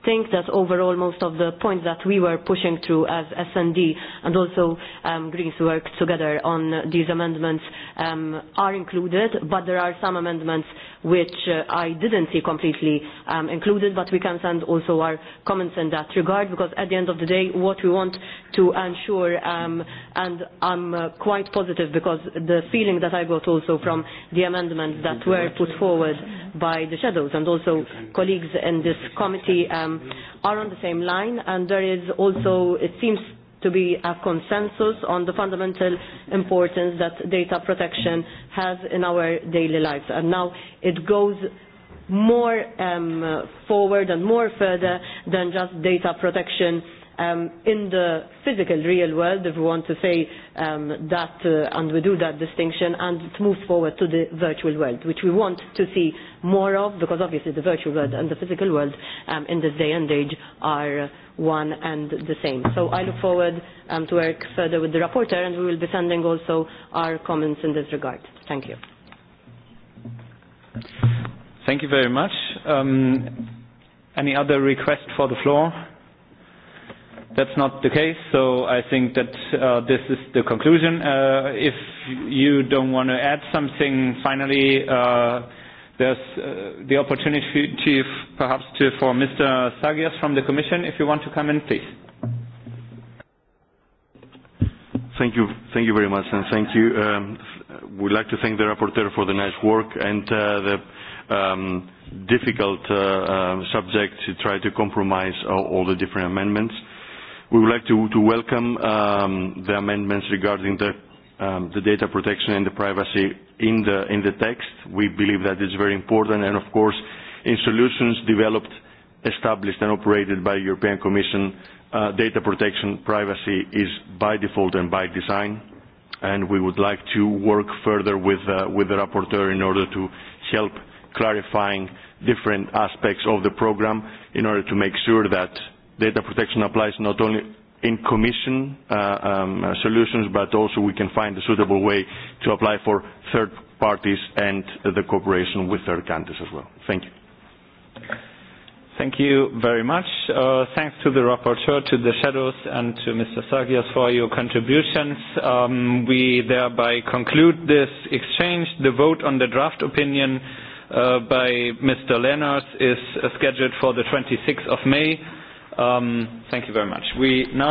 think that overall most of the points that we were pushing through as S&D and also um, Greens worked together on these amendments um, are included, but there are some amendments which uh, I didn't see completely um, included, but we can send also our comments in that regard because at the end of the day, what we want to ensure um, and I'm uh, quite positive because the feeling that I got also from the amendments that were put forward by the shadows and also colleagues in this committee um, are on the same line and there is also, it seems to be a consensus on the fundamental importance that data protection has in our daily lives. And now it goes more um, forward and more further than just data protection um, in the physical real world, if we want to say um, that, uh, and we do that distinction, and it moves forward to the virtual world, which we want to see more of, because obviously the virtual world and the physical world um, in this day and age are uh, one and the same. So I look forward um, to work further with the rapporteur, and we will be sending also our comments in this regard. Thank you. Thank you very much. Um, any other request for the floor? That's not the case, so I think that uh, this is the conclusion. Uh, if you don't want to add something, finally, uh, there's uh, the opportunity to, perhaps to, for Mr. Sagias from the Commission, if you want to come in, please. Thank you. Thank you very much, and thank you. Um, we'd like to thank the rapporteur for the nice work and uh, the um, difficult uh, uh, subject to try to compromise all, all the different amendments. We would like to, to welcome um, the amendments regarding the, um, the data protection and the privacy in the, in the text. We believe that it's very important and of course in solutions developed, established and operated by European Commission, uh, data protection privacy is by default and by design and we would like to work further with, uh, with the rapporteur in order to help clarifying different aspects of the program in order to make sure that data protection applies not only in commission uh, um, uh, solutions, but also we can find a suitable way to apply for third parties and the cooperation with third countries as well. Thank you. Thank you very much. Uh, thanks to the rapporteur, to the shadows, and to Mr. Sagias for your contributions. Um, we thereby conclude this exchange. The vote on the draft opinion uh, by Mr. Lenners is uh, scheduled for the 26th of May Um, thank you very much. We now